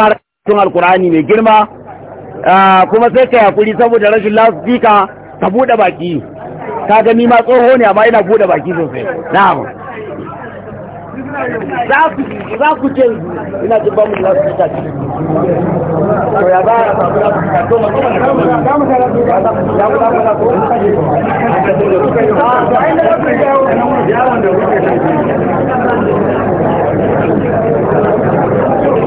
fara tun alkur'ani mai girma kuma sai ka yakuri saboda rashin lafika ka buɗe baki ka gani ma tsoho ne amma ina buɗe baki sosai na abu za ku ce ina ji ba mu lasfika to ya ya ba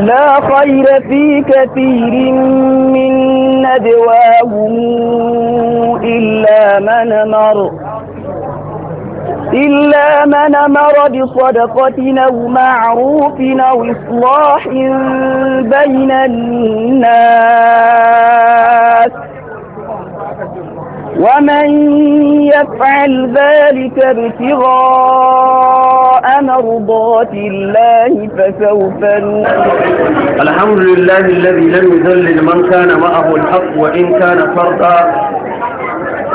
لا خير في كثير من ندواهم إلا من مر إلا من مر بصدقة أو معروف أو إصلاح بين الناس ومن يفعل ذلك ابتغاء مرضات الله فسوف الحمد لله الذي لم يذلل من كان معه الحق وإن كان فرقا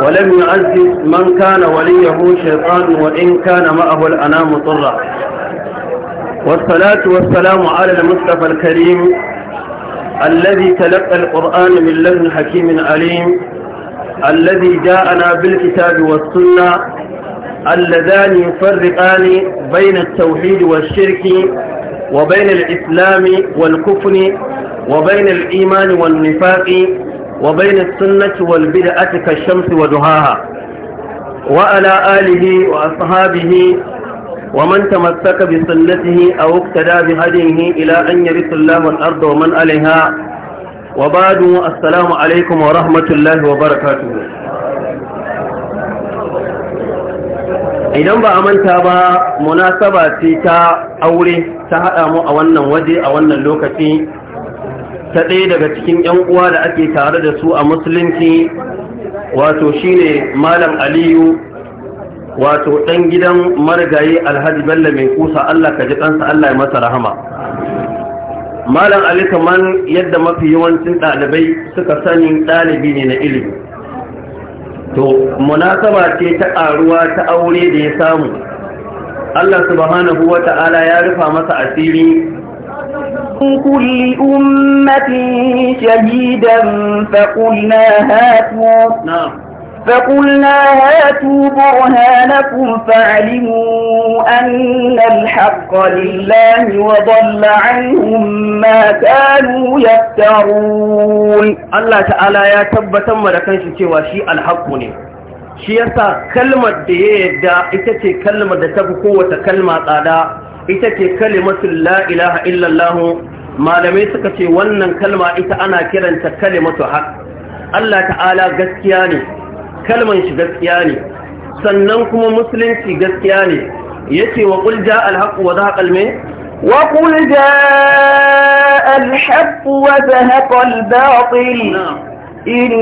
ولم يعزز من كان وليه شيطان وإن كان معه الأنام طرا والصلاة والسلام على المصطفى الكريم الذي تلقى القرآن من لدن حكيم عليم الذي جاءنا بالكتاب والسنة اللذان يفرقان بين التوحيد والشرك وبين الإسلام والكفر وبين الإيمان والنفاق وبين السنة والبدعة كالشمس ودهاها وعلى آله وأصحابه ومن تمسك بسنته أو اقتدى بهديه إلى أن يرث الله الأرض ومن عليها wa badu assalamu alaikum wa rahmatullahi wa barakatuhu idan ba a manta ba munasaba ce ta aure ta haɗa mu a wannan waje a wannan lokaci ta ɗaya daga cikin 'yan uwa da ake tare da su a musulunci wato shine malam aliyu wato dan gidan marigayi alhaji bello mai kusa allah ka ji ɗansa allah ya masa rahama malam ali kaman yadda mafi yawancin ɗalibai suka sani ɗalibi ne na ilimi to munasaba ce ta ƙaruwa ta aure da ya samu Allah subhanahu wa ta'ala ya rufa masa asiri كل أمة شهيدا فقلنا هاتوا نعم فقلنا هاتوا برهانكم فعلموا أن الحق لله وضل عنهم ما كانوا يفترون الله تعالى يا تبتا ملكان شكوا شيء الحق ne shi yasa kalmar da ya yadda ita ce kalmar da ta fi kowace kalma tsada ita ce kalimatul la ilaha illallah malamai suka ce wannan kalma ita ana kiranta kalimatu haq Allah ta'ala gaskiya ne kalman shi gaskiya ne sannan kuma musulunci gaskiya ne yace wa qul jaa al-haq wa zahaqa al-mai wa qul jaa al-haq wa zahaqa al-batil إن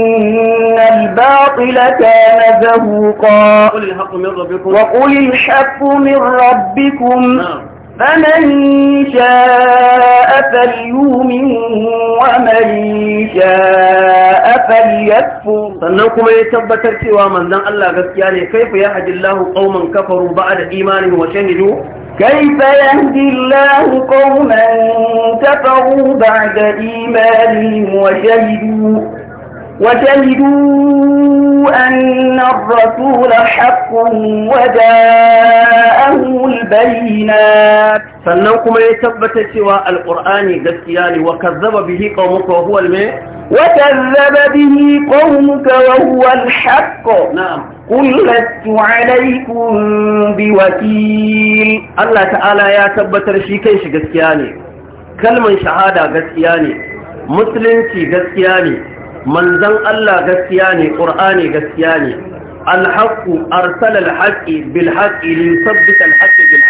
الباطل كان زهوقا وقل الحق من ربكم فمن شاء فليؤمن ومن شاء فليكفر sannan kuma ya tabbatar cewa manzon Allah gaskiya ne kaifa ya hadillahu qauman kafaru ba'da imanin wa shahidu كيف يهدي الله قوما كفروا بعد إيمانهم وشهدوا وشهدوا أن الرسول حق وجاءه البينات سنوكم يثبت سوى القرآن قسيان وكذب به قومك وهو الماء وكذب به قومك وهو الحق نعم قل لست عليكم بوكيل الله تعالى يا ثبت رشيكيش قسياني كلمة شهادة قسياني مسلمتي قسياني manzan Allah gaskiya ne ƙur'ani gaskiya ne alhaku arsala alhaqi bil haqi li yusabbita alhaqi bil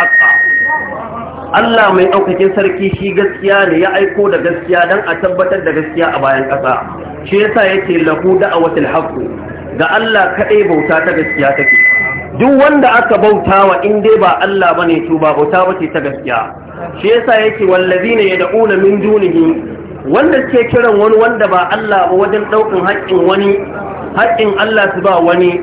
Allah mai ɗaukakin sarki shi gaskiya ne ya aiko da gaskiya dan a tabbatar da gaskiya a bayan ƙasa shi yasa yake lahu da'awatul haqq ga Allah kaɗai bauta ta gaskiya take duk wanda aka bautawa in dai ba Allah bane to ba bauta bace ta gaskiya shi yasa yake ya yad'una min dunihi wanda ke kiran wani wanda ba Allah ba wajen ɗaukan haƙƙin wani haƙƙin Allah su ba wani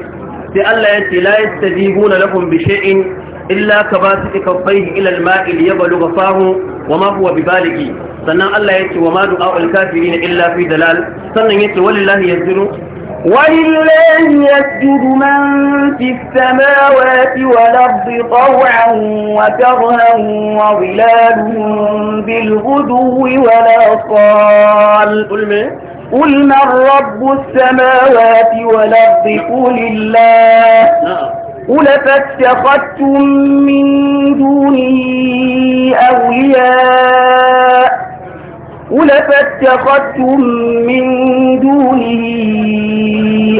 sai Allah ya ce la yastajibu lakum bi shay'in illa ka ba su kaffaihi ila al-ma'i liyablugha fahu wa ma huwa bibaligi, sannan Allah ya ce wa ma du'a al-kafirin illa fi dalal sannan ya ce wallahi yazinu ولله يسجد من في السماوات والأرض طوعا وكرها وظلال بالغدو ولا صال قل من رب السماوات والأرض قل الله نعم. قل فاتخذتم من دونه أولياء قل فاتخذتم من دونه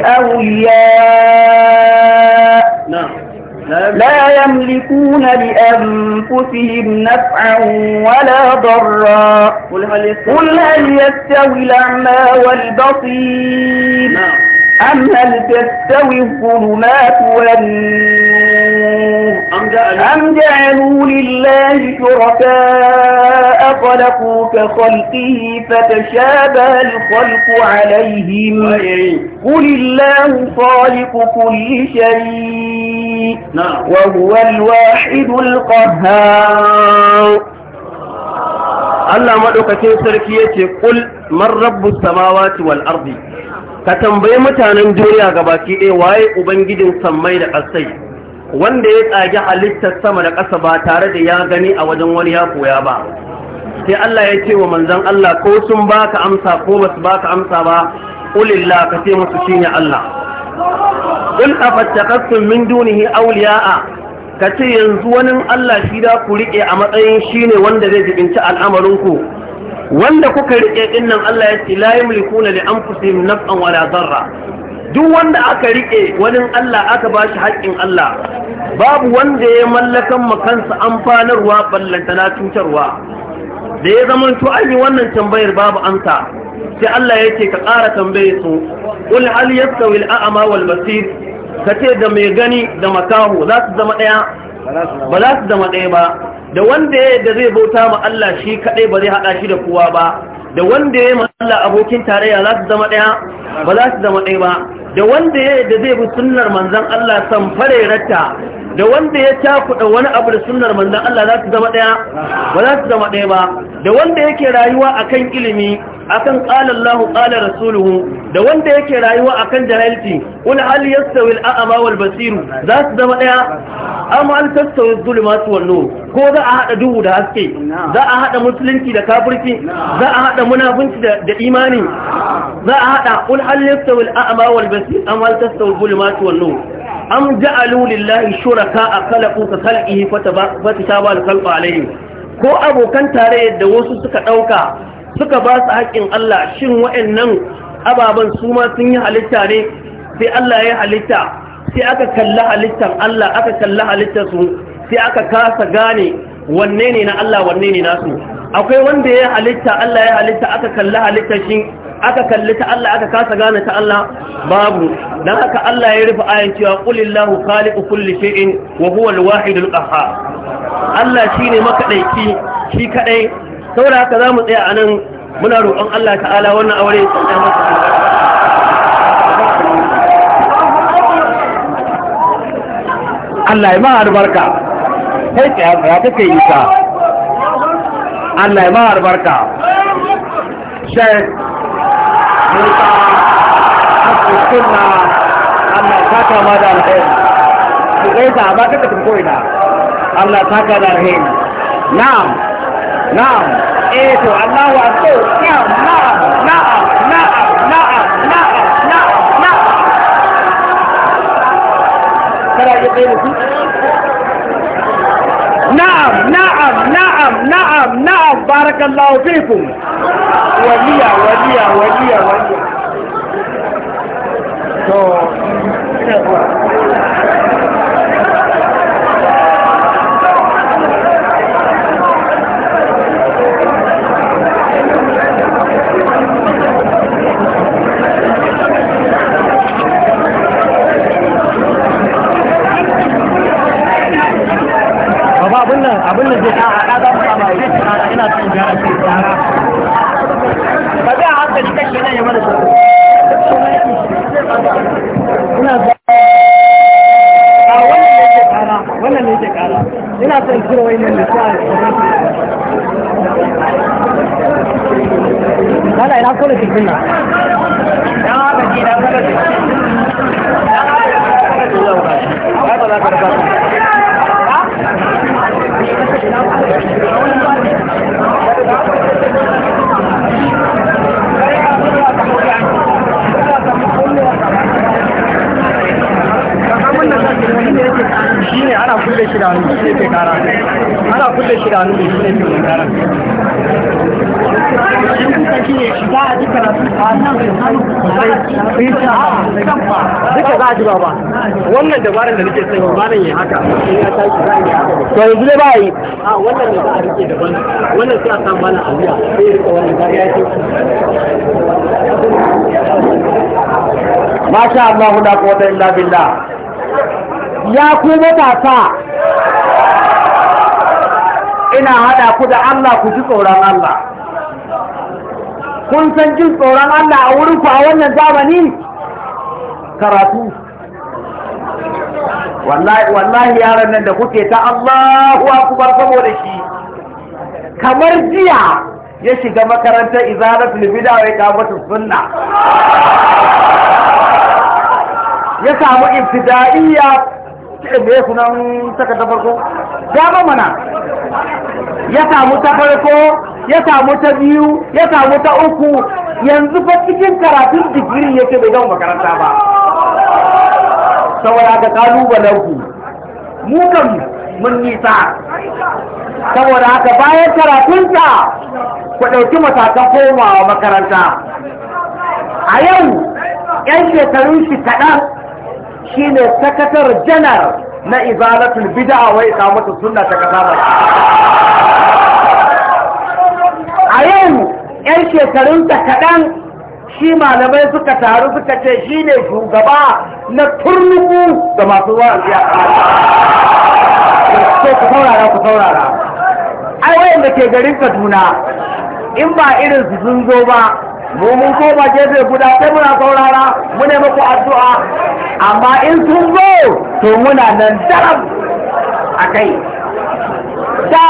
أولياء نعم. لا يملكون لأنفسهم نفعا ولا ضرا قل هل يستوي الأعمى والبصير نعم. أم هل تستوي الظلمات والنور أم جعلوا لله شركاء خلقوا كخلقه فتشابه الخلق عليهم قل الله خالق كل شيء وهو الواحد القهار Allah maɗaukakin sarki ya ce ƙul man rabbu samawati wal ardi ka tambayi mutanen duniya ga baki ɗaya waye ubangijin sammai da ƙasai wanda ya tsage halittar sama da ƙasa ba tare da ya gani a wajen wani ya koya ba sai Allah ya ce wa manzon Allah ko sun baka amsa ko ba su baka amsa ba ulillah ka ce musu shine Allah in afattaqtum min dunihi awliya'a ka ce yanzu wani Allah shi da ku rike a matsayin shine wanda zai jibinci al'amarin ku wanda kuka rike dinnan Allah ya ce la yamlikuna li anfusihim naf'an wala darra duk wanda aka rike wani Allah aka ba shi haƙƙin Allah babu wanda ya mallakan makansa amfanarwa ballantana cutarwa da ya zama to an yi wannan tambayar babu amsa sai Allah yake ka ƙara tambaye su ul hal yastawi al-a'ma wal basir kace da mai gani da makaho za su zama ɗaya ba za su zama ɗaya ba da wanda ya da zai bauta ma Allah shi kaɗai ba zai haɗa shi da kowa ba da wanda ya yi Allah abokin tarayya za su zama ɗaya ba za su zama ɗaya ba da wanda ya da zai bi sunnar manzan Allah san ratta. da wanda ya cakuɗa wani abu da sunnar manzan Allah za su zama ɗaya ba za su zama ɗaya ba da wanda yake rayuwa akan ilimi akan qala Lahu qala rasuluhu da wanda yake rayuwa akan jahilci ul hal yastawi al a'ma wal basir za su zama ɗaya amma al tastawi al zulumat wal nur ko za a hada duhu da haske za a hada musulunci da kafirci za a hada munafunci da imani za a hada ul hal yastawi al a'ma wal basir amma al tastawi al zulumat wal nur am ja'alu lillahi shuraka a khalaqu ka khalqihi fatashaba al-khalqu alayhi ko abokan tare da wasu suka ɗauka, suka ba su haƙin Allah shin waɗannan ababan su ma sun yi halitta ne sai Allah ya halitta sai aka kalla halittar Allah aka kalla halittar su sai aka kasa gane wanne ne na Allah wanne ne nasu akwai wanda ya halitta Allah ya halitta aka kalla halittar shi aka kalli ta Allah aka kasa gane ta Allah babu dan haka Allah ya rufe ayan cewa qulillahu khaliqu kulli shay'in wa huwa al-wahid al-qahhar Allah shine makadaici shi kadai saboda haka zamu tsaya anan muna roƙon Allah ta'ala wannan aure ya tsaya masa Allah ya ma albarka sai tsaya tsaya kake yi ka Allah ya ma albarka Sheikh musa masu suna allah ta da alheri na'am na'am eh to allahu akbar na'am na'am na'am na'am na'am na'am na'am na'am kana ji tsaye da na'am na'am na'am na'am na'am barakallahu fikum waliya waliya waliya waliya to wannan dabarar da nake sai malam ya haka in ya tashi za ya haka to yanzu dai ba yi a wannan ne za a rike daban wannan sai a samu malam aliya sai ya rika wannan zariya ce masha Allah la quwwata illa billah ya ku matasa ina hada ku da Allah ku ji tsoron Allah kun san jin tsoron Allah a wurin ku a wannan zamani karatu wallahi yaran nan da kuke ta Allahu akbar saboda shi kamar jiya ya shiga makarantar izalatul bid'a wa iqamatus sunna ya samu ibtida'iyya eh, me sunan saka ta farko dama mana ya samu ta farko ya samu ta biyu ya samu ta uku yanzu fa cikin karatun digiri yake bai gama makaranta ba saboda aka kalubalen ku mu kan mun nisa saboda haka bayan karatunta ku ɗauki matakan komawa makaranta a yau 'yan shekarun shi kaɗan shi ne sakatar janar na izalatul bid'a wa iqamatu sunna ta kasa a yau 'yan shekarun ta kaɗan shi malamai suka taru suka ce shi ne shugaba na turnuku da masu ruwa a so ku saurara ku saurara ai da ke garin kaduna in ba irin su sun zo ba mu mun koma zai guda sai muna saurara mu ne muku addu'a amma in sun zo to muna nan daram a kai da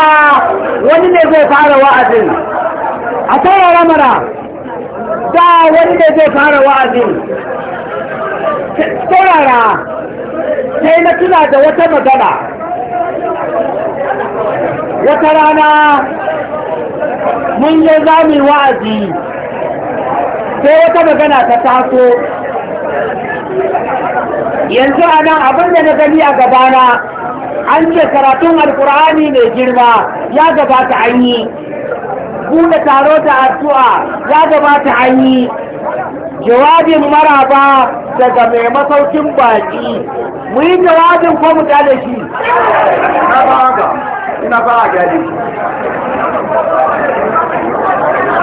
wani ne zai fara wa'azin a saurara mana ba wanda zai fara wa'azi tsorara sai na tuna da wata magana wata rana mun yi zami wa'azi sai wata magana ta taso yanzu a nan abin da na gani a gabana an ce karatun alkur'ani mai girma ya gabata an yi buɗe taro da addu'a ya gabata an yi jawabin maraba daga mai masaukin baki mu yi jawabin ko mu da shi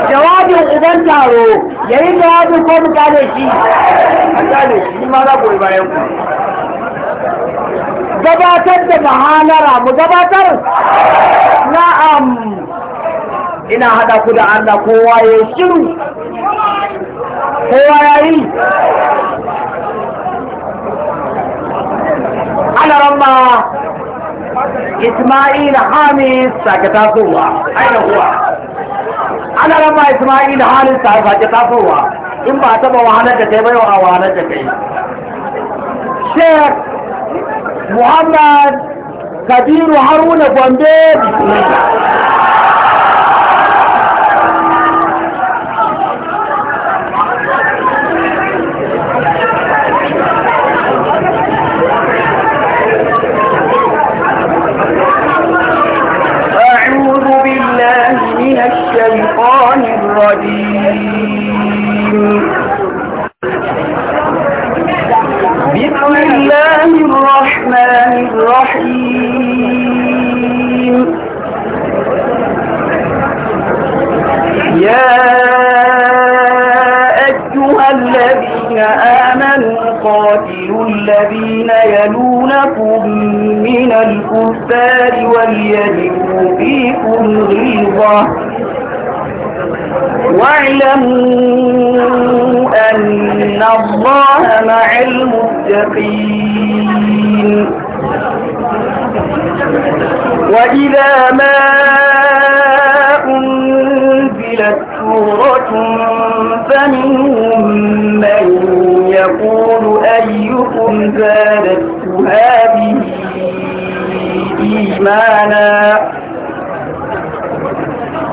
jawabin idan taro ya yi jawabin ko mu da shi da shi gabatar da mahalara mu gabatar na'am ina hada ku da Allah kowa ya shiru kowa ya yi ana ramma Ismail Hamis sake tasowa aina kuwa ana ramma Ismail Hamis sake tasowa in ba taba wahalar da kai bai wa wahalar da kai Sheikh Muhammad Kabiru Haruna Gombe bismillah يا أيها الذين آمنوا قاتلوا الذين يلونكم من الكفار وليجدوا فيكم غيظة واعلموا أن الله مع المتقين وإذا ما سورة فمنهم من يقول أيكم زادت هذه إيمانا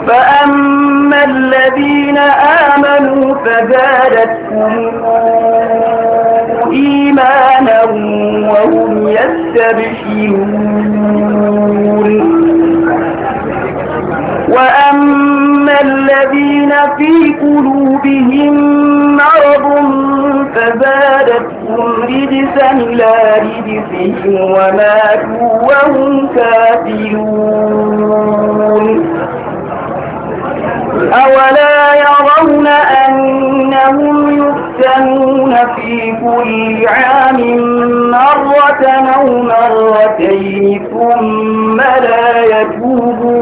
فأما الذين آمنوا فزادتهم إيمانا وهم يستبشرون وأما الذين في قلوبهم مرض فزادتهم رجسا إلى رجسهم وماتوا وهم كافرون أولا يرون أنهم يفتنون في كل عام مرة أو مرتين ثم لا يتوبون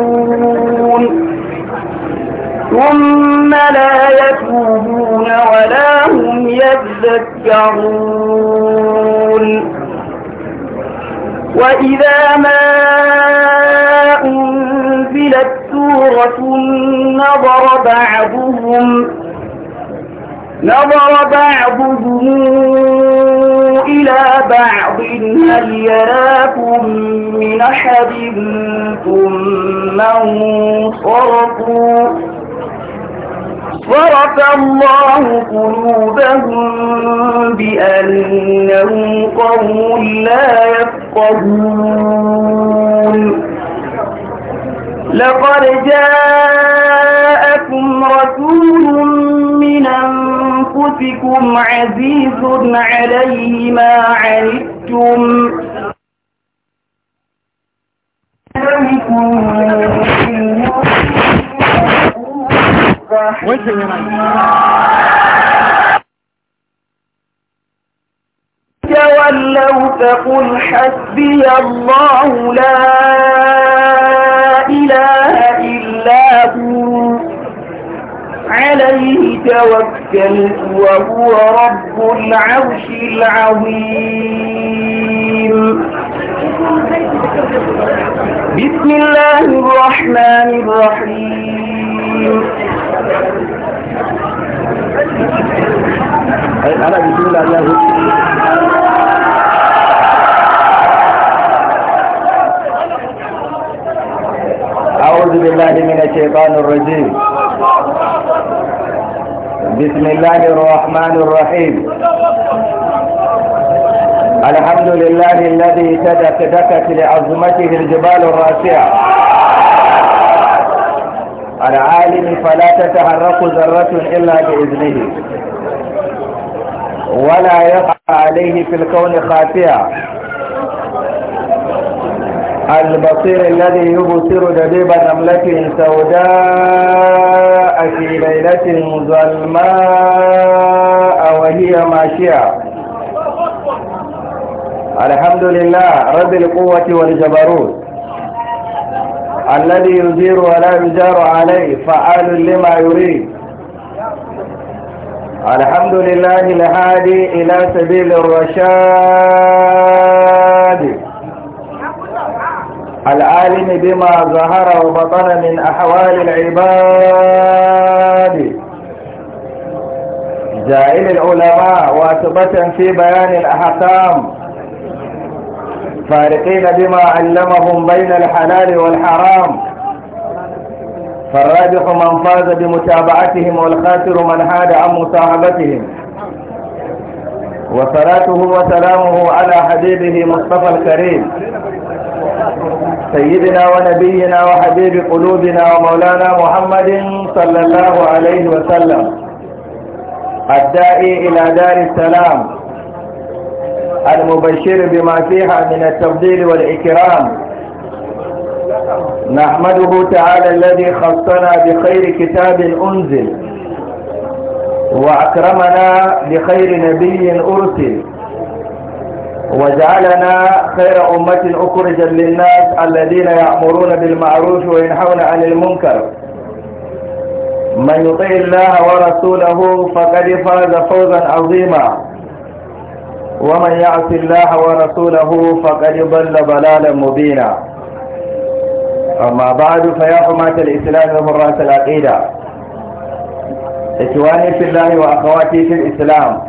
ثم لا يتوبون ولا هم يذكرون وإذا ما أنزلت سورة نظر بعضهم نظر بعضهم إلى بعض هل يراكم من أحد ثم انصرفوا صرف الله قلوبهم بأنهم قوم لا يفقهون لقد جاءكم رسول من أنفسكم عزيز عليه ما عنتم واحد تولوا فقل حسبي الله لا إله إلا هو عليه توكلت وهو رب العرش العظيم بسم الله الرحمن الرحيم أنا بسم الله أعوذ بالله من الشيطان الرجيم بسم الله الرحمن الرحيم الحمد لله الذي تدكدكت لعظمته الجبال الراسعه العالم فلا تتحرك ذرة إلا بإذنه ولا يقع عليه في الكون خافية البصير الذي يبصر دبيب نملة سوداء في ليلة ظلماء وهي ماشية الحمد لله رب القوة والجبروت الذي يجير ولا يجار عليه فعال لما يريد الحمد لله الهادي إلى سبيل الرشاد العالم بما ظهر وبطن من أحوال العباد جائل العلماء واسبة في بيان الأحكام فارقين بما علمهم بين الحلال والحرام فالراجح من فاز بمتابعتهم والخاسر من حاد عن مصاحبتهم وصلاته وسلامه على حبيبه مصطفى الكريم سيدنا ونبينا وحبيب قلوبنا ومولانا محمد صلى الله عليه وسلم الداعي إلى دار السلام المبشر بما فيها من التفضيل والإكرام نحمده تعالى الذي خصنا بخير كتاب أنزل وأكرمنا بخير نبي أرسل وجعلنا خير أمة أخرجا للناس الذين يأمرون بالمعروف وينحون عن المنكر من يطيع الله ورسوله فقد فاز فوزا عظيما ومن يعص الله ورسوله فقد ضل ضلالا مبينا أما بعد فيا حماة الإسلام ومرات العقيدة إخواني في الله وأخواتي في الإسلام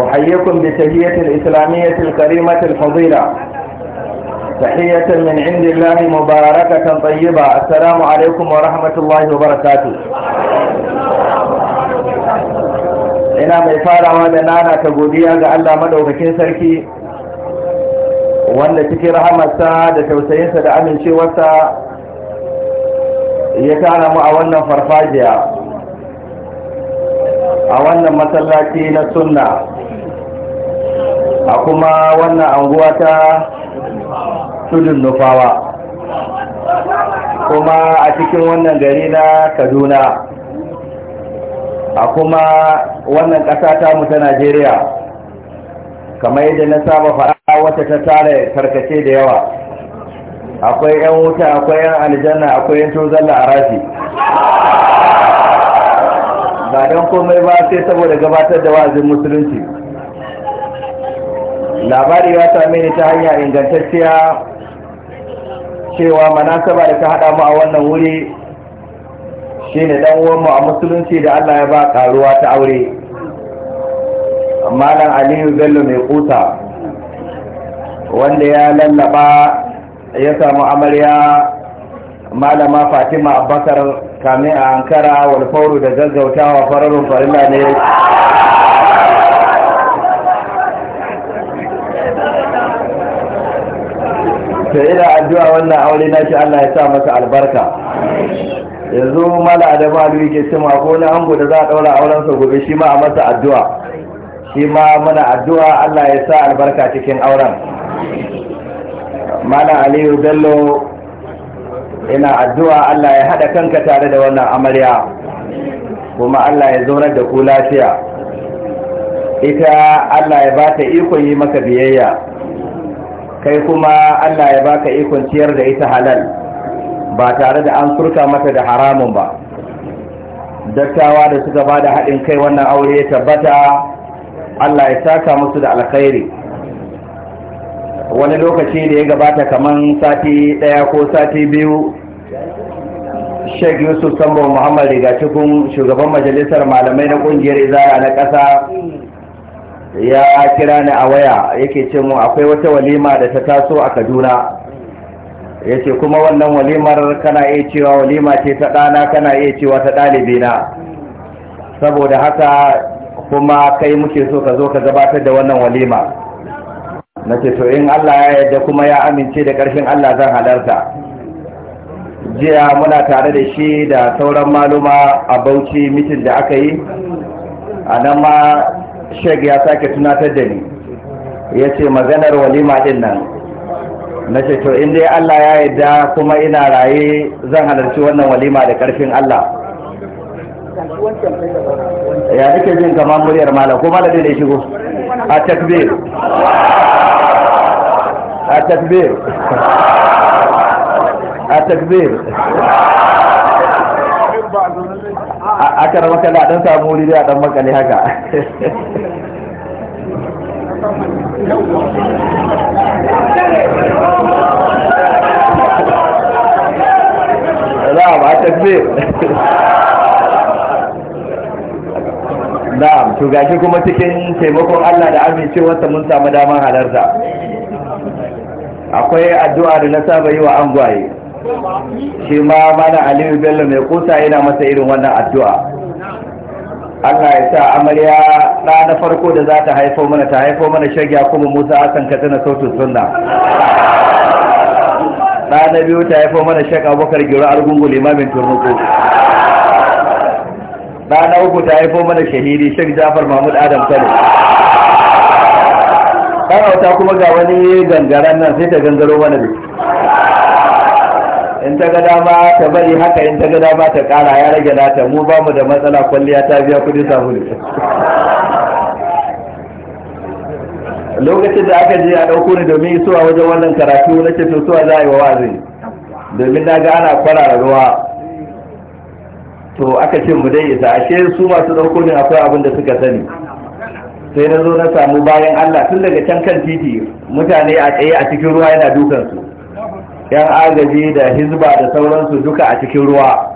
أحييكم بتحية الإسلامية الكريمة الفضيلة تحية من عند الله مباركة طيبة السلام عليكم ورحمة الله وبركاته ina mai farawa da nana ta godiya ga Allah madaukakin sarki wanda cikin rahamarsa da tausayinsa da amincewarsa ya tara mu a wannan farfajiya a wannan masallaci na sunna a kuma wannan anguwa ta tudun nufawa kuma a cikin wannan gari na kaduna a kuma wannan ƙasa tamu ta najeriya kamar yadda na saba faɗa wata ta tare karkace da yawa akwai 'yan wuta akwai 'yan aljanna akwai 'yan tozalla a rafi ba don komai ba sai saboda gabatar da wa'azin musulunci labari ya same ni ta hanya ingantacciya cewa manasaba da ta haɗa mu a wannan wuri ne dan mu a musulunci da Allah ya ba karuwa ta aure amma nan Aliyu Bello mai kuta wanda ya lallaba ya samu amarya malama Fatima Abbasar kamin a Ankara walfauru da gaggautawa fararun farilla ne ta ina addu'a wannan aure na shi Allah ya sa masa albarka yanzu mala da malu yake ce ko na ango da za a daura auren sa gobe shi ma a masa addu'a shi ma muna addu'a Allah ya sa albarka cikin auren mala aliyu bello ina addu'a Allah ya hada kanka tare da wannan amarya kuma Allah ya zaunar da ku lafiya ita Allah ya bata ikon yi maka biyayya kai kuma Allah ya baka ikon ciyar da ita halal ba tare da an surka mata da haramun ba dattawa da suka ba da haɗin kai wannan aure ya tabbata Allah ya saka musu da alkhairi wani lokaci da ya gabata kamar sati ɗaya ko sati biyu sheik yusuf sambo muhammad riga cikin shugaban majalisar malamai na ƙungiyar Izaya na ƙasa ya kira ni a waya yake ce mu akwai wata walima da ta taso a kaduna ya ce kuma wannan walimar kana iya cewa walima ce ta ɗana kana iya cewa ta ɗalibina saboda haka kuma kai muke so ka zo ka gabatar da wannan walima na ce in Allah ya yarda kuma ya amince da ƙarshen Allah zan halarta jiya muna tare da shi da sauran maluma a bauchi mitin da aka yi a nan ma shek ya sake tunatar da ni ya ce maganar walima din nan na ce to in dai Allah ya da kuma ina raye zan halarci wannan walima da karfin Allah ya nake jin gama muryar malam ko malam ne shigo a takbir a takbir a takbir a kara da dan samu wuri a dan makali haka na'am a to gashi kuma cikin taimakon Allah da amincewarsa mun samu damar halarta akwai addu'a da na saba yi wa angwaye shi ma mana aliyu bello mai kusa yana masa irin wannan addu'a Allah ya sa amarya ɗa na farko da za ta haifo mana ta haifo mana shagya kuma Musa Hassan Katsina sautin sunna ɗa na biyu ta haifo mana shek Abubakar Giro Argungu limamin turnuku ɗa na uku ta haifo mana shahidi Sheikh Jafar Mahmud Adam Kano ɗan auta kuma ga wani gangaren nan sai ta gangaro mana da in ta ga dama ta bari haka in ta ga dama ta kara ya rage nata mu ba mu da matsala kwalliya ta biya kudi sabulu lokacin da aka je a ɗauko ni domin isuwa wajen wannan karatu na ce to suwa za a yi wa wazi domin na ga ana kwarara ruwa to aka ce mu dai isa ashe su masu ɗauko ni akwai abin da suka sani sai na zo na samu bayan allah tun daga can kan titi mutane a tsaye a cikin ruwa yana dukansu yan agaji da hizba da sauransu duka a cikin ruwa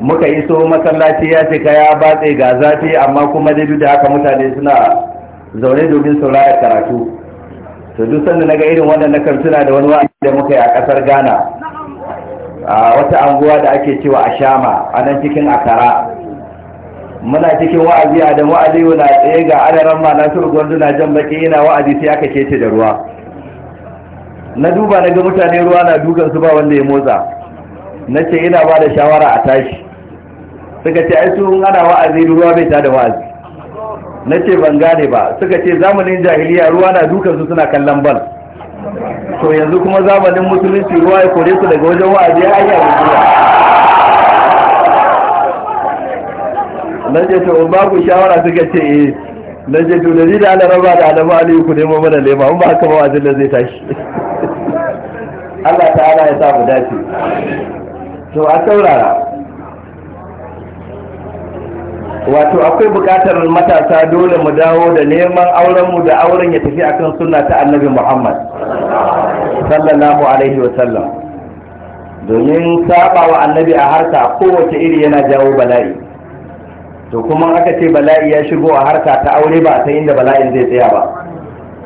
muka iso masallaci ya ka ya batse ga zafi amma kuma dai da haka mutane suna zaune domin saurayar karatu to duk sanda na ga irin wannan na tuna da wani wa'azi da muka yi a kasar ghana a wata anguwa da ake cewa ashama a nan cikin akara muna cikin wa'azi a da na tsaye ga adaran ma na turgon na jan baki yana wa'azi sai aka kece da ruwa na duba na ga mutane ruwa na dukan su ba wanda ya motsa na ce ina ba da shawara a tashi suka ce ai in ana wa'azi ruwa bai ta da wa'azi na ce ban gane ba suka ce zamanin jahiliya ruwa na dukan su suna kallon bal to yanzu kuma zamanin musulunci ruwa ya kore su daga wajen wa'azi ya ayya na ce to ba ku shawara suka ce eh na ce to da ni da ana raba da alama aliyu ku mu mana lema in ba haka ba wa'azin da zai tashi Allah ta'ala ya sa mu dace to a saurara wato akwai bukatar matasa dole mu dawo da neman auren da auren ya tafi akan sunna ta annabi Muhammad sallallahu alaihi wa sallam domin saba wa annabi a harka kowace iri yana jawo bala'i to kuma aka ce bala'i ya shigo a harka ta aure ba a san inda bala'in zai tsaya ba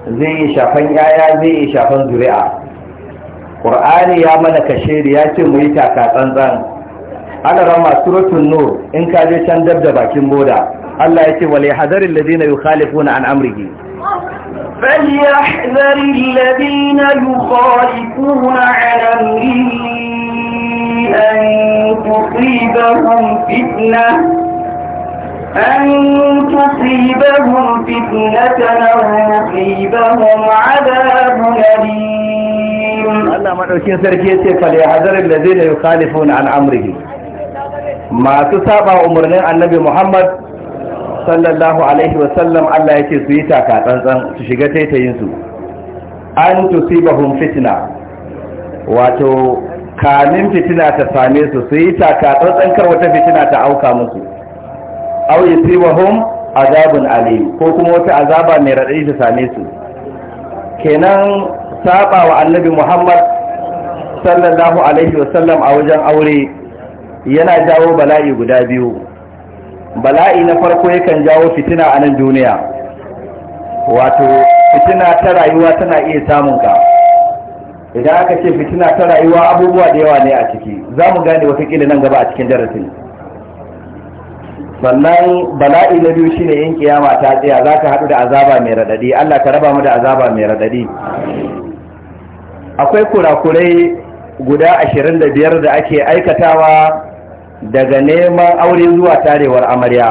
zai yi shafan yaya zai yi shafan zuri'a ƙur'ani ya mana kashe da ya ce mu yi taka tsantsan ana rama suratun nur in ka je can dab da bakin boda Allah ya ce wale hadarin ladina yukhalifuna an amrihi فليحذر الذين يخالفون عن أمره أن تصيبهم فتنة أن تصيبهم فتنة أو يصيبهم عذاب أليم Allah madaukin sarki yace fal hadar allazina yukhalifuna an amrihi masu saba umarnin annabi Muhammad sallallahu alaihi wa sallam Allah yace su yi taka tsantsan su shiga taitayin su an tusibahum fitna wato kamin fitina ta same su su yi taka tsantsan kar wata fitina ta auka musu aw yusibahum azabun alim ko kuma wata azaba mai radadi ta same su kenan saba wa annabi muhammad sallallahu alaihi wasallam a wajen aure yana jawo bala'i guda biyu bala'i na farko yakan jawo fitina a nan duniya wato fitina ta rayuwa tana iya samun ka idan aka ce fitina ta rayuwa abubuwa da yawa ne a ciki za mu gane watakila nan gaba a cikin darasin sannan bala'i na biyu shine yin kiyama ta tsaya za ka haɗu da azaba mai raɗaɗi allah ka raba mu da azaba mai raɗaɗi akwai kurakurai guda ashirin da biyar da ake aikatawa daga neman aure zuwa tarewar amarya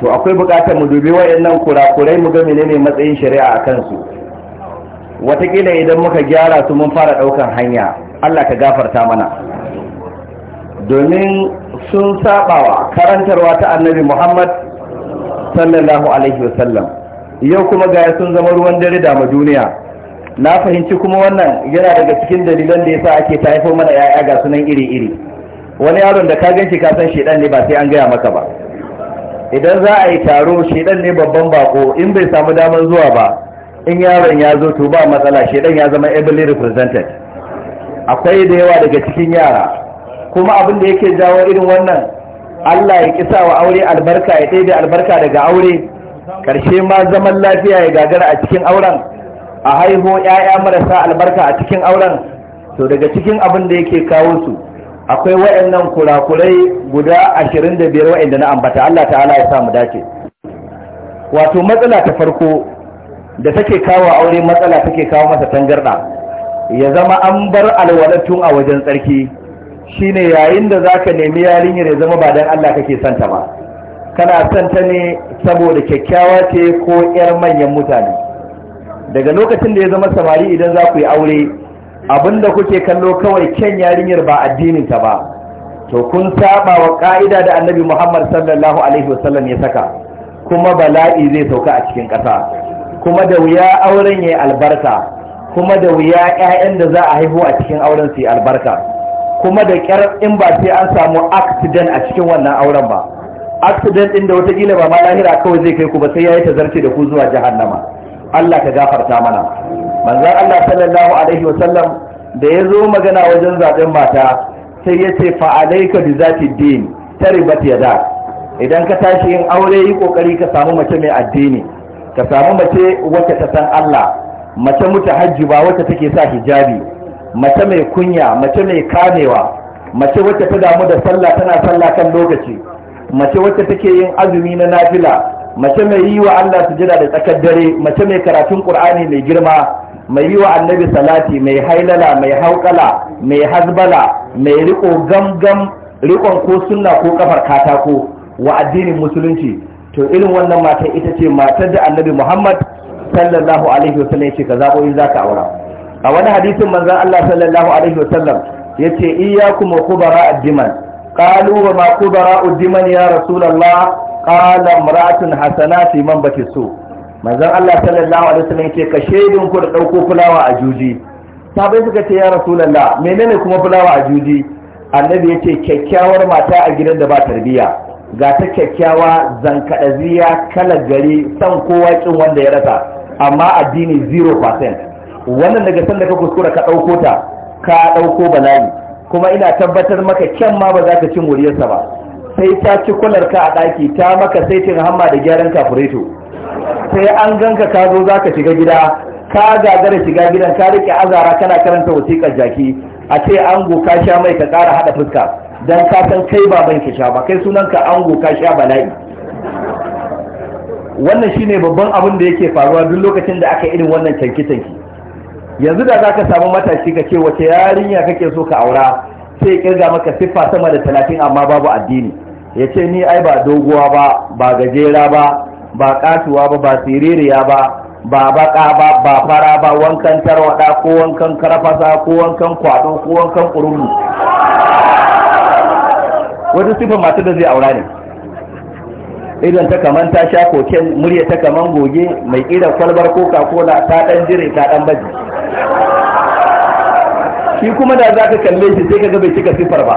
to akwai bukatar mu dubi wayannan kurakurai mu ga menene matsayin shari'a a kansu watakila idan muka gyara su mun fara ɗaukar hanya Allah ka gafarta mana domin sun sabawa karantarwa ta annabi Muhammad sallallahu alaihi wasallam yau kuma ga sun zama ruwan dare da duniya na fahimci kuma wannan yana daga cikin dalilan da ya yasa ake ta haifo mana yaya ga sunan iri-iri wani yaron da ka ganshi ka san shedan ne ba sai an gaya maka ba idan za a yi taro shedan ne babban bako in bai samu damar zuwa ba in yaron ya zo to ba matsala shedan ya zama ably represented akwai da yawa daga cikin yara kuma abin da yake jawo irin wannan Allah ya kisa wa aure albarka ya ɗaya albarka daga aure Karshe ma zaman lafiya ya gagara a cikin auren a haiho 'ya'ya marasa albarka a cikin auren to daga cikin abin da yake kawo su akwai wa’yannan kurakurai guda ashirin da na ambata Allah ta'ala ya samu dace wato matsala ta farko da take kawo aure matsala take kawo masa tangarda ya zama an bar alwalatun a wajen tsarki shine yayin da zaka nemi yarinyar ya zama ba dan Allah kake santa ba kana ta ne saboda kyakkyawa ce ko 'yar manyan mutane daga lokacin da ya zama samari idan za ku yi aure abinda kuke kallo kawai kyan yarinyar ba ta ba to kun saba wa ka'ida da annabi muhammad sallallahu alaihi wasallam ya saka kuma bala'i zai sauka a cikin ƙasa kuma da wuya auren ya albarka kuma da wuya 'ya'yan da za a haihu a cikin auren su albarka kuma da ƙyar in ba sai an samu accident a cikin wannan auren ba accident ɗin da watakila ba ma lahira kawai zai kai ku ba sai ya yi tazarce da ku zuwa jahannama Allah ka gafarta mana manzon Allah sallallahu alaihi wasallam da ya zo magana wajen zaben mata sai ya ce fa alaika bi zati din taribat yada idan ka tashi yin aure yi kokari ka samu mace mai addini ka samu mace wacce ta san Allah mace ba wacce take sa hijabi mace mai kunya mace mai kamewa mace wacce ta damu da sallah tana sallah kan lokaci mace wacce take yin azumi na nafila mace mai yi wa Allah sujada da tsakar dare mace mai karatun Qur'ani mai girma mai yi wa annabi salati mai hailala mai haukala mai hazbala mai riko gamgam rikon ko sunna ko kafar katako wa addinin musulunci to irin wannan mata ita ce matar da annabi Muhammad sallallahu alaihi wasallam ya ce ka zabo in zaka aura a wani hadisin manzon Allah sallallahu alaihi wasallam yace iyyakum wa kubara ad-diman qalu wa ma kubara ad-diman ya rasulullah qala Hassana hasana fi man bati so manzon Allah sallallahu alaihi wasallam ke ka shedin ku da dauko fulawa a juji sabai suka ce ya rasulullah menene kuma fulawa a juji annabi yace kyakkyawar mata a gidan da ba tarbiya ga ta kyakkyawa zankadaziya kala gari san kowa kin wanda ya rasa amma addini 0% wannan daga san da ka kuskura ka dauko ta ka dauko bala'i kuma ina tabbatar maka kyan ma ba za ka cin wuriyarsa ba sai ta ci kwalarka a ɗaki ta maka saitin hamma da gyaran kafureto sai an ganka ka zo za ka shiga gida ka gagara shiga gidan ka rike azara kana karanta wasiƙar jaki a ce ango ka sha mai ka ƙara haɗa fuska don ka san kai Baban ki sha ba kai sunanka ango ka sha bala'i wannan shine babban abin da yake faruwa duk lokacin da aka irin wannan canki-canki yanzu da za ka samu matashi ka ce wace yarinya kake so ka aura sai kirga maka siffa sama da talatin amma babu addini ya ce ni ai ba doguwa ba ba gajera ba ba kasuwa ba ba siririya ba ba baka ba ba fara ba wankan tarwada ko wankan karfasa ko wankan kwado ko wankan kurulu wata siffa masu da zai aura ne idan ta kaman ta sha koken murya ta kaman goge mai kira kwalbar koka-kola, ta ɗan jire ta ɗan baji shi kuma da za ka kalle shi sai ka ga bai cika sifar ba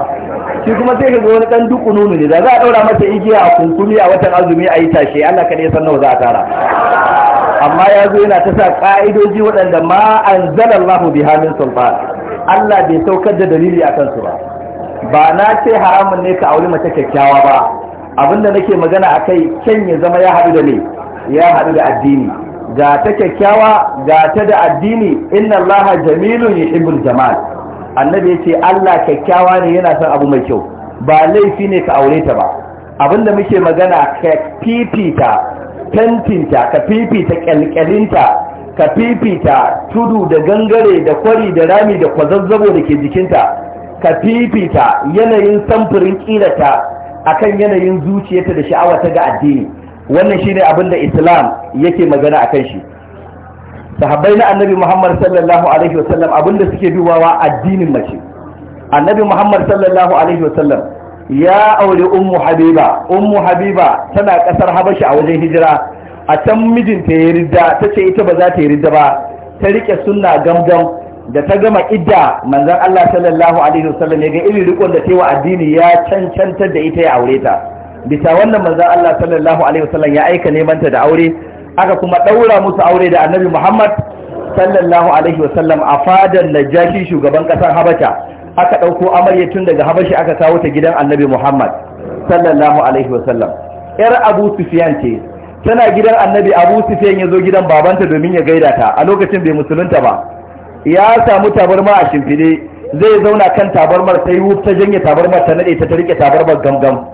shi kuma sai ka ga wani dan duku nunu ne da za a daura masa igiya a kunkumi a watan azumi a yi tashe Allah kada ya san nawa za a tara amma ya zo yana ta sa ka'idoji waɗanda ma anzalallahu biha min sultan Allah bai saukar da dalili a kansu ba ba na ce haramun ne ka auri mace kyakkyawa ba abinda nake magana akai kyan ya zama ya haɗu da ne ya haɗu da addini ga ta kyakkyawa ga ta da addini inna allaha jamilun yuhibbul jamal annabi ya ce Allah kyakkyawa ne yana son abu mai kyau ba laifi ne ka aure ta ba abinda muke magana ka fifita tantinta ka fifita kyalkyalinta ka fifita tudu da gangare da kwari da rami da kwazazzabo da ke jikinta ka fifita yanayin samfurin kilata akan yanayin zuciyarta da sha'awa ta ga addini wannan shine abin da islam yake magana a kan shi sahabbai na annabi muhammad sallallahu alaihi wasallam abinda suke dubawa addinin mace annabi muhammad sallallahu alaihi wasallam ya aure ummu habiba ummu habiba tana kasar habasha a wajen hijira a can mijinta ya ridda ta ce ita ba za ta yi ridda ba ta rike sunna gamgam da ta gama idda manzon Allah sallallahu alaihi wasallam ya ga irin rikon da taiwa addini ya cancantar da ita ya aure ta bisa wannan manzon Allah sallallahu alaihi wasallam ya aika neman ta da aure aka kuma ɗaura musu aure da annabi Muhammad sallallahu alaihi wasallam a fadar najashi shugaban ƙasar Habasha aka ɗauko amarya tun daga Habashi aka kawo ta gidan annabi Muhammad sallallahu alaihi wasallam ƴar Abu Sufyan ce tana gidan annabi Abu Sufyan ya zo gidan babanta domin ya gaida ta a lokacin bai musulunta ba ya samu tabarma a shimfide zai zauna kan tabarmar sai wuf ta janye tabarmar ta nade ta ta rike tabarmar gamgam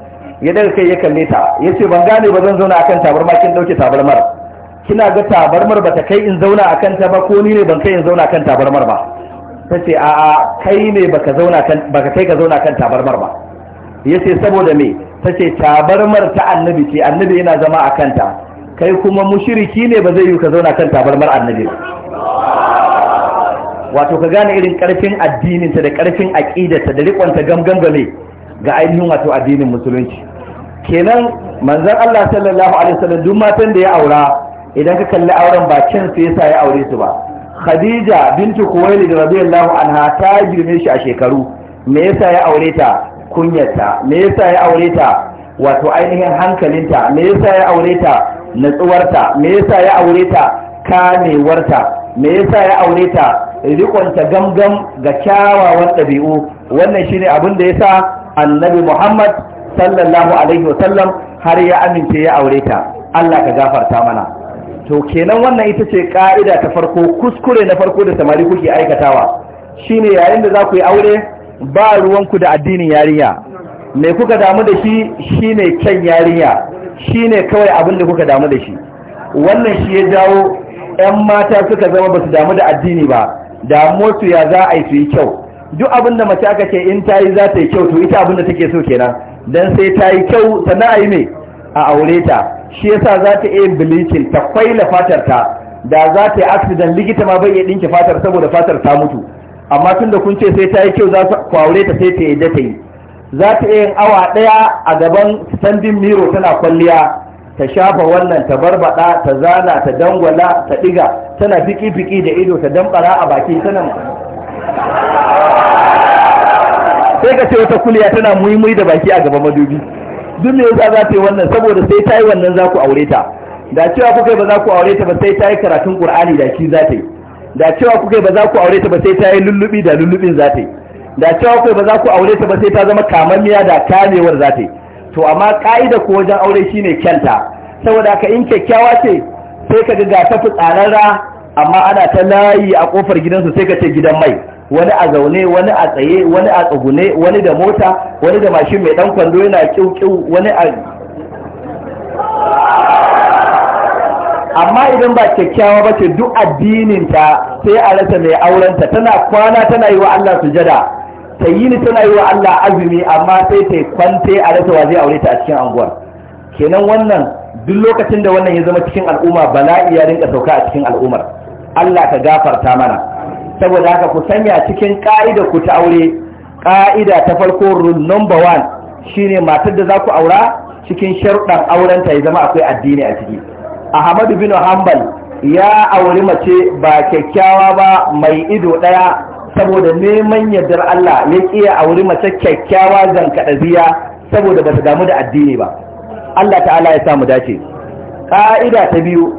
ya daga kai ya kalle ta ya ce ban gane ba zan zauna akan tabarma kin ɗauke tabarmar kina ga tabarmar ba ta kai in zauna a kanta ba ko ni ne ban kai in zauna kan tabarmar ba ta ce a'a kai ne baka ka kai ka zauna kan tabarmar ba Ya ce saboda me ta ce tabarmar ta annabi ce annabi yana zama a kanta kai kuma mushiriki ne ba zai yi ka zauna kan tabarmar annabi wato ka gane irin karfin addininta da karfin aqidarta da rikonta gamgamgame ga ainihin wato addinin musulunci kenan manzon Allah sallallahu alaihi wasallam duk matan da ya aura idan ka kalli auren ba can sai yasa ya aure su ba khadija bintu khuwailid radiyallahu anha ta girme shi a shekaru me yasa ya aure ta kunyarta me yasa ya aure ta wato ainihin hankalinta me yasa ya aure ta natsuwarta me yasa ya aure ta kamewarta me yasa ya aure ta rikonta gamgam ga kyawawan ɗabi'u wannan shine abin da yasa annabi Muhammad sallallahu alaihi wasallam har ya amince ya aure ta Allah ka gafarta mana to kenan wannan ita ce ka'ida ta farko kuskure na farko da samari kuke aikatawa shine yayin da za ku yi aure ba ruwanku da addinin yarinya me kuka damu da shi shine kyan yarinya shine kawai abin da kuka damu da shi wannan shi ya jawo 'yan mata suka zama ba su damu da addini ba damuwarsu ya za a yi su yi kyau duk abin da mace aka ce in ta yi za ta yi kyau to ita abin da take so kenan don sai ta yi kyau sannan a yi mai a aure ta shi yasa za ta iya bleaching ta kwaila fatar ta da za ta yi accident likita ma bai iya dinke fatar saboda fatar ta mutu amma tun da kun ce sai ta yi kyau za ta kwaure ta sai ta yi ta yi za ta iya yin awa ɗaya a gaban standing mirror tana kwalliya ta shafa wannan ta barbaɗa ta zana ta dangwala ta ɗiga tana fiki fiki da ido ta damɓara a baki tana sai ka ce wata kuliya tana muhimmi da baki a gaban madubi duk me yasa za ta yi wannan saboda sai ta yi wannan za ku aure ta da cewa kuka ba za ku aure ta ba sai ta yi karatun qur'ani da shi za ta yi da cewa kuka ba za ku aure ta ba sai ta yi lullubi da lullubin za ta yi da cewa kuka ba za ku aure ta ba sai ta zama kamammiya da kamewar za ta yi to amma ka'ida ko wajen aure shine kyanta saboda haka in kyakkyawa ce sai ka ga ga ta tsararra amma ana ta layi a kofar gidansu sai ka ce gidan mai wani a zaune wani a tsaye wani a tsugune wani da mota wani da mashin mai dan kwando yana kyau wani a amma idan ba kyakkyawa ba ce duk addininta sai a rasa mai aurenta tana kwana tana yi wa Allah sujada ta yi ni tana yi wa Allah azumi amma sai ta kwante a rasa wa zai aure ta a cikin anguwar kenan wannan duk lokacin da wannan ya zama cikin al'umma bala'i ya rinka sauka a cikin al'ummar Allah ka gafarta mana saboda haka ku sanya cikin ka'ida ku ta aure ƙa'ida ta farko rule number one shine matar da za ku aura cikin sharuɗan aurenta ya zama akwai addini a ciki ahmadu bin hanbal ya auri mace ba kyakkyawa ba mai ido ɗaya saboda neman yardar Allah ya kiya auri mace kyakkyawa zankaɗaziya saboda ba su damu da addini ba Allah ta'ala ya samu dace ƙa'ida ta biyu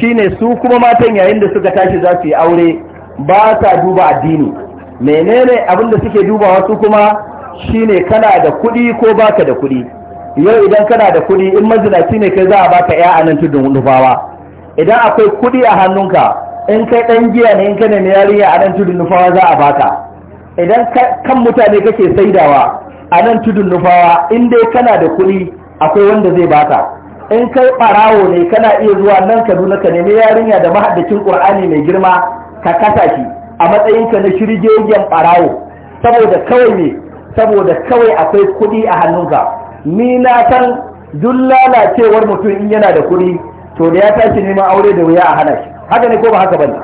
shine su kuma matan yayin da suka tashi za su yi aure ba ta duba addini menene abin da suke duba wasu kuma shine kana da kuɗi ko baka da kuɗi yau idan kana da kuɗi in mazinaci ne kai za a baka ya a nan tudun nufawa idan akwai kuɗi a hannunka in kai ɗan giya ne in ka ne yarinya a nan tudun nufawa za a baka idan kan mutane kake saidawa a nan tudun nufawa in dai kana da kuɗi akwai wanda zai baka in kai ɓarawo ne kana iya zuwa nan kaduna ka nemi yarinya da mahaddacin ƙur'ani mai girma ka kasa shi a matsayinka na shirgegen barawo saboda kawai ne saboda kawai akwai kuɗi a hannunka ni na san duk lalacewar mutum in yana da kuɗi to da ya tashi neman aure da wuya a hana shi haka ne ko ba haka bane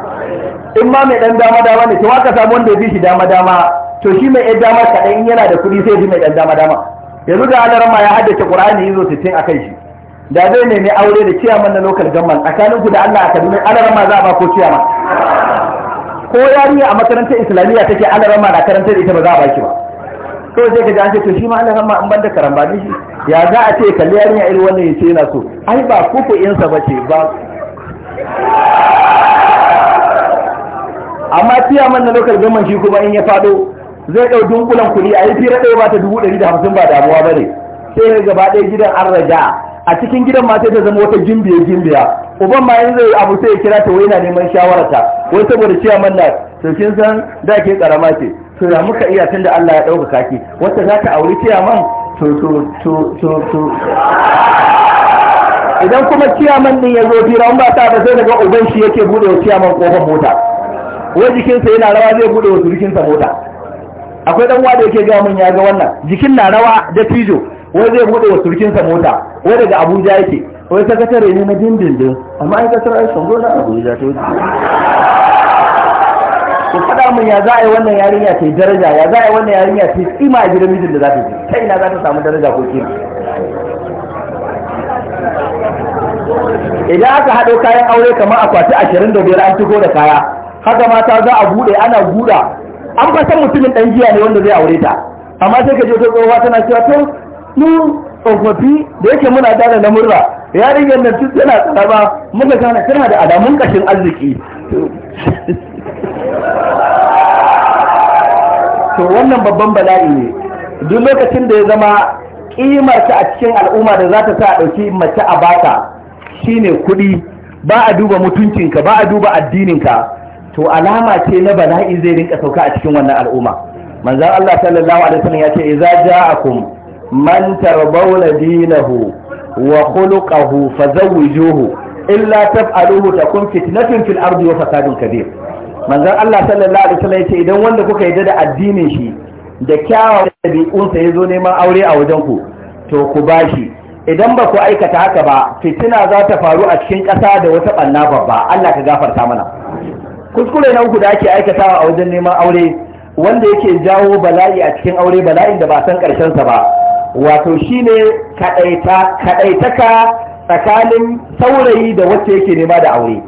in ma mai dan dama dama ne to haka samu wanda ya bi shi dama dama to shi mai ɗan dama kaɗan in yana da kuɗi sai shi mai ɗan dama dama yanzu da alaran ma ya haddace qur'ani yazo sittin akan shi da zai nemi aure da ciyaman na local government tsakanin ku da Allah a Kaduna alaran ma za a ba ko ciyaman ko yarinya a makarantar islamiyya take rama na karantar ita ba za a baki ba to sai ka ji an ce to shi ma alarama an banda karambani shi ya za a ce kalli yarinya irin wannan ya ce yana so ai ba kuku insa ba bace ba amma tiya man na lokal gaman shi kuma in ya fado zai ɗau dunkulan kuɗi a yi fira ɗaya ba ta dubu ɗari da hamsin ba damuwa ba ne sai gaba ɗaya gidan an raja a cikin gidan mata ta zama wata gimbiya gimbiya uban ma yanzu zai abu sai ya kira ta wai yana neman shawararta wai saboda cewa manna to kin san da ke karama ce to ya muka iya tunda Allah ya dauka kake wacce za ta auri ciya man to to to to to idan kuma ciyaman din ya zo fira ba ta ba sai daga uban shi yake bude wa ciyaman kofar mota wai jikinsa yana rawa zai bude wa surukinsa mota akwai dan wanda yake ga mun ya ga wannan jikin na rawa da tijo wai zai bude wa turkinsa mota wai daga abuja yake wai sakatare ne na dindindin amma ai kasar ai sun gona abuja to ku faɗa mun ya za a yi wannan yarinya ta yi daraja ya za a yi wannan yarinya ta yi tsima a gidan mijin da za ta yi ta ina za ta samu daraja ko kima idan aka haɗo kayan aure kamar akwati ashirin da biyar an fito da kaya haka mata za a buɗe ana guda an fasa mutumin ɗan jiya ne wanda zai aure ta amma sai ka je ta tsohuwa tana cewa to mu tsofaffi da yake muna gane na murra yarinyar nan tun tana ba muka gane tana da alamun kashin arziki to wannan babban bala'i ne duk lokacin da ya zama kimar ta a cikin al'umma da za ta sa a ɗauki mace a baka shine kuɗi ba a duba mutuncinka ba a duba addininka to alama ce na bala'i zai rinka sauka a cikin wannan al'umma manzon Allah sallallahu alaihi wasallam ya ce idza ja'akum man tarbauna dinahu wa khuluquhu fazawwijuhu illa taf'aluhu takun fitnatun fil ardi wa fasadun kabir manzon Allah sallallahu alaihi wasallam yace idan wanda kuka yi da addinin shi da kyawawan dabi'unsa yazo neman aure a wajen ku to ku bashi idan ba ku aikata haka ba fitina za ta faru a cikin kasa da wata ɓanna babba Allah ka gafarta mana kuskure na uku da ake aikatawa a wajen neman aure wanda yake jawo bala'i a cikin aure bala'in da ba san sa ba wato shine ne kadaitaka tsakanin saurayi da wacce yake nema da aure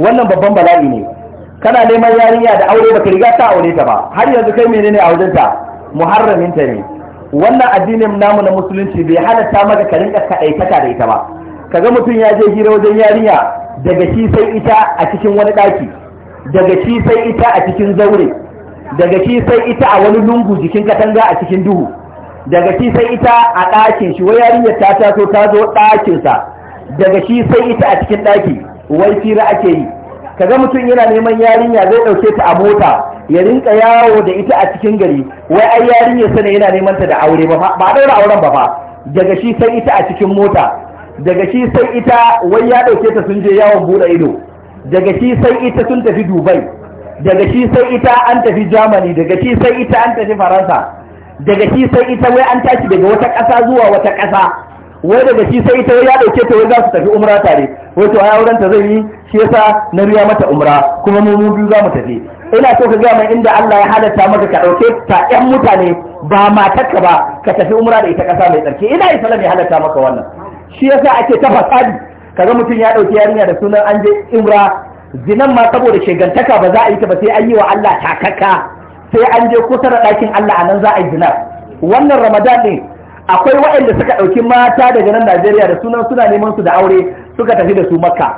wannan babban bala'i ne kana neman yarinya da aure baka riga ta aure ta ba har yanzu kai menene a wajen ta muharramin ne wannan addinin namu na musulunci bai halatta maka ka rinka kadaitaka da ita ba Ka ga mutum ya je hira wajen yarinya daga shi sai ita a cikin wani ɗaki. daga shi sai ita a cikin zaure daga shi sai ita a wani lungu jikin katanga a cikin duhu daga shi sai ita a ɗakin shi wai yarinyar ta taso ta zo ɗakinsa daga shi sai ita a cikin ɗaki wai fira ake yi kaga mutum yana neman yarinya zai ɗauke ta a mota ya rinka yawo da ita a cikin gari wai ai yarinyar sana yana neman ta da aure ba ba a ɗaura auren ba fa daga shi sai ita a cikin mota daga shi sai ita wai ya ɗauke ta sun je yawon buɗe ido daga shi sai ita sun tafi dubai daga shi sai ita an tafi germany daga shi sai ita an tafi faransa daga shi sai ita wai an tashi daga wata ƙasa zuwa wata ƙasa wai daga shi sai ita wai ya dauke ta wai za su tafi umra tare wai to ai auren ta zai yi shi yasa na riya mata umra kuma mu mu biyu za mu tafi ina so ka gaya mai inda Allah ya halatta maka ka dauke ta ƴan mutane ba matarka ba ka tafi umra da ita ƙasa mai tsarki ina islam ya halatta maka wannan shi yasa ake ta fasadi kaga mutum ya dauki yarinya da sunan an je umra zinan ma saboda shegantaka ba za a yi ta ba sai an yi wa Allah takaka sai an je kusa da ɗakin Allah a nan za a yi zina wannan ramadan ɗin akwai waɗanda suka ɗauki mata daga nan Najeriya da sunan suna neman su da aure suka tafi da su makka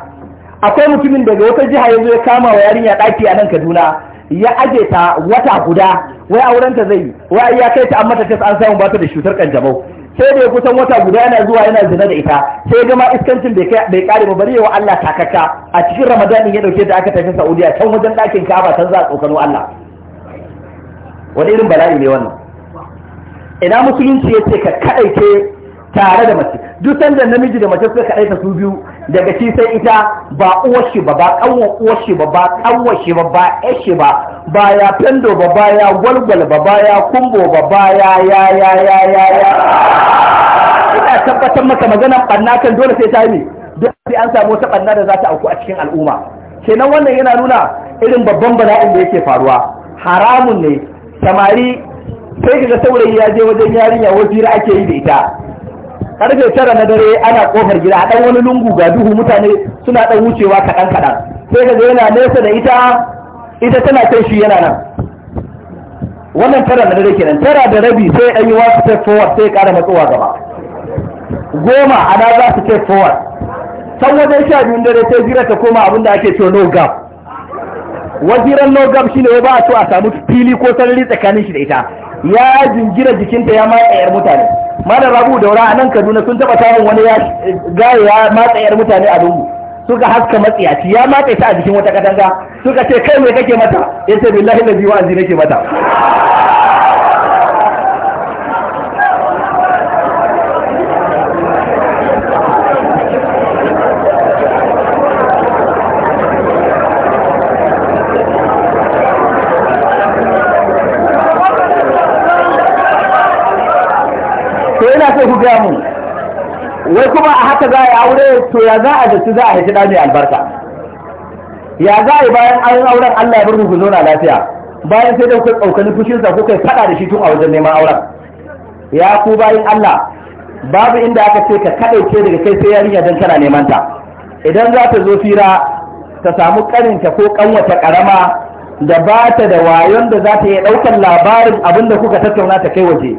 akwai mutumin daga wata jiha ya zo ya kama wa yarinya ɗaki a nan Kaduna ya aje ta wata guda wai aurenta zai yi wai ya kai ta an mata an samu bata da cutar kanjamau sai da ya kusan wata guda yana zuwa yana zina da ita sai gama iskancin bai kare ba bari yawa Allah takaka a cikin ramadanin ya ɗauke ta aka tafi Saudiya can wajen ɗakin Ka'aba can za a tsokano Allah wani irin bala'i ne wannan ina musulunci ya ce ka kaɗaice tare da mace duk sanda namiji da mace suka kaɗaita su biyu daga shi sai ita ba uwar shi ba ba ƙanwar uwar shi ba ba ƙanwar shi ba ba ƴar shi ba ba ya fendo ba ba ya gwalgwal ba ba ya kumbo ba ba ya ya ya ya ya ya ina tabbatar maka maganar ɓanna kan dole sai ta yi duk sai an samu wata ɓanna da za ta auku a cikin al'umma kenan wannan yana nuna irin babban bala'in da yake faruwa haramun ne samari sai ga saurayi ya je wajen yarinya wajira ake yi da ita karfe tara na dare ana kofar gida a dan wani lungu ga duhu mutane suna dan wucewa kaɗan kaɗan sai kaga yana nesa da ita ita tana kai shi yana nan wannan tara na dare kenan tara da rabi sai an yi wasu step forward sai ƙara matsowa gaba goma ana za su step forward san wajen sha biyun dare sai jira ta koma abin da ake cewa no gap waziran logam shine ya ba a so a samu fili ko sarari tsakanin shi da ita ya jingira jikinta ya matsa yar mutane malam rabu daura a nan kaduna sun taba samun wani ya gaya ya matsa yar mutane a lungu suka haska matsiyaci ya matsa ta a jikin wata katanga suka ce kai me kake mata yace billahi lazi azi nake mata ina sai ku gaya mu wai kuma a haka za a yi aure to ya za a dace za a haifi ɗa mai albarka ya za a yi bayan an auren Allah ya burgu ku zauna lafiya bayan sai da kuka tsaukani fushinsa ku kai faɗa da shi tun a wajen neman auren ya ku bayan Allah babu inda aka ce ka kaɗaice daga kai sai yarinya don kana neman ta idan za ta zo fira ta samu karinta ko kanwata karama da ba ta da wayon da za ta iya ɗaukar labarin abin da kuka tattauna ta kai waje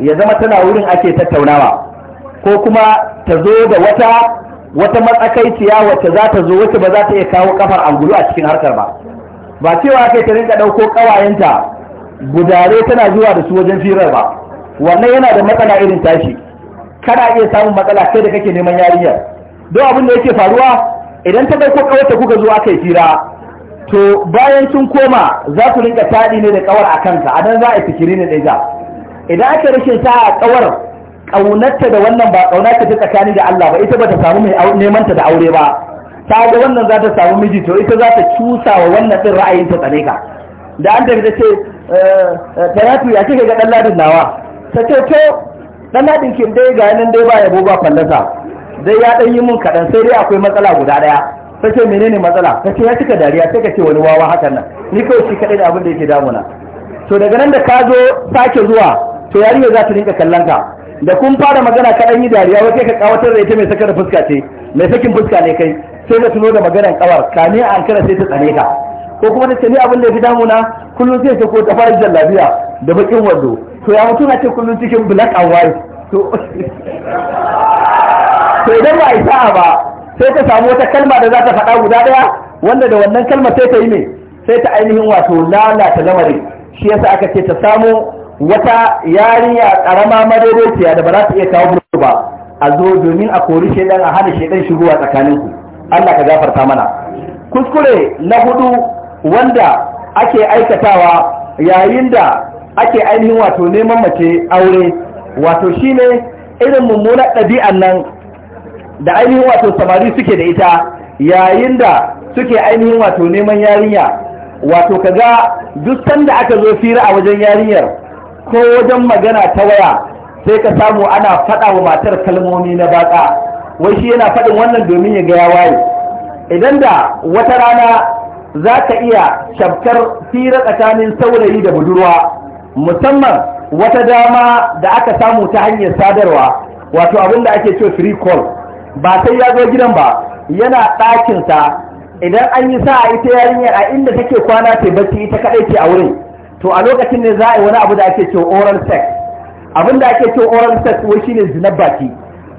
ya zama tana wurin ake tattaunawa ko kuma ta zo da wata wata matsakaiciya wacce za ta zo wacce ba za ta iya kawo kafar angulu a cikin harkar ba ba cewa kai ta rinka ɗauko ƙawayenta gudare tana zuwa da su wajen firar ba wannan yana da matsala irin tashi kana iya samun matsala kai da kake neman yarinyar don abin da yake faruwa idan ta ɗauko ƙawarta kuka zo aka yi fira to bayan sun koma za su rinka taɗi ne da ƙawar a kanka a nan za a yi fikiri ne ɗaya idan aka rashin sa'a kawar kaunarta da wannan ba kauna ta tsakani da Allah ba ita ba ta samu neman ta da aure ba ta ga wannan za ta samu miji to ita za ta cusa wa wannan din ra'ayin ta tsare ka da an tafi ta ce eh, eh, taratu ya kike ga dan ladin nawa ta ce to dan ladin kin dai ga nan dai ba ya yabo ba fallasa dai ya dan yi mun kadan sai dai akwai matsala guda daya ta ce menene matsala ta ce ya cika dariya sai ka ce wani wawa hakan nan ni kawai shi kadai da abin da yake damuna to daga nan da ka zo sake zuwa to yarinya za ta rinka kallon ka da kun fara magana ka yi dariya wace ka kawatar da ita mai sakar fuska ce mai sakin fuska ne kai sai ka tuno da maganar kawar ka ne an kara sai ta tsane ka ko kuma nace ni abin da ya fi damuna kullum sai ta ko ta fara jallabiya da bakin wando to ya mutum ce kullum cikin black and white to idan ba sa'a ba sai ka samu wata kalma da za ta faɗa guda ɗaya wanda da wannan kalma sai ta yi ne sai ta ainihin wato lalata lamarin shi yasa aka ce ta samo wata yarinya karama madaidaiciya da ba za ta iya kawo burbu ba a zo domin a kori shedan a hana shedan shigowa tsakanin ku Allah ka gafarta mana kuskure na hudu wanda ake aikatawa yayin da ake ainihin wato neman mace aure wato shine irin mummunar ɗabi'an nan da ainihin wato samari suke da ita yayin da suke ainihin wato neman yarinya wato kaga duk sanda aka zo fira a wajen yarinyar ko wajen magana ta waya sai ka samu ana faɗa wa matar kalmomi na batsa wai shi yana faɗin wannan domin ya ga waye idan da wata rana za ka iya shabkar fira tsakanin saurayi da budurwa musamman wata dama da aka samu ta hanyar sadarwa wato abin da ake cewa free call ba sai ya zo gidan ba yana ɗakinsa idan an yi sa'a ita yarinyar a inda take kwana ta bacci ita kaɗai ce a wurin to a lokacin ne za a yi wani abu da ake ce oral sex abin da ake ce oral sex wai shine zinar baki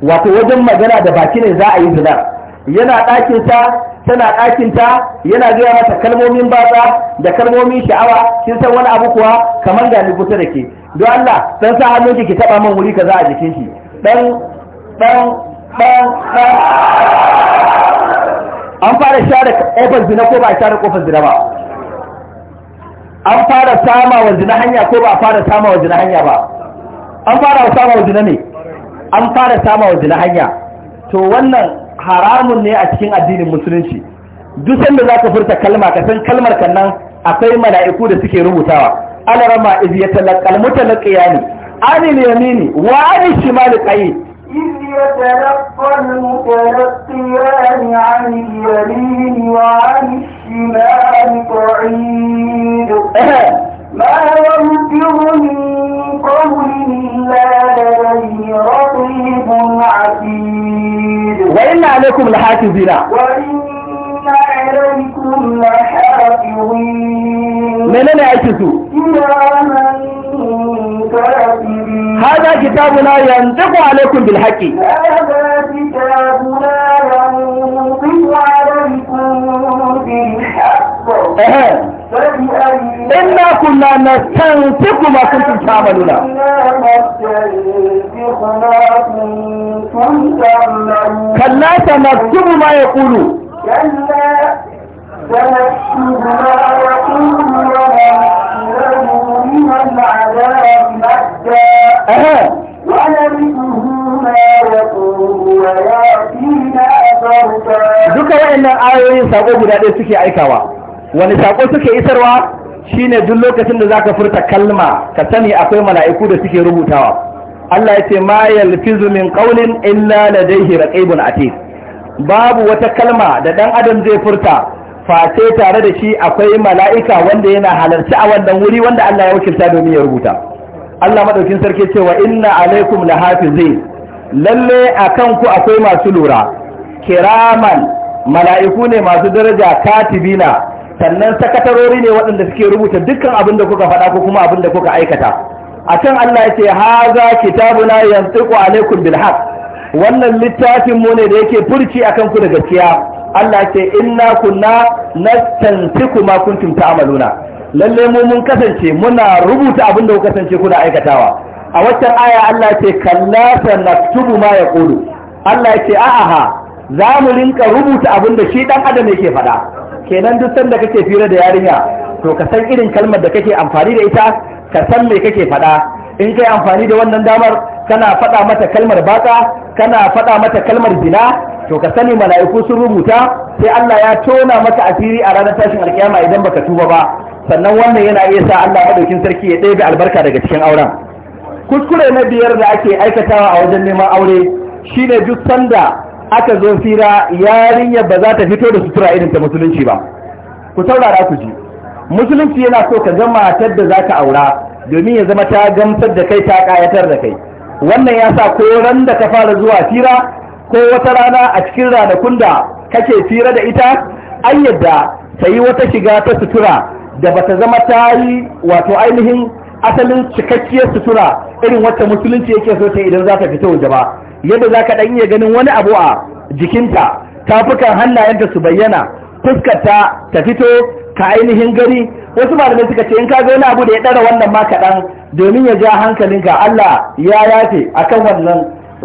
wato wajen magana da baki ne za a yi zinar yana ta tana ɗakinta yana gaya mata kalmomin batsa da kalmomin sha'awa kin san wani abu kuwa kamar da ni kusa da ke don Allah dan sa hannun ki taba man wuri kaza a jikin shi dan dan dan an fara share kofar zina ko ba share kofar zina ba an fara sama wa zina hanya ko ba a fara sama wa zina hanya ba an fara sama wa zina ne an fara sama wa zina hanya to wannan haramun ne a cikin addinin musulunci duk sanda za ka furta kalma ka san kalmar kan nan akwai mala'iku da suke rubutawa alarama iz ya talaqqal mutalaqiyani anil yamini wa ani shimali qayyid إذ يتلقى المتلقيان عن اليمين وعن الشمال قعيد ما ينفر من قول إلا لديه رقيب عتيد وإن عليكم لحافظين وإن عليكم لحافظين من أنا أعتذر؟ إلى من هذا كتابنا ينطق عليكم بالحق هذا كتابنا ينطق عليكم بالحق إنا كنا نستنطق ما كنتم تعملون إنا ما كنتم تعملون كلا سنكتب ما يقولون كلا سنكتب ما يقولون ونحشره من العذاب مدا duka waɗannan ayoyin sako guda ɗaya suke aikawa wani sako suke isarwa shine duk lokacin da zaka furta kalma ka sani akwai mala'iku da suke rubutawa Allah ya ce ma yalfizu min qawlin illa ladayhi raqibun atid babu wata kalma da ɗan adam zai furta face tare da shi akwai mala'ika wanda yana halarci a wannan wuri wanda Allah ya wakilta domin ya rubuta Allah madaukin sarki wa inna alaikum hafizin lalle akan ku akwai masu lura kiraman mala'iku ne masu daraja katibina sannan sakatarori ne waɗanda suke rubuta dukkan abin da kuka faɗa ko kuma abin da kuka aikata akan Allah ya ce haza kitabuna yantiqu alaikum bil haqq wannan littafin mu ne da yake furci akan ku da gaskiya Allah ya ce inna kunna nastantiku ma kuntum ta'maluna lalle mu mun kasance muna rubuta abin da ku kasance kuna aikatawa a waccan aya Allah ce kalla naktubu ma yaqulu Allah ce a'a ha za mu rinka rubuta abin da shi dan adam yake faɗa kenan duk sanda kake fira da yarinya to ka san irin kalmar da kake amfani da ita ka san me kake faɗa in kai amfani da wannan damar kana faɗa mata kalmar baka kana faɗa mata kalmar zina to ka sani mala'iku sun rubuta sai Allah ya tona maka asiri a ranar tashin alkiyama idan baka tuba ba sannan wannan yana iya sa Allah madaukin sarki ya ɗebe albarka daga cikin auren kuskure na biyar da ake aikatawa a wajen neman aure shine duk sanda aka zo fira yarinyar ba za ta fito da sutura irin ta musulunci ba ku saurara ku ji musulunci yana so ka zama matar da za ka aura domin ya zama ta gamsar da kai ta kayatar da kai wannan ya sa ko ran da ka fara zuwa fira ko wata rana a cikin ranakun da kake fira da ita an yadda ta yi wata shiga ta sutura da bata zama ta yi wato ainihin asalin cikakkiyar sutura irin wacce musulunci yake so ta idan za ta fita waje ba yadda za ka ɗan iya ganin wani abu a jikinta tafukan hannayenta su bayyana fuskarta ta fito ka ainihin gari wasu malamai suka ce in ka ga wani abu da ya ɗara wannan ma kaɗan domin ya ja hankalinka Allah ya yafe akan wannan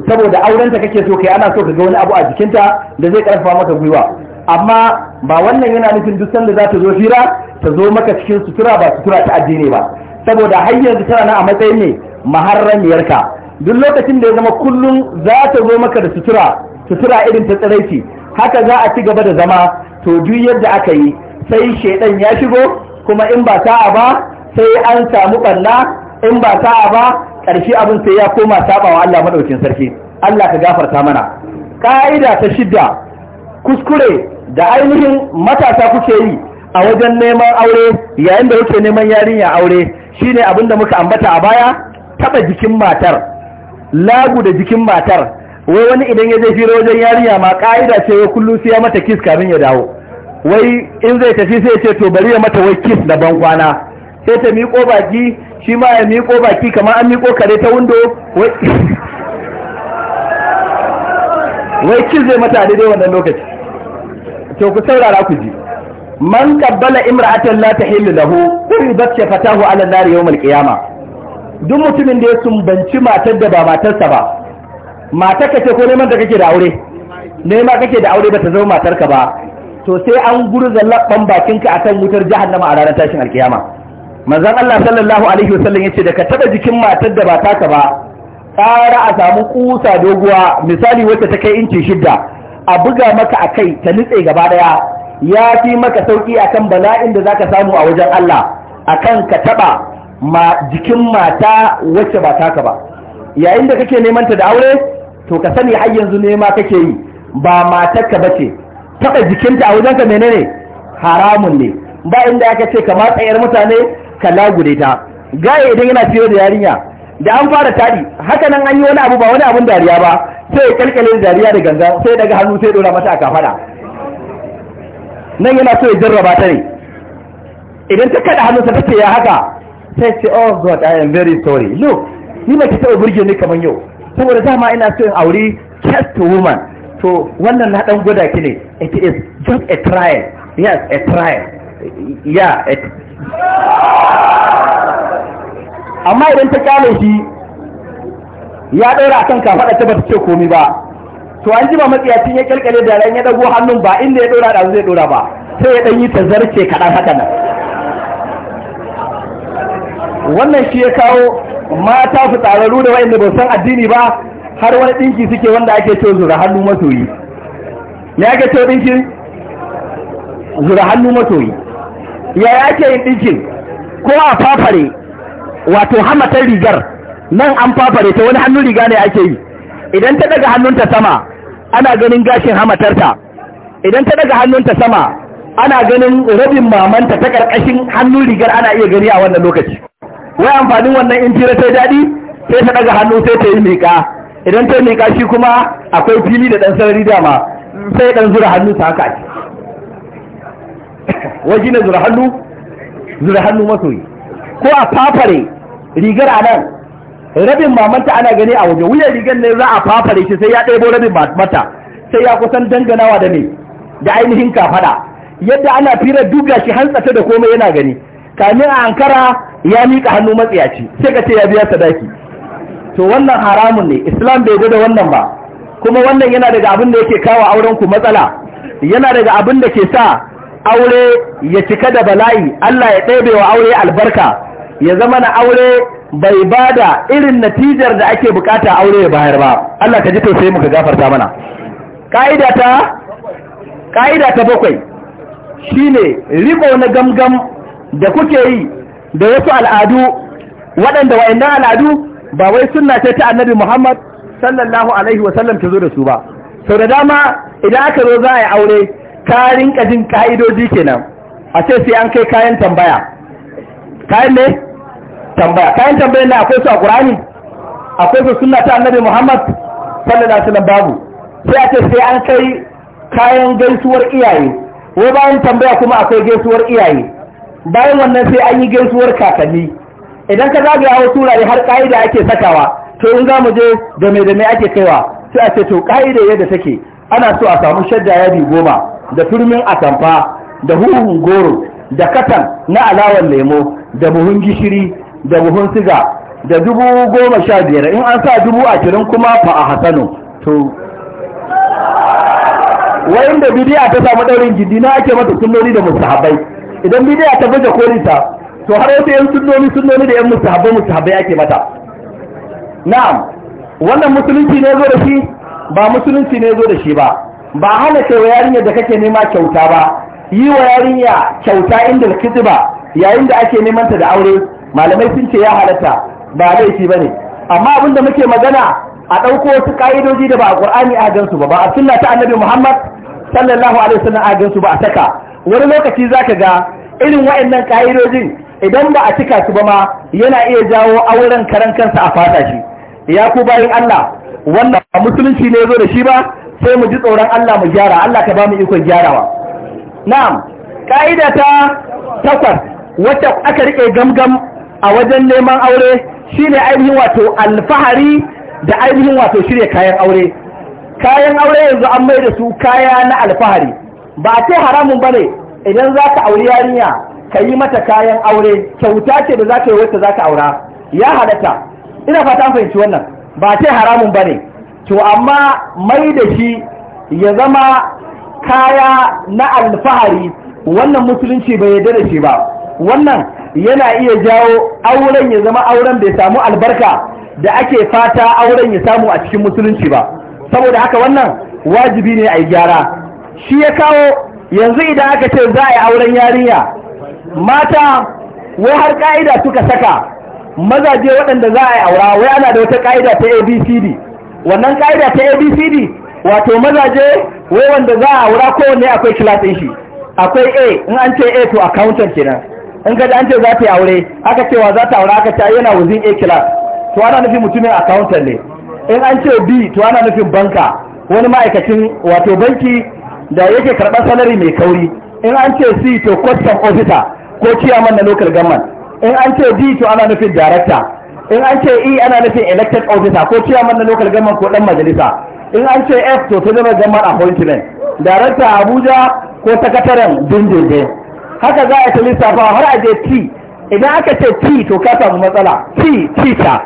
saboda aurenta kake so kai ana so ka ga wani abu a jikinta da zai karfafa maka gwiwa amma ba wannan yana nufin duk sanda za ta zo fira ta zo maka cikin sutura ba sutura ta addini ba saboda har yanzu tana a matsayin ne maharramiyarka duk lokacin da ya zama kullum za ta zo maka da sutura sutura irin ta tsiraici haka za a ci gaba da zama to duk yadda aka yi sai shaidan ya shigo kuma in ba sa'a ba sai an samu ɓanna in ba sa'a ba ƙarshe abin sai ya koma sabawa Allah madaukin sarki Allah ka gafarta mana ka'ida ta shidda kuskure da ainihin matasa kuke yi a wajen neman aure yayin da kuke neman yarinya aure shine abin da muka ambata a baya taba jikin matar lagu da jikin matar wai wani idan ya je fira wajen yarinya ma ka'ida ce wai kullu sai ya mata kiss kafin ya dawo wai in zai tafi sai ce to bari ya mata wai kiss da ban kwana sai ta miƙo baki shi ma ya miƙo baki kamar an miƙo kare ta windo wai kiss zai mata a daidai wannan lokaci to ku saurara ku ji man qabbala imra'atan la tahillu lahu qurbat shafatahu ala nar yawm al-qiyamah duk mutumin da ya sumbanci matar da ba matarsa ba matar kace ko neman da kake da aure nema kake da aure ta zama matarka ba to sai an gurza labban bakinka akan wutar jahannama a ranar tashin alkiyama manzon Allah sallallahu alaihi wasallam yace da ka taba jikin matar da ba taka ba tsara a samu kusa doguwa misali wacce ta kai inci shidda a buga maka a kai ta nutse gaba daya ya fi maka sauki akan bala'in da zaka samu a wajen Allah akan ka taba ma jikin mata wacce ba taka ba yayin da kake neman ta da aure to ka sani har yanzu nema kake yi ba matarka bace taba jikinta a wajen ka menene haramun ne ba inda aka ce ka matsa 'yar mutane ka lagude ta gaya idan yana fiye da yarinya da an fara tadi haka nan an yi wani abu ba wani abun dariya ba sai ya kalkale dariya da ganga sai daga hannu sai dora mata a kafada nan yana so ya jarraba ta ne idan ta kada hannu ta ce ya haka sai ce oh god i am very sorry look ni ba ki taɓa burge ni kaman yau saboda dama ina so in auri cast woman to wannan na dan gwada ki ne it is just a trial yes a trial yeah amma idan ta kyale shi ya ɗaura kan kafaɗa ta bata ce komi ba to an ji ba matsiyacin ya kyalkyale da ran ya ɗago hannun ba inda ya ɗora da zai ɗora ba sai ya ɗan yi ce kaɗan haka nan wannan shi ya kawo mata tsararru da wa'anda ba san addini ba har wani ɗinki suke wanda ake ce zura hannu masoyi me ake ce ɗinkin zura hannu masoyi yaya ake yin ɗinkin ko a fafare wato hamatar rigar nan an fafare ta wani hannun riga ne ake yi idan ta daga hannunta sama ana ganin gashin hamatarta idan ta daga hannunta sama ana ganin rabin mamanta ta karkashin hannun rigar ana iya gani a wannan lokaci wai amfanin wannan in jira ta daɗi sai ta daga hannu sai ta yi miƙa idan ta yi miƙa shi kuma akwai fili da ɗan sarari dama sai ɗan zura hannu ta haka waje na zura hannu zura hannu masoyi ko a fafare rigar a nan rabin mamanta ana gani a waje wuyan rigar ne za a fafare shi sai ya ɗebo rabin mata sai ya kusan danganawa da ne da ainihin kafaɗa. yadda ana firar duga shi hantsata da komai yana gani kamin a ankara ya miƙa hannu matsiyaci sai ka ce ya biya sadaki to wannan haramun ne islam bai da wannan ba kuma wannan yana daga abin da yake kawo auren ku matsala yana daga abin da ke sa aure ya cika da bala'i Allah ya ɗebe wa aure albarka ya zama na aure bai ba da irin natijar da ake bukata aure ya bayar ba Allah ka ji to sai muka gafarta mana ka'ida ta ka'ida ta bakwai shine riko na gamgam da kuke yi da wasu al'adu waɗanda na al'adu ba wai sunna ce ta annabi Muhammad sallallahu alaihi wasallam ta zo da su ba sau da dama idan aka zo za a yi aure ka rinka jin ka'idoji kenan a ce sai an kai kayan tambaya kayan ne tambaya kayan tambayin na akwai su a Qur'ani akwai su suna ta Annabi Muhammad sallallahu alaihi wasallam babu sai a ce sai an kai kayan gaisuwar iyaye wai bayan tambaya kuma akwai gaisuwar iyaye bayan wannan sai an yi gaisuwar kakanni idan ka zagaya tura wurare har ka'ida ake sakawa to in za mu je da mai da mai ake kaiwa sai a ce to ka'ida yadda take ana so a samu shadda yadi goma da turmin atamfa da huhun goro da katan na alawar lemo da buhun gishiri da buhun siga da dubu goma sha biyar in an sa dubu a kirin kuma fa a hasanu to wayan da bidiya ta samu daurin gidi na ake mata sunnoni da musahabai idan bidiya ta baje kolinta to har wasu yan sunnoni sunnoni da yan musahabai musahabai ake mata na'am wannan musulunci ne zo da shi ba musulunci ne zo da shi ba ba hana ce wa yarinya da kake nema kyauta ba yi wa yarinya kyauta inda kitiba yayin da ake neman ta da aure malamai sun ce ya halatta ba laifi ba ne amma abinda muke magana a ɗauko wasu ka'idoji da ba a ƙur'ani a gansu ba ba a sunna ta annabi muhammad sallallahu alaihi wasallam a gansu ba a saka wani lokaci zaka ga irin wa'annan ka'idojin, idan ba a cika su ba ma yana iya jawo auren karan kansa a fata shi ya ku bayan allah wannan musulunci ne zo da shi ba sai mu ji tsoron allah mu gyara allah ka ba mu ikon gyarawa na'am ƙa'ida ta takwas wacce aka rike gamgam a wajen neman aure shine ainihin wato alfahari da ainihin wato shirya kayan aure kayan aure yanzu an mai da su kaya na alfahari ba a ce haramun ba ne idan za ka auri yarinya ka yi mata kayan aure kyauta ce da za ka yi wata za ka aura ya halatta ina fata fahimci wannan ba a ce haramun ba ne to amma mai da shi ya zama kaya na alfahari wannan musulunci bai yarda da shi ba wannan yana iya jawo auren ya zama auren bai samu albarka da ake fata auren ya samu a cikin musulunci ba saboda haka wannan wajibi ne a yi gyara shi ya kawo yanzu idan aka ce za a yi auren yarinya mata wai har ka'ida suka saka mazaje waɗanda za a yi aura wai ana da wata ka'ida ta abcd wannan ka'ida ta abcd wato mazaje wai wanda za a aura kowanne akwai kilasin shi akwai a in an ce a to accountant kenan in ka ji an ce za ta yi aure aka cewa za ta aure aka ce yana wuzin a class to ana nufin mutumin accountant ne in an ce b to ana nufin banka wani ma'aikacin wato banki da yake karɓar salari mai kauri in an ce c to custom officer ko chairman na local government in an ce d to ana nufin director in an ce e ana nufin elected officer ko chairman na local government ko dan majalisa in an ce f to zama government appointment director abuja ko sakataren dindindin haka za a ta lissafa har a je t idan aka ce t to ka samu matsala t tita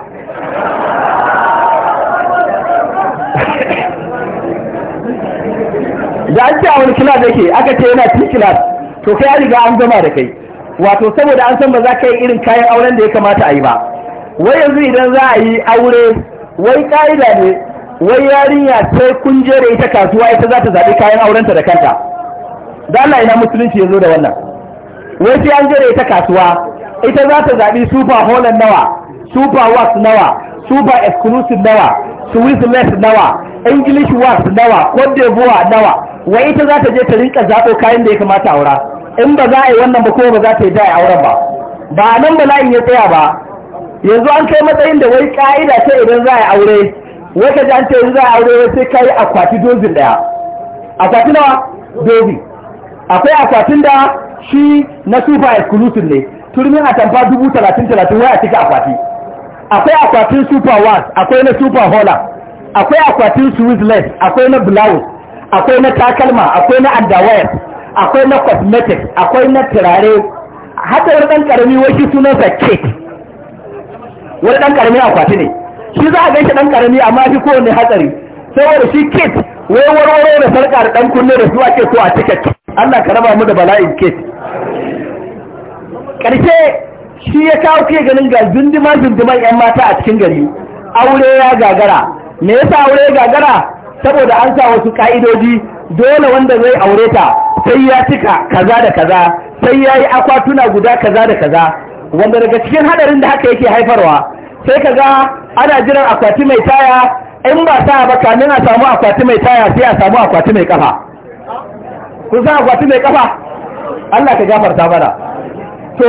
da an ce a wani kilas ke aka ce yana t kilas to kai riga an zama da kai wato saboda an san ba za ka yi irin kayan auren da ya kamata a yi ba wai yanzu idan za a yi aure wai ka'ida ne wai yarinya sai kun da ita kasuwa ita za ta zaɓi kayan aurenta da kanta da Allah ina musulunci ya zo da wannan wai sai an jere ta kasuwa ita za ta zaɓi super holland nawa super wax nawa super exclusive nawa swiss less nawa english wax nawa cote d'ivoire nawa wai ita za ta je ta rinka zaɓo kayan da ya kamata aura in ba za a yi wannan ba kuma ba za ta yi da auren ba ba nan bala'in ya tsaya ba yanzu an kai matsayin da wai ka'ida ce idan za a yi aure wai ka ji an ce za a aure wai sai ka yi akwati dozin ɗaya akwati nawa dozin akwai akwatin da shi na super exclusive ne turmin atamfa dubu talatin talatin wai a cika akwati akwai akwatin super wars akwai na super hola akwai akwatin swiss akwai na blouse akwai na takalma akwai na underwear akwai na cosmetic akwai na turare Hata wani dan karami wai shi sunansa cake wani dan karami akwati ne shi za a gaishe dan karami amma shi kowane hatsari saboda shi kit wai warwaro da sarka da dan kunne da su ake so a cika Allah ka raba mu da bala'in kit ƙarshe shi ya kawo ke ganin ga zunduma zunduman 'yan mata a cikin gari aure ya gagara me yasa aure ya gagara saboda an sa wasu ka'idoji dole wanda zai aure ta sai ya cika kaza da kaza sai ya yi akwatuna guda kaza da kaza wanda daga cikin hadarin da haka yake haifarwa sai kaga ana jiran akwati mai taya in ba sa ba kamin a samu akwati mai taya sai a samu akwati mai kafa kun san akwati mai kafa Allah ka gafarta bana to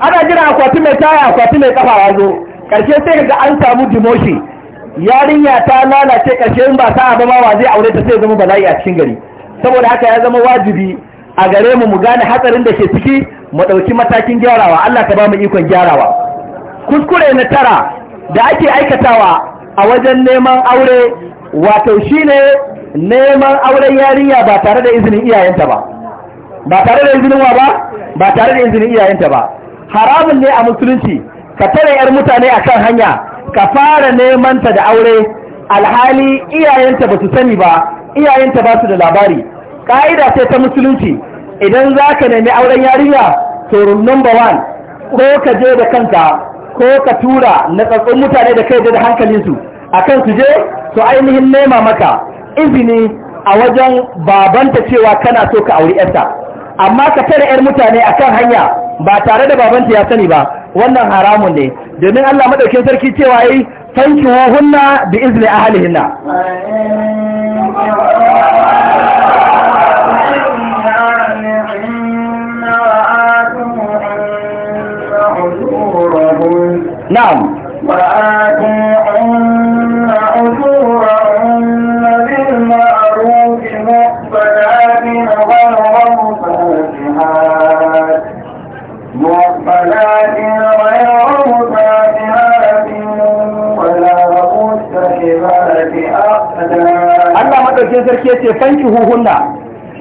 ana jira akwati mai taya akwati mai kafa ya zo karshe sai ga an samu dimoshi yarinya ta lalace ƙarshe in ba sa'a ba wa zai aure ta sai zama bala'i a cikin gari saboda haka ya zama wajibi a gare mu mu gane hatsarin da ke ciki mu ɗauki matakin gyarawa Allah ka ba mu ikon gyarawa kuskure na tara da ake aikatawa a wajen neman aure wato shine neman auren yarinya ba tare da izinin iyayenta ba ba tare da izinin wa ba ba tare da izinin iyayenta ba haramun ne a musulunci ka tare yar mutane akan hanya ka fara neman ta da aure alhali iyayenta ba su sani ba iyayenta ba su da labari ka'ida sai ta musulunci idan za ka nemi auren yarinya to number one ko ka je da kanka ko ka tura na tsatsun mutane da kai da hankalinsu a kan su je su ainihin nema maka izini a wajen babanta cewa kana so ka auri yarta amma ka tare ‘yar mutane a kan hanya ba tare da babanta ya sani ba wannan haramun ne domin Allah maɗauki sarki cewa yi sanki hunna da izini a halihinna na'am madaukakin sarki yace fanki huhunna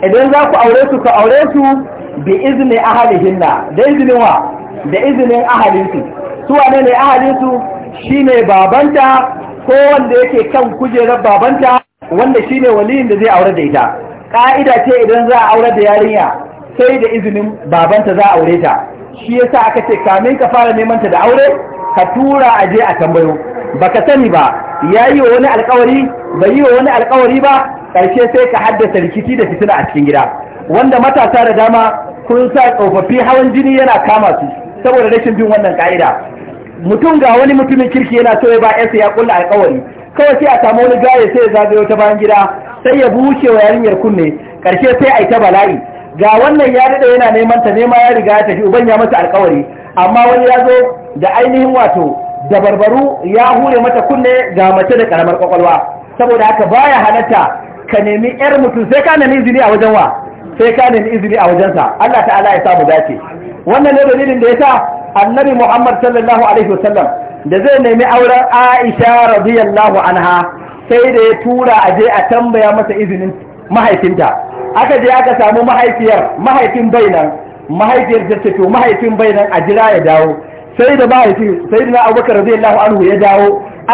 idan za ku aure su ka aure su bi izni ahalihinna da izinin wa da izinin ahalinsu su wane ne ahalinsu shine babanta ko wanda yake kan kujerar babanta wanda shine waliyin da zai aure da ita ka'ida ce idan za a aure da yarinya sai da izinin babanta za a aure ta shi yasa aka ce kamin ka fara neman ta da aure ka tura a je a tambayo baka sani ba ya wa wani alkawari bai yi wa wani alkawari ba ƙarshe sai ka haddasa rikici da fitina a cikin gida wanda matasa da dama kun sa tsofaffi hawan jini yana kama su saboda rashin bin wannan ka'ida mutum ga wani mutumin kirki yana so ya ba yarsa ya kulla alƙawari kawai sai a samu wani gaye sai ya zagayo ta bayan gida sai ya bushe wa yarinyar kunne ƙarshe sai a yi ta bala'i ga wannan ya daɗa yana neman ta nema ya riga ya tafi uban ya masa alƙawari amma wani ya zo da ainihin wato da barbaru ya hure mata kunne ga mace da karamar kwakwalwa saboda haka baya halatta ka nemi yar mutum sai ka nemi izini a wajen wa sai ka nemi izini a wajensa Allah ta'ala ya samu dace wannan ne dalilin da yasa annabi Muhammad sallallahu alaihi wasallam da zai nemi auren Aisha radiyallahu anha sai da ya tura a je a tambaya masa izinin mahaifinta aka je aka samu mahaifiyar mahaifin bainan mahaifiyar ta ce to mahaifin bainan a jira ya dawo sai da mahaifi sai da Abubakar radiyallahu anhu ya dawo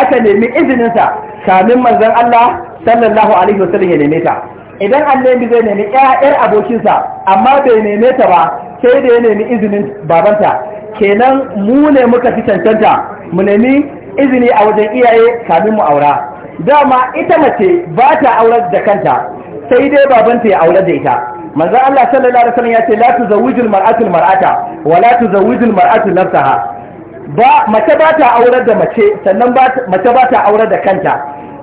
aka nemi izininsa kamin manzon Allah sallallahu alaihi wasallam ya neme ta idan annabi zai nemi ƴaƴar abokinsa amma bai neme ta ba sai da ya nemi izinin babanta kenan mu ne muka fi cancanta mu nemi izini a wajen iyaye kafin mu aura dama ita mace ba ta aurar da kanta sai dai babanta ya aurar da ita manzo Allah sallallahu alaihi wasallam ya ce la tuzawwijul mar'atu mar'ata wa la tuzawwijul mar'atu nafsaha ba mace ba ta aurar da mace sannan mace ba ta aurar da kanta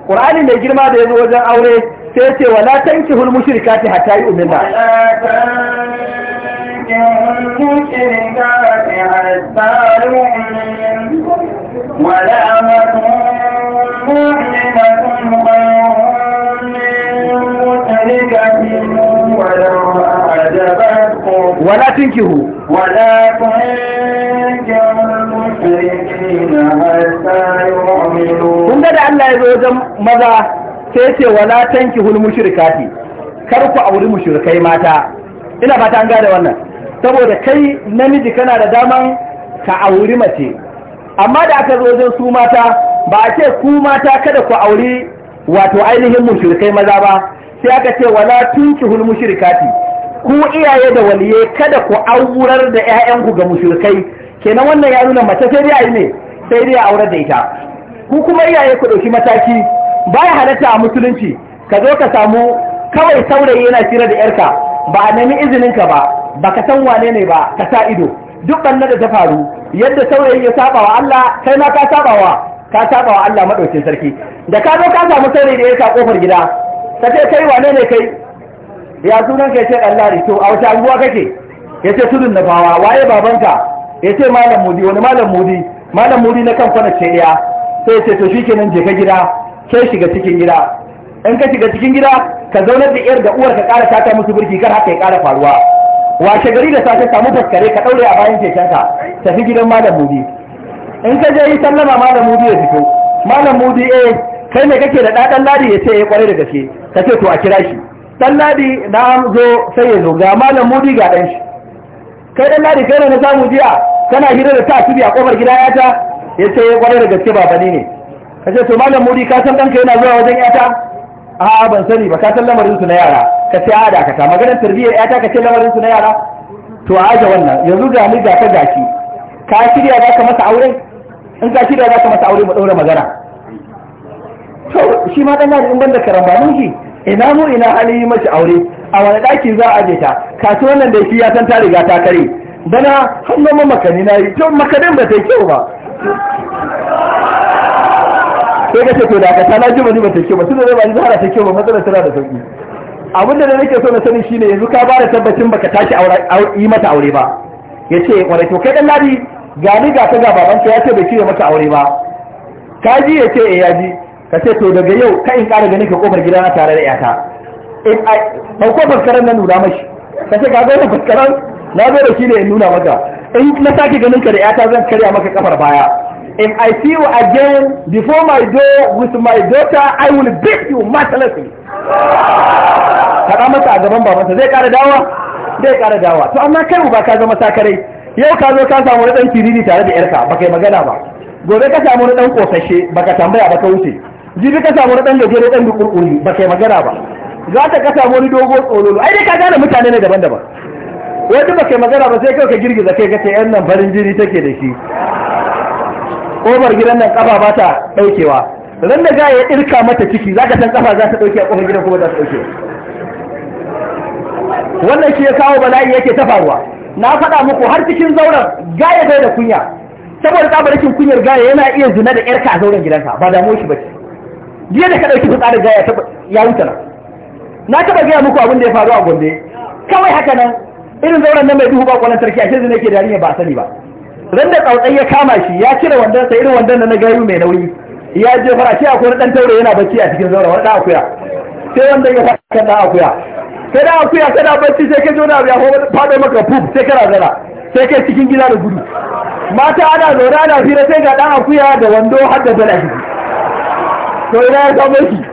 qur'ani mai girma da yazo wajen aure sai ya ce wala tankihul mushrikati hatta yu'minna ولا مؤمنة ولا تنكهوا ولا تنكهوا kun da Allah ya zo wajen maza sai ce wala tanki hul mushrikati kar ku auri mushrikai mata ina fata an gane wannan saboda kai namiji kana da daman ka auri mace amma da aka zo wajen su mata ba a ce ku mata kada ku auri wato ainihin mushrikai maza ba sai aka ce wala hul mushrikati ku iyaye da waliye kada ku aurar da ƴaƴanku ga mushrikai kenan wannan ya nuna mace sai dai a yi ne sai dai a aure da ita ku kuma iyaye ku ɗauki mataki baya halatta a musulunci ka zo ka samu kawai saurayi yana fira da yarka ba a nemi izinin ka ba baka san wane ne ba ka sa ido duk banna da ta faru yadda saurayi ya saba wa Allah kai ma ka saba wa ka saba wa Allah madaukin sarki da ka zo ka samu saurayi da yarka kofar gida ka ce kai wane ne kai ya sunan kai ce Allah to a wata anguwa kake ya ce da bawa waye babanka ya ce malam mudi wani malam mudi malam mudi na kan kwanace ɗaya, sai ya ce to shi kenan je ka gida sai shiga cikin gida in ka shiga cikin gida ka zaunar da yar da uwar ka ƙara ta musu birki kar haka ya ƙara faruwa washe gari da safe samu faskare ka ɗaure a bayan ka tafi gidan malam mudi in ka je yi sallama malam mudi ya fito malam mudi eh kai ne kake da ɗaɗan ladi ya ce ya eh, kware da gaske ka ce to a kira shi ɗan ladi na zo sai ya zo ga malam mudi ga ɗan shi kai ɗan ladi kai ne na samu jiya kana hira da ta tubi a kofar gida ya ta ya ce ya eh, kwarai da gaske babani ne ka ce to malam muri ka san ɗanka yana zuwa wajen yata a ban sani ba ka san lamarin su na yara ka ce a da ka ta maganar tarbiyyar yata ka ce lamarin su na yara to a aje wannan yanzu ga ni ga ka gashi ka shirya za ka masa aure in ka shirya za ka masa aure mu ɗaura magana to shi ma ɗan in ban da karambanin shi ina mu ina hali mashi aure a wani ɗaki za a je ta kasuwan nan da shi ya san ta riga ta kare bana har zama makani na yi to makanin ba ta yi kyau ba sai ga teku to da ka na ji ba ni ba ta yi kyau ba suna zai ba ni zahara ta yi kyau ba matsalar tana da sauki abin da nake so na sani shine yanzu ka bada tabbacin baka tashi yi mata aure ba Ya ce wani to kai dan ladi ga ni ga ka ga babanka ya ce bai kiyaye maka aure ba ka ji ya eh ya ji ka ce to daga yau ka in kara ganin ka kofar gida na tare da yata in ai ɗauko faskaran na nuna mashi ka ce ka ga wannan na zo da shi ne in nuna maka in na sake ganin ka da yata zan karya maka kafar baya if i see you again before my door with my daughter i will beat you mercilessly faɗa masa a gaban babansa zai ƙara dawa zai ƙara dawa to amma kai ba ka zama sakare yau ka zo ka samu wani dan kiriri tare da yarka baka yi magana ba gobe ka samu wani dan ƙosashe baka tambaya baka wuce jibi ka samu wani ɗan gajere dan dukurkuri baka yi magana ba za ta ka samu wani dogo tsololo ai dai ka gane mutane ne daban-daban wani ba kai magana ba sai kai ka girgiza kai kace yan nan farin jini take da shi kofar gidan nan kafa ba ta daukewa ran da gaya ya irka mata ciki zaka san kafa za ta dauke a kofar gidan kuma za ta dauke wannan shi ya kawo bala'i yake ta faruwa na faɗa muku har cikin zauren gaya bai da kunya saboda tsabarikin kunyar gaya yana iya zina da yarka a zauren gidanka ba damuwa shi bace jiya da ka dauki fitsarin gaya ya wuce na na taba gaya muku abin da ya faru a gombe kawai haka nan irin zauren nan mai duhu ba kwanan sarki shi zai ke dariya ba sani ba ran da tsautsai ya kama shi ya cire wandon sa irin wandon na gayu mai nauyi ya je fara ce akwai dan taure yana bacci a cikin zauren wani da akuya sai wanda ya fara kan da akuya sai da akuya sai da bacci sai ka zauna ya fado maka pub sai kana zara sai kai cikin gida da gudu mata ana zaune ana fira sai ga dan akuya da wando har da dala shi to ina ya samu shi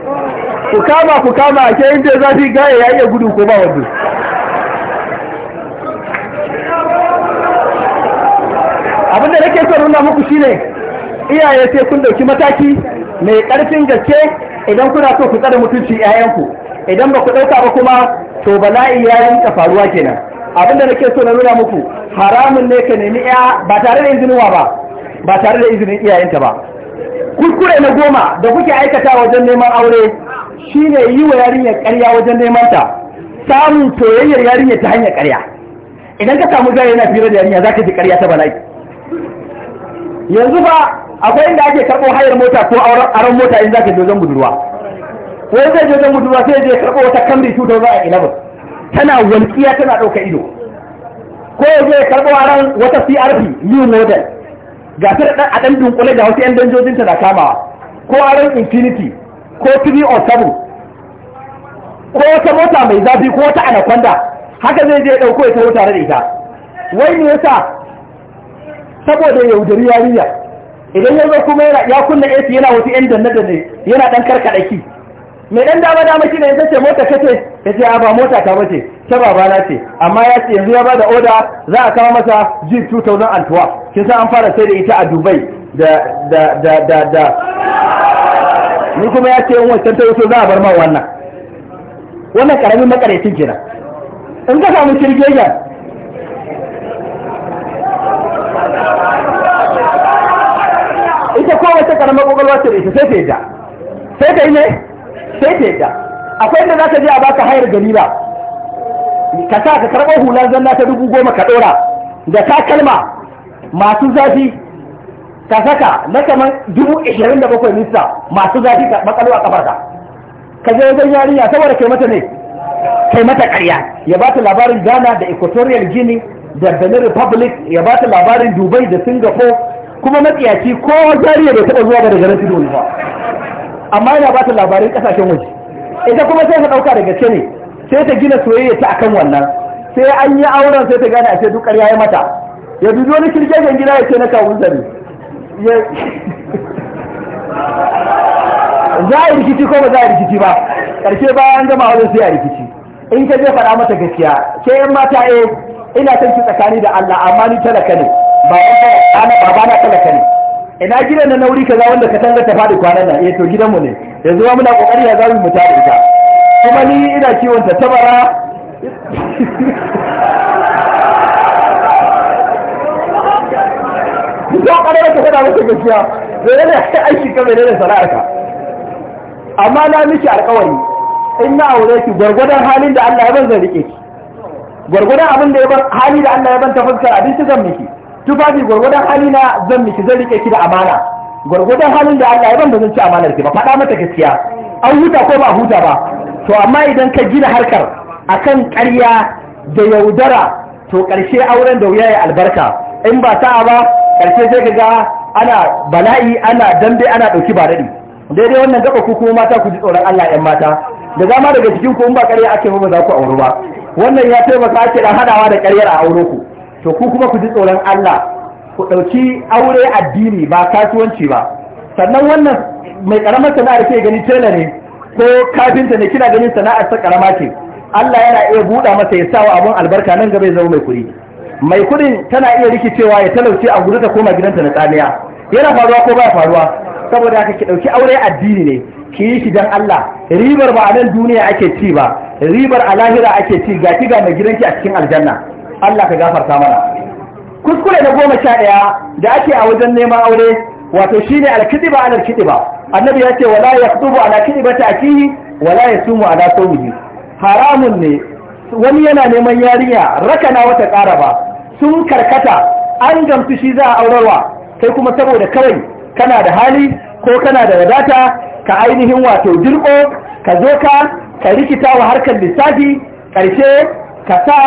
ku kama ku kama ke inda zafi gaya ya iya gudu ko ba wando abin da nake so nuna muku shine iyaye sai kun dauki mataki mai karfin gaske idan kuna so ku tsare mutunci yayanku idan ba ku dauka ba kuma to bala'i ya ka faruwa kenan abin da nake so na nuna muku haramun ne ka nemi iya ba tare da izinuwa ba ba tare da izinin iyayenta ba kuskure na goma da kuke aikata wajen neman aure shine yi wa yarinyar karya wajen neman ta samun soyayyar yarinyar ta hanyar karya idan ka samu zai yana fira da yarinya zaka ji karya ta bala'i yanzu ba akwai inda ake karɓo hayar mota ko aron mota in zaka jojon budurwa ko zai jojon budurwa sai je karɓo wata kamri 2011 tana walƙiya tana ɗauka ido ko zai karɓo aron wata crp new model ga ta ɗan a ɗan dunkule da wasu 'yan danjojinta na kamawa ko aron infinity ko 7 ko wata mota mai zafi ko wata anaconda haka zai je ɗauko ya taho tare da ita wai me yasa saboda yaudari ya yariya idan ya zo kuma ya kunna AC yana wasu yan danne danne yana dan karkada ki mai dan dama dama shi ne yace mota kace yace a ba mota ta bace ta babana ce amma ya ce yanzu ya bada oda za a kawo masa jeep 2012 kin san an fara sai da ita a Dubai da da da da da ni kuma ya ce in wancan ta yaso za a bar ma wannan wannan karamin makarecin kenan in ka samu kirgegan ita ko wace karamar kwakwalwa ce da ita sai ta yadda sai ta yi ne sai ta yadda akwai inda za ka je a baka hayar gani ba ka sa ka karɓar hular zanna ta dubu goma ka ɗora da takalma masu zafi ka saka na kamar dubu ishirin da bakwai nisa masu zafi ka makalo a kafarka ka je wajen yarinya saboda kai mata ne kai mata karya ya ba ta labarin ghana da equatorial guinea da benin republic ya ba ta labarin dubai da singapore kuma matsiyaci ko zariya bai taɓa zuwa ga daga nan tudun ba amma yana ba ta labarin ƙasashen waje ita kuma sai ta ɗauka daga ce ne sai ta gina soyayya ta akan wannan sai an yi auren sai ta gane a ce duk yayi ya mata ya dubi wani shirgegen gida ya ce na kawun zari za a rikici ko ba za a rikici ba ƙarshe bayan gama wajen sai a rikici in ka je faɗa mata gaskiya sai yan mata eh ina son ki tsakani da Allah amma ni talaka ne baba na talaka ne ina gidan na nauri kaza wanda ka tanga ta faɗi kwanan nan eh to gidan mu ne yanzu ma muna kokari ya zamu mu tare ita kuma ni ina kiwon ta tabara ko ƙarar ka faɗa masa gaskiya zai ne aiki ka da sana'ar ka amma na miki alƙawari in na aure ki gwargwadon halin da Allah ya ban zan rike ki gwargwadon abin da ya bar hali da Allah ya ban ta abin abinci zan miki tufafi gwargwadon hali na zan miki zan rike ki da amana gwargwadon halin da Allah ya ban ba zan ci amanar ki ba faɗa mata gaskiya an huta ko ba huta ba to amma idan ka gina harkar akan ƙarya da yaudara to ƙarshe auren da wuya ya albarka in ba sa'a ba ƙarshe sai ka ga ana bala'i ana dambe ana ɗauki ba daɗi daidai wannan gaba ku kuma mata ku ji tsoron Allah 'yan mata da dama daga cikin ku in ba ƙarya ake ba ba za ku auru ba wannan ya taimaka ake da hadawa da karyar a aure ku to ku kuma ku ji tsoron Allah ku ɗauki aure addini ba kasuwanci ba sannan wannan mai karamar sana'ar ke gani tela ne ko kafinta ne kina ganin sana'ar ta karama ce Allah yana iya buɗa masa ya sa wa abun albarka nan gaba ya zama mai kuɗi mai kuɗin tana iya rikicewa ya talauce a gudu ta koma gidanta na tsamiya yana faruwa ko baya faruwa saboda haka ki ɗauki aure addini ne ki yi shi don Allah ribar ba a nan duniya ake ci ba ribar alahira ake ci ga ki mai gidanki a cikin aljanna Allah ka gafarta mana kuskure na goma sha ɗaya da ake a wajen neman aure wato shine alkidiba alal kidiba annabi ya ce wala yaktubu ala kidibati akihi wala ya sumu ala sawmihi haramun ne wani yana neman yarinya rakana wata ba sun karkata an gamsu shi za a aurarwa kai kuma saboda kawai kana da hali ko kana da wadata ka ainihin wato dirko ka zo ka ka rikita wa harkar lissafi ƙarshe ka sa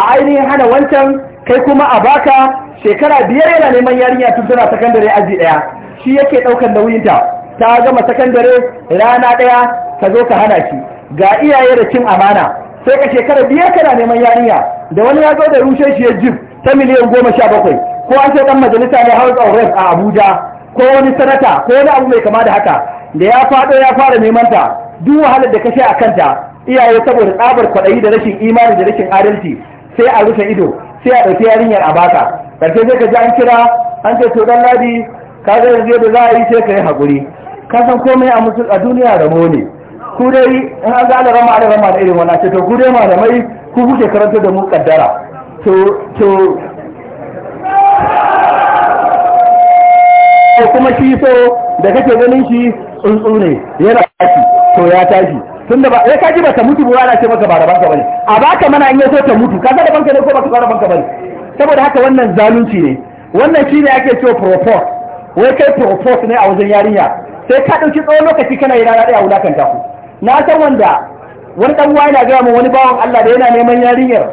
a ainihin hana wancan kai kuma a baka shekara biyar yana neman yarinya tun tana sakandare aji ɗaya shi yake ɗaukar nauyinta ta gama sakandare rana ɗaya ka zo ka hana shi ga iyaye da cin amana sai ka shekara biyar kana neman yarinya da wani ya zo da rushe shi ya jib ta miliyan goma sha bakwai ko an sai ɗan majalisa ne house of rep a abuja ko wani sanata ko wani abu mai kama da haka da ya faɗo ya fara neman ta duk wahalar da ka a kanta iyaye saboda tsabar kwaɗayi da rashin imani da rashin adalci sai a rufe ido sai a ɗauki yarinyar a baka ƙarshe sai ka ji an kira an ce to dan ladi ka ga yanzu da za a yi sai ka yi haƙuri ka san komai a musul a duniya da ne ku dai in an ga da irin wannan ce to ku dai malamai ku kuke karanta da mu kaddara to to kuma shi so da kake ganin shi tsuntsu ne yana tashi to ya tashi tunda ba ya eh, kaji ba ta mutu ba ana ce maka ba rabanka bane a baka mana in yaso ta mutu kaga da banka ne ko baka ba banka bane saboda haka wannan zalunci ne wannan shine ake cewa propose wai kai propose ne a wajen yarinya sai ka dauki tsawon lokaci kana yi rana daya wulakanta ku na san wanda wani dan wani yana ga mu wani bawan Allah da yana neman yarinyar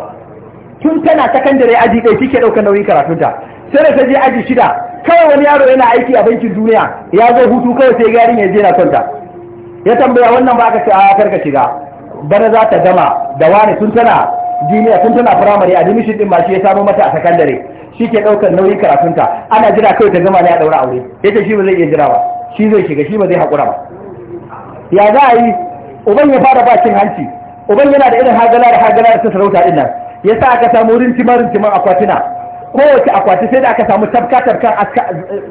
tun tana sakandare aji kai kike ɗaukar nauyin karatunta sai da ta je aji shida kawai wani yaro yana aiki a bankin duniya ya zo hutu kawai sai yarinya ya je na kanta ya tambaya wannan ba aka ce a karka shiga bana za ta gama da wani tun tana jiniya tun tana firamare a dimishin din ma shi ya samu mata a sakandare shi ke ɗaukar nauyin karatunta ana jira kawai ta gama ne a ɗaura aure ce shi ba zai iya jira ba shi zai shiga shi ba zai haƙura ba ya za a yi uban ya fara bakin hanci uban yana da irin hagala da hagala da ta sarauta ɗin nan ya sa aka samu rintima rintiman akwatina kowace akwati sai da aka samu tafka tafkan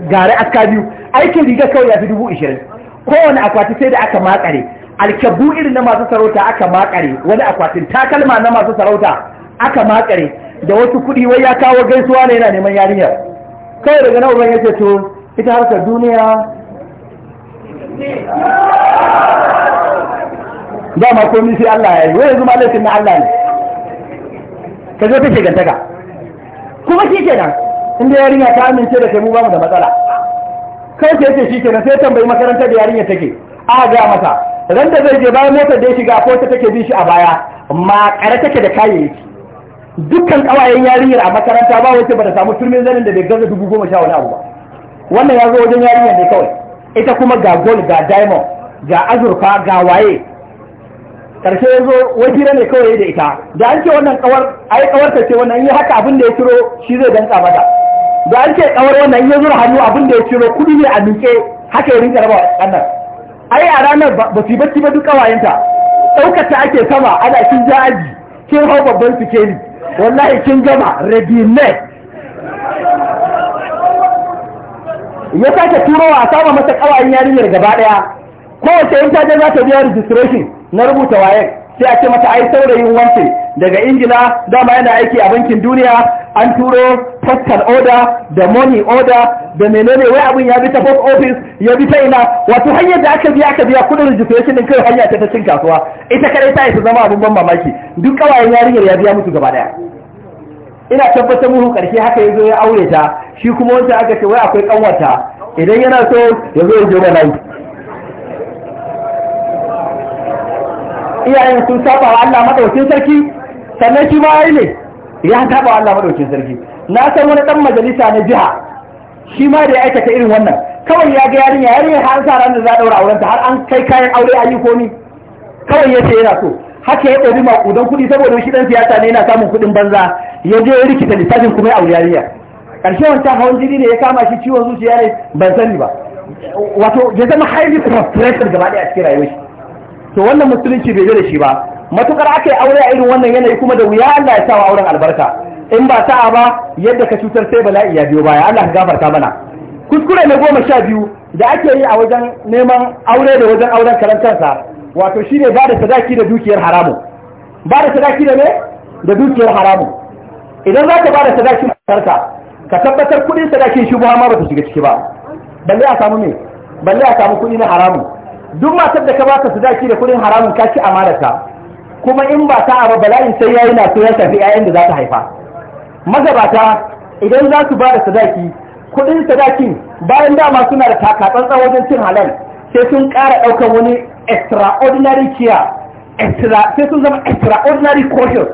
gare aska biyu aikin riga kawai ya fi dubu ishirin kowane akwati sai da aka makare alkabu irin na masu sarauta aka makare wani akwatin takalma na masu sarauta aka makare da wasu kuɗi wai ya kawo gaisuwa ne yana neman yarinyar kawai daga nan ban yace to ita harkar duniya ma komai sai Allah ya yi wai yanzu malakin na Allah ne ka zo ta gantaka. kuma shi kenan inda yarinya ta amince da kai mu ba mu da matsala kai ke ce shikenan sai tambayi makarantar da yarinya take a ga masa ran da zai je bayan motar da ya shiga ko ta take bi shi a baya ma kare take da kayayyaki dukkan kawayen yarinyar a makaranta ba wace ba ta samu turmin zanin da bai gaza dubu goma sha wani abu ba wannan ya zo wajen yarinyar ne kawai ita kuma ga gold ga diamond ga azurfa ga waye karshe ya zo wajira ne kawai da ita da an ce wannan kawar ai kawar ta ce wannan yi haka abin da ya ciro shi zai danka mata da an ce kawar wannan ya hannu abin da ya ciro kudi ne a miƙe haka yi rinka raba ai a ranar ba su bacci ba duk kawayenta ɗaukar ta ake sama ana kin ja aji kin hau babban sikeli wallahi kin gama ready ya sake turo a sama masa kawayen yarinyar gaba ɗaya kowace yin ta je za ta biya registration na rubuta waye sai a ce mata ai saurayin wance daga ingila dama yana aiki a bankin duniya an turo postal order da money order da menene wai abin ya bi ta post office ya bi ta ina wato hanyar da aka biya aka biya kudin rijistration din kai hanya ta ta cin kasuwa ita kadai ta isa zama abin ban mamaki duk kawayen yarinyar ya biya mutu gaba daya ina tabbatar muku karshe haka ya zo ya aure ta shi kuma wanda aka ce wai akwai kanwarta idan yana so yazo ya je mana iyayen sun saba wa Allah madaukin sarki sannan shi ma yayi ne ya saba wa Allah madaukin sarki na san wani dan majalisa na jiha shi ma da ya aikata irin wannan kawai ya ga yarinya yarinya har sa ran da za a daura aurenta har an kai kayan aure an yi komi kawai yace yana so haka ya ɗari makudan kuɗi saboda shi dan siyasa ne yana samun kuɗin banza ya je ya rikita lissafin kuma ya auri yarinya ƙarshe wancan hawan jini ne ya kama shi ciwon zuciya ne ban sani ba wato ya zama highly frustrated gaba ɗaya a cikin rayuwar shi to wannan musulunci bai da shi ba matukar aka yi aure a irin wannan yanayi kuma da wuya Allah ya sawa auren albarka in ba sa'a ba yadda ka cutar sai bala'i ya biyo baya Allah ka gafarta mana kuskure na goma sha biyu da ake yi a wajen neman aure da wajen auren karan wato shine ba da sadaki da dukiyar haramu ba da sadaki da ne da dukiyar haramu idan za ka ba da sadaki matarka ka tabbatar kudin sadakin shi ma ba ta shiga ciki ba balle a samu ne, balle a samu kudi na haramu duk matar da ka baka sadaki da kudin haramun ka ci amanarta kuma in ba ta abu bala'in sai yayi na so ya shafi 'ya'yan da za ta haifa magabata idan za su ba sadaki kudin sadakin bayan dama suna da takatsantsa wajen cin halal sai sun ƙara ɗaukar wani extraordinary care sai sun zama extraordinary cautious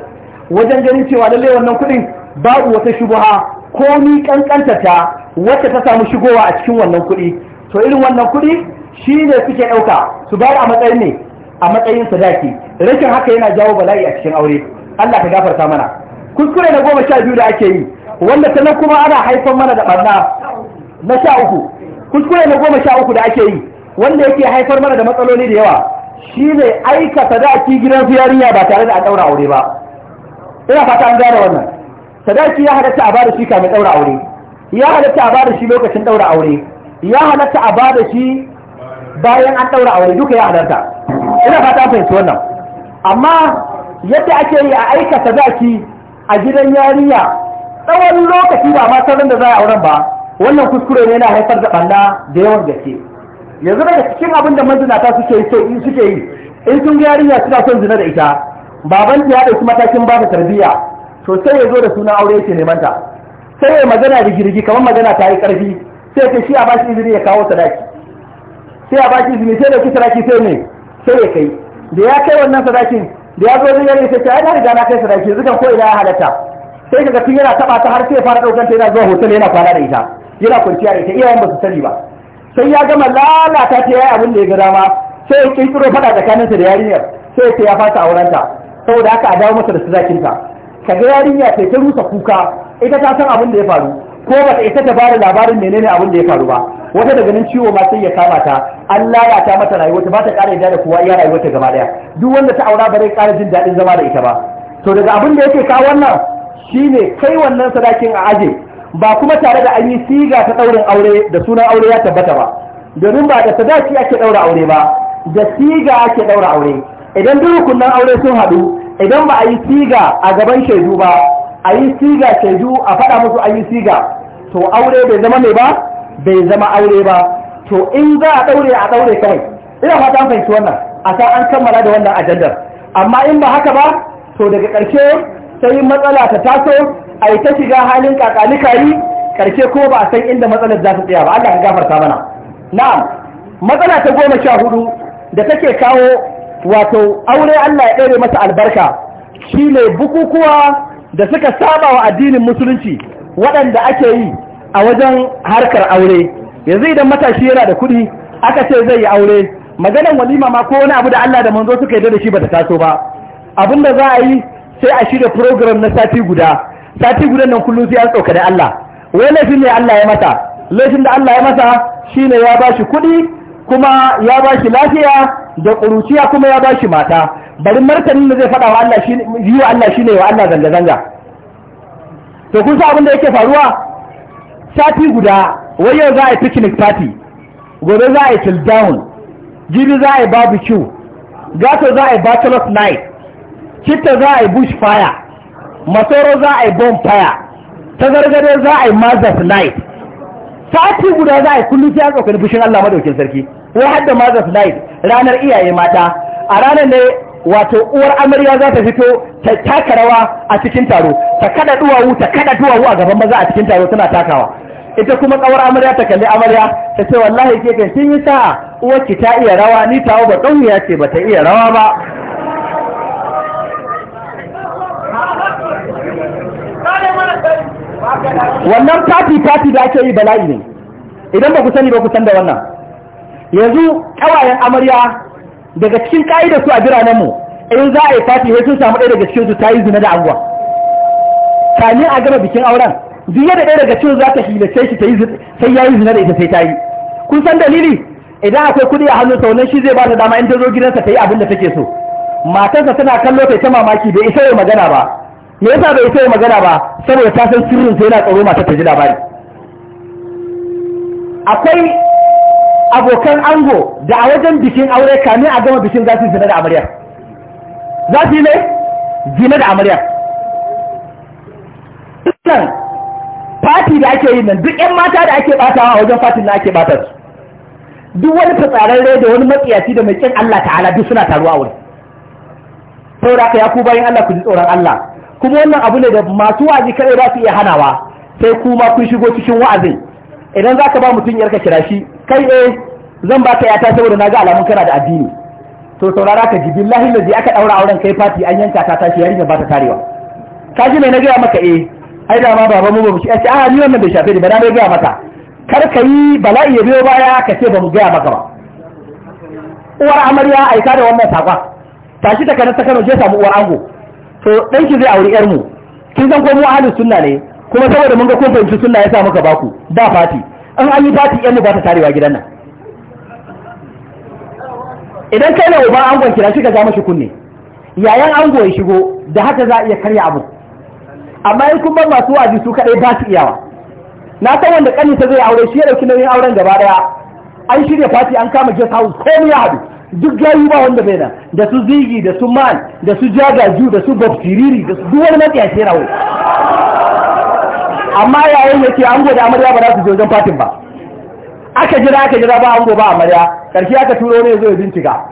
wajen ganin cewa lalle wannan kudin babu wata shubuha ko ni kankanta ta wacce ta samu shigowa a cikin wannan kudi to irin wannan kudi shi ne suke ɗauka su bayar a matsayin ne a matsayin sadaki rashin haka yana jawo bala'i a cikin aure Allah ka gafarta mana kuskure na goma sha biyu da ake yi wanda sannan kuma ana haifar mana da ɓarna na sha uku kuskure na goma sha uku da ake yi wanda yake haifar mana da matsaloli da yawa shi ne aika sadaki gidan yarinya ba tare da an ɗaura aure ba ina fata an gane wannan sadaki ya halatta a bada shi kamin ɗaura aure ya halatta a bada shi lokacin ɗaura aure ya halatta a bada shi bayan an ɗaura aure duka ya halarta ina fata fahimci wannan amma yadda ake yi a aikata zaki a gidan yariya tsawon lokaci ba ma sanin da za a auren ba wannan kuskure ne yana haifar da ɓanna da yawan gaske yanzu daga cikin abin da manzinata suke yi suke yi in sun ga yarinya suna son zina da ita baban ta ya ɗauki matakin ba ta tarbiyya to sai ya zo da sunan aure yake neman ta sai ya magana da girgi kamar magana ta yi ƙarfi sai ta shi a bashi izini ya kawo sadaki sai a baki izini sai da sadaki sai ne sai ya kai da ya kai wannan sadakin da ya zo zai yare sai ta na riga na kai sadaki zukan ko ina ya halatta sai kaga tun yana taba ta har sai fara daukan ta yana zuwa hotel yana kwana da ita yana kwanciya da ita iyayen ba su sani ba sai ya gama lalata ta yayi abin da ya ga dama sai ya kirkiro fada tsakanin ta da yarinyar sai ya ya fasa ta saboda haka a dawo masa da sadakin sadakinta kaga yarinya sai ta rusa kuka ita ta san abin da ya faru ko ba ta ita ta bada labarin menene abin da ya faru ba wata daga nan ciwo ma sai ya kama ta an lalata mata rayuwa ta ba ta ƙara da kowa iya rayuwa ta gaba daya duk wanda ta aura ba zai ƙara jin daɗin zama da ita ba to daga abin da yake kawo wannan shine kai wannan sadakin a aje ba kuma tare da an yi siga ta ɗaurin aure da sunan aure ya tabbata ba domin ba da sadaki ake ɗaura aure ba da siga ake ɗaura aure idan duk rukunan aure sun haɗu idan ba a yi siga a gaban shaidu ba a yi siga shaidu a faɗa musu a yi siga to aure bai zama mai ba bai zama aure ba to in za a daure a daure kawai ina fata an fahimci wannan a sa an kammala da wannan ajandar amma in ba haka ba to daga ƙarshe sai matsala ta taso a yi ta shiga halin kakalikari ƙarshe ko ba a san inda matsalar za su tsaya ba Allah ka gafarta mana na'am matsala ta goma sha hudu da take kawo wato aure Allah ya ɗaure masa albarka shine bukukuwa da suka saba wa addinin musulunci waɗanda ake yi a wajen harkar aure yanzu idan matashi yana da kuɗi aka ce zai yi aure maganan walima ma ko wani abu da Allah da manzo suka yarda da shi bata taso ba da za a yi sai a shirya program na sati guda sati gudan nan kullum sai an tsoka da Allah wai laifin ne Allah ya mata laifin da Allah ya masa shine ya ba shi kuɗi kuma ya ba shi lafiya da ƙuruciya kuma ya ba shi mata bari martanin da zai faɗa wa Allah shine yi wa Allah shine wa Allah zanga zanga to kun san abin da yake faruwa sati guda wai yau za a yi picnic party gobe za a yi till down jibi za a yi barbecue gato za a yi bachelor's night citta za a yi bush fire masoro za a yi ta tazargado za a yi mazas night sati guda za a yi kullum sai an tsokani bishin Allah madaukin sarki wai hadda mazas night ranar iyaye mata a ranar ne wato uwar amarya za ta fito ta taka rawa a cikin taro ta kada duwawu ta kada duwawu a gaban maza a cikin taro tana takawa ita kuma kawar amarya ta kalli amarya ta ce wallahi ke kan sun yi sa'a uwarki ta iya rawa ni tawo ba ya ce ba ta iya rawa ba wannan fati-fati da ake yi bala'i ne idan ba ku sani ba ku san da wannan yanzu ƙawayen amarya daga cikin ka'idar su a biranenmu in za a yi fati sai sun samu ɗaya daga cikin su ta yi zina da anguwa kamin a gama bikin auren duk yadda ɗaya daga cikin za ta hilace shi ta yi sai ya yi zina da ita sai ta yi kun san dalili idan akwai kuɗi a hannunsa wannan shi zai ba ta dama in ta zo gidansa ta yi abin da take so matarsa tana kallo ta ta mamaki bai isa yau magana ba me yasa bai isa yau magana ba saboda ta san sirrin sai yana tsaro matar ta ji labari akwai abokan ango da a wajen bikin aure kamin a gama bikin za su zina da amarya za su yi ne zina da amaryar fati da ake yi nan duk yan mata da ake batawa a wajen fatin da ake batar su duk wani fitsararre da wani matsiyaci da mai kyan Allah ta'ala duk suna taruwa a Sau saboda ka ya ku bayan Allah ku ji tsoron Allah kuma wannan abu ne da masu wa'azi kadai za su iya hanawa sai kuma kun shigo cikin wa'azin idan za ka ba mutum yarka kira shi kai eh zan ba baka yata saboda na ga alamun kana da addini to saurara ka ji billahi zai aka daura auren kai fati an yanka ta tashi yarinya ba ta karewa kaji mai na gaya maka eh ai da ma baba mu ba mu ci ce a ah, ni wannan bai shafe ni ba na bai gaya maka kar ka yi bala'i ya biyo baya ka ce ba mu gaya maka ba uwar amarya aika da wannan sakwa tashi ta kana ta kano je samu uwar ango to dan ki zai auri yar mu kin san ko mu ahlus sunna ne kuma saboda mun ga kun fahimci sunna ya sa muka baku da fati in an yi fati yan mu ba ta tarewa gidan nan idan kai ne uban angon kira shi ka ga mashi kunne yayan ango ya shigo da haka za a iya karya abu amma in kun bar masu wazi su kaɗai ba su iyawa na san wanda ƙaninsa zai aure shi ya ɗauki nauyin auren gaba ɗaya an shirya fati an kama guest house komai ya haɗu duk gayu ba wanda bai nan da su zigi da su man da su jagaju da su bob da su duwani matsiya ce rawo amma yayin yake an da amarya ba za su je wajen fatin ba aka jira aka jira ba an ba amarya karshe aka turo ne zo ya bincika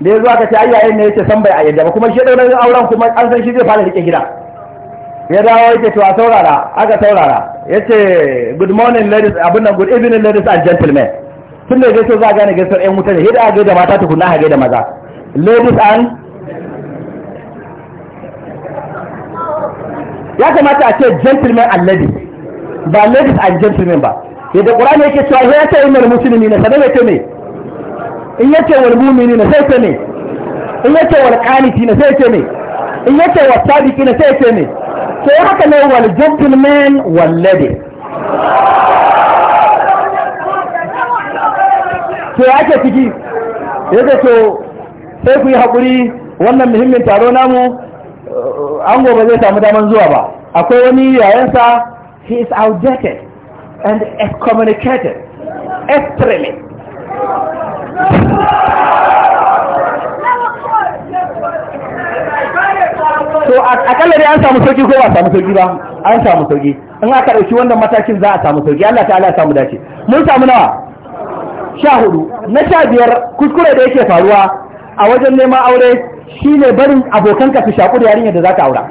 da ya zo aka ce ayyayen ne yake san bai a yadda ba kuma shi dauran auren kuma an san shi zai fara rike gida ya dawo yake to a saurara aka saurara ya ce good morning ladies abinnan good evening ladies and gentlemen tun da gaisuwa za a gane gaisuwar 'yan mutane hida a gaida mata tukuna a gaida maza ladies and ya kamata a ce gentlemen and ladies ba ladies and gentlemen ba yadda ƙurani yake cewa ya yi inal musulmi na sanar ce ne in ya wani wal mumini na sai ce ne in ya wani wal na sai ce ne in ya ce wa na sai ce ne sai haka ne wal gentleman wal lady to ake ciki yake to sai ku yi haƙuri wannan muhimmin taro namu uh, an gobe zai samu daman zuwa ba akwai wani yayensa he is outdated and excommunicated extremely to akalla dai an samu sauki ko ba samu sauki ba an samu sauki in aka dauki wannan matakin za a samu sauki Allah ta'ala ya samu dace mun samu nawa sha hudu na sha biyar kuskure da yake faruwa a wajen neman aure shine barin abokanka su shaku da yarinyar da za ka aura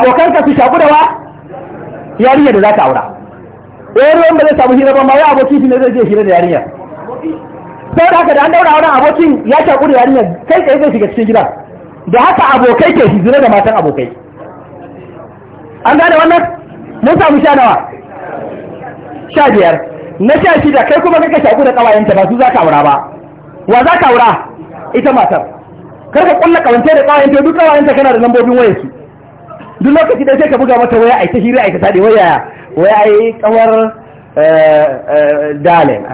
abokanka su shaku da wa yarinyar da za ka aura ɗaya ruwan ba zai samu hira ba ma wai abokin shi ne zai je hira da yarinyar sai da haka da an daura auren abokin ya shaku da yarinyar kai tsaye zai shiga cikin gida? da haka abokai ke hijira da matan abokai an gane wannan mun samu sha nawa sha biyar na sha shida kai kuma kaka shaku da kawayenta ba su za ka aura ba wa za ka aura ita matar kar ka kulla kawance da kawayenta duk kawayenta kana da lambobin wayarsu duk lokaci da sai ka buga mata waya a ita hira a ita tade waya waya ai kawar Eh, eh, dalin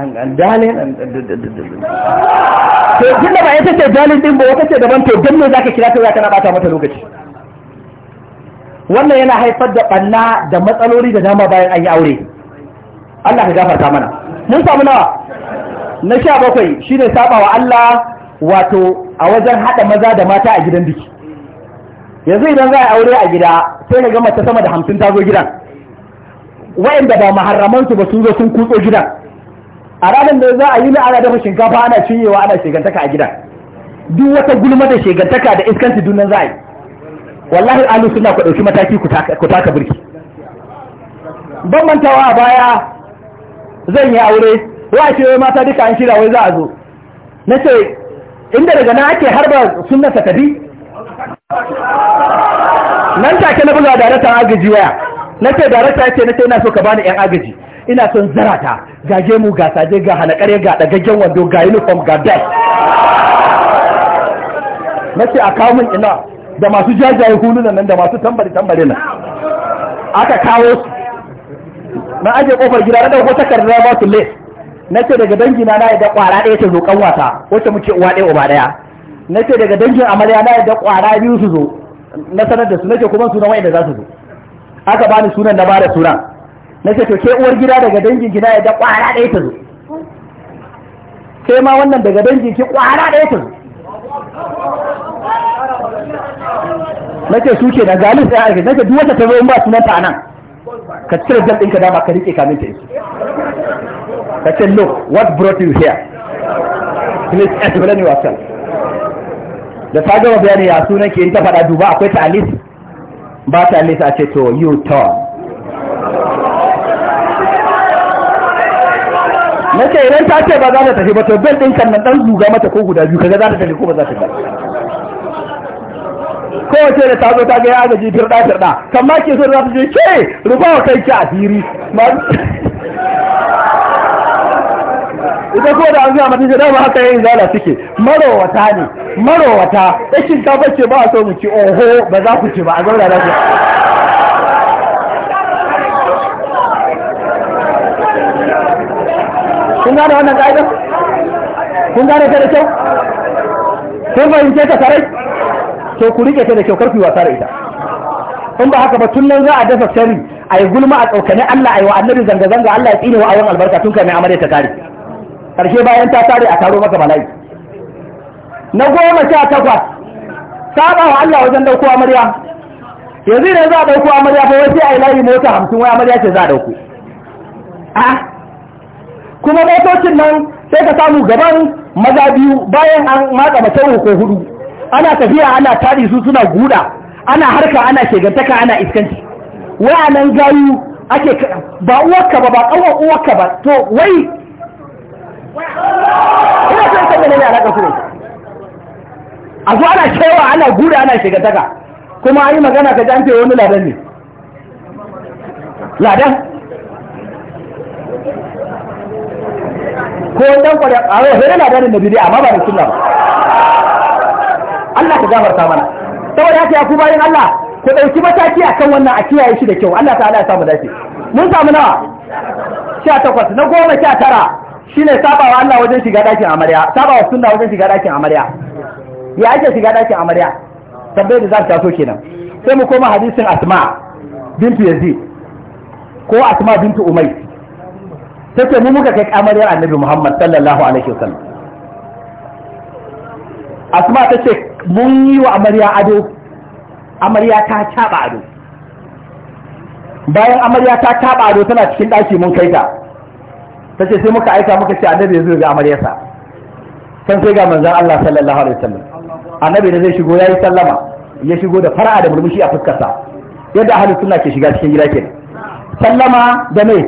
to ba ita ce dalin din ba wata ce daban to don za zaka kira ta ka na mata lokaci wannan yana haifar da ɓanna da matsaloli da dama bayan an yi aure Allah ka gafarta mana mun samu nawa na sha bakwai shine saba wa Allah wato a wajen haɗa maza da mata a gidan biki yanzu idan za a yi aure a gida sai na gama ta sama da hamsin ta zo gidan Wa'inda ba maharamansu ba sun zo sun kutso gidan a ranar da za a yi na ana dafa shinkafa ana cinyewa ana shegantaka a gidan duk wata gulma da shegantaka da iskanci dunan za a yi wallahi alu suna ku ɗauki mataki ku taka birki ban mantawa a baya zan yi aure wa a wai mata duka an shira wai za a zo na ce inda daga nan ake harba sunna sakadi tafi nan take na buga da ratan agaji waya Na nace darakta na ce ina so ka bani yan agaji ina son zarata ga gemu ga saje ga halakare ga dagaggen wando ga uniform ga na ce a kawo min ina da masu jajaye hulunan nan da masu tambari tambare nan aka kawo su na aje kofar gida na dauko takardar ba su na ce daga dangi na na da kwara ɗaya ta zo kan wata wacce muke uwa ɗaya uba ɗaya ce daga dangin amarya na da kwara biyu su zo na sanar da su ce kuma su na wayanda za su zo aka bani sunan na bada sunan na ce to ke uwar gida daga dangin gida ya da kwara ɗaya ta zo Sai ma wannan daga dangin ki kwara ɗaya ta zo na ce su ke na galis ya aiki na ce duk wata ta zo in ba sunanta a nan ka cire jan ɗinka dama ka riƙe kamin ta isu ka ce look what brought you here please explain yourself da ta gama bayani ya sunan ke in ta faɗa duba akwai ta'alis ba ta nisa ce to you turn na ce idan ta ce ba za ta tafi ba to bel ɗin kan na ɗan zuga mata ko guda biyu kaga za ta tafi ko ba za ta tafi kowace da ta zo ta ga ya agaji firɗa firɗa kan ma ke so za ta je ke rufa wa kai ki asiri ita ko da an gaya mata ce dama haka yin zala suke marowata ne marowata ya shinkafa ce ba a so mu ci oho ba za ku ci ba a da lafiya kun gane wannan ka'ida kun gane ta da kyau kun fahimce ta sarai to ku rike ta da kyau karku yi wasa da ita in ba haka ba tun nan za a dafa sharri a yi gulma a tsokane Allah a yi wa annabi zanga-zanga Allah ya tsine wa auren albarka tun kai mai amarya ta kare ƙarshe bayan ta tare a taro maka bala'i na goma sha takwas saba wa Allah wajen ɗaukowa amarya yanzu ne za a ɗaukowa amarya ba wai sai a yi layi mota hamsin wai amarya ce za a ɗauko. a kuma motocin nan sai ka samu gaban maza biyu bayan an matsa mace ko hudu ana tafiya ana tari su suna guda ana harka ana shegantaka ana iskanci wa'anan gayu ake ba uwarka ba ba kawai uwarka ba to wai ina son san ne a su ne a zo ana cewa ana gura ana shigataka kuma an yi magana ka jante wani ladan ne ladan ko dan kwada a wai hore ladan ne bidiya amma ba da sunna ba Allah ka gafarta mana saboda haka ya ku bayan Allah ku ɗauki mataki a kan wannan a kiyaye shi da kyau Allah ta'ala ya samu dace mun samu nawa sha takwas na goma sha tara shine sabawa Allah wajen shiga dakin amarya sabawa sunna wajen shiga dakin amarya ya ake shiga dakin amarya tambayar da za ta taso kenan sai mu koma hadisin asma bintu yazid ko asma bintu umay tace mu muka kai amaryar annabi muhammad sallallahu alaihi wasallam asma ta ce mun yi wa amarya ado amarya ta caba ado bayan amarya ta caba ado tana cikin daki mun kai ta ta ce sai muka aika muka ce annabi ya zo ga amaryarsa can sai ga manzan Allah sallallahu alaihi wasallam annabi da zai shigo ya yi sallama ya shigo da fara'a da murmushi a fuskarsa yadda ahli sunna ke shiga cikin gida kenan sallama da mai